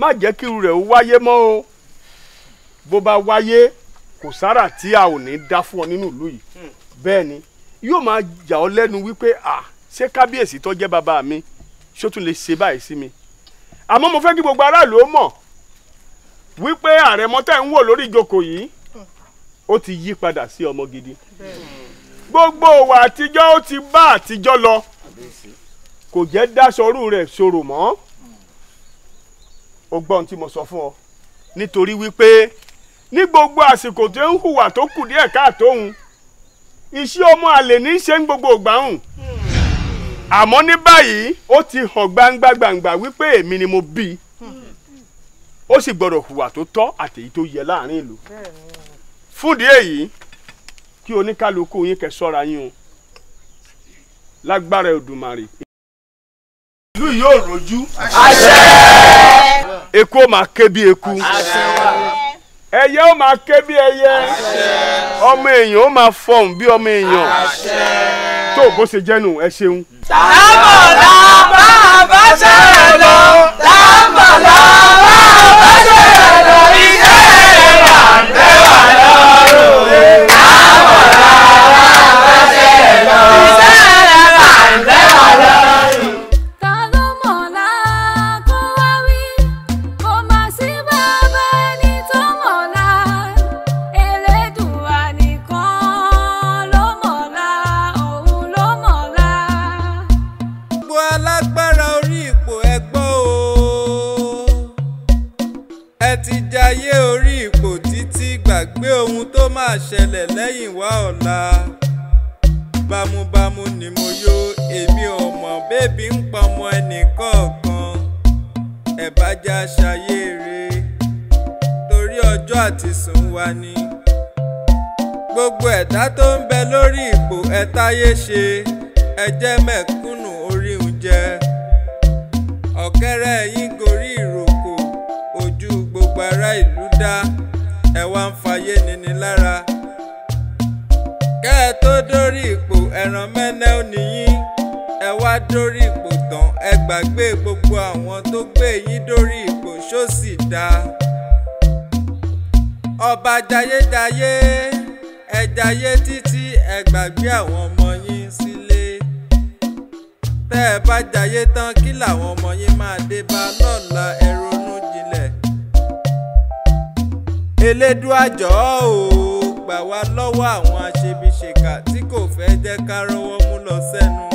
má jẹ́ kí irú rẹ̀ ó wáyé mọ́ o bó bá wáyé kò sára tí a ò ní dá fún ọ nínú ìlú yìí bẹ́ẹ̀ ni yóò máa jà ọ́ lẹ́nu wípé à ṣé kábíyèsí tó jẹ́ bàbá mi ṣó tún lè ṣe báyìí sí mi àmọ́ mo fẹ́ kí gbogbo aráàlú ó mọ̀ wípé àrẹ̀mọ tẹ́ ń wò lórí ìjókòó yìí ó ti yí padà sí ọmọ gidi gbogbo òwà àtijọ́ ó ti bá àtijọ́ lọ kò jẹ́ dáṣọrú rẹ̀ ṣòro mọ́ o gbọ́ ohun tí mo sọ fún ọ nítorí wípé ní gbogbo àsìkò tó ń hùwà tó kù díẹ̀ káàtóhun iṣẹ́ ọmọ àlè ní í ṣe ń gbogbo ògbáhùn àmọ́ ní báyìí ó ti hàn gbangba gbangba wípé èmi ni mo bí ó sì gbọ́dọ̀ hùwà tó tọ́ àtèyí tó yẹ láàrin ìlú fúdìí èyí kí oníkálukú yín kẹ́ ṣọ́ra yín o lágbára Odùmarè. ìlú yóò rojú. àṣẹ. eku ó máa ké bí eku. àṣẹ. ẹyẹ ó máa ké bí ẹyẹ. àṣẹ. ọmọ èèyàn ó máa fọhùn bí ọmọ èèyàn. àṣẹ. tó o bó ṣe jẹ́nu ẹ ṣeun. tààmù làbá àbáṣe lọ tààmù. àbọ̀dá aláṣẹ lọ. máa ṣẹlẹ̀ lẹ́yìn wá ọ̀la bámúbámú ni mo yó èmi ò mọ̀ bébí ń pọmọ ẹnì kọ̀ọ̀kan ẹ̀ bá já ṣayé re torí ọjọ́ àti sùn wa ni gbogbo ẹ̀dá tó ń bẹ lórí ipò ẹ táyé ṣe ẹ jẹ́ mẹ̀kúnnù orí oúnjẹ ọ̀kẹ́rẹ́ yín gorí ìrókò ojú gbogbo ará ìlú dá ẹ wá ń fayé nini lára kẹ́ ẹ tó dórí ipò ẹ̀ràn mẹ́nẹ́ ò níyín ẹ wá dórí ipò tán ẹ gbàgbé gbogbo àwọn tó gbé yín dórí ipò ṣó sì dáa ọba jayéjayé ẹ jayé títí ẹ gbàgbé àwọn ọmọ yín sílé tẹ́ ẹ bá jayé tán kí làwọn ọmọ yín máa dé bá lọ́la ẹ̀rọ. Elédùà jọ̀ọ́ o gbà wá lọ́wọ́ àwọn aṣebiṣèkà tí kò fẹ́ jẹ́ ká rọ́wọ́ mú lọ sẹ́nu.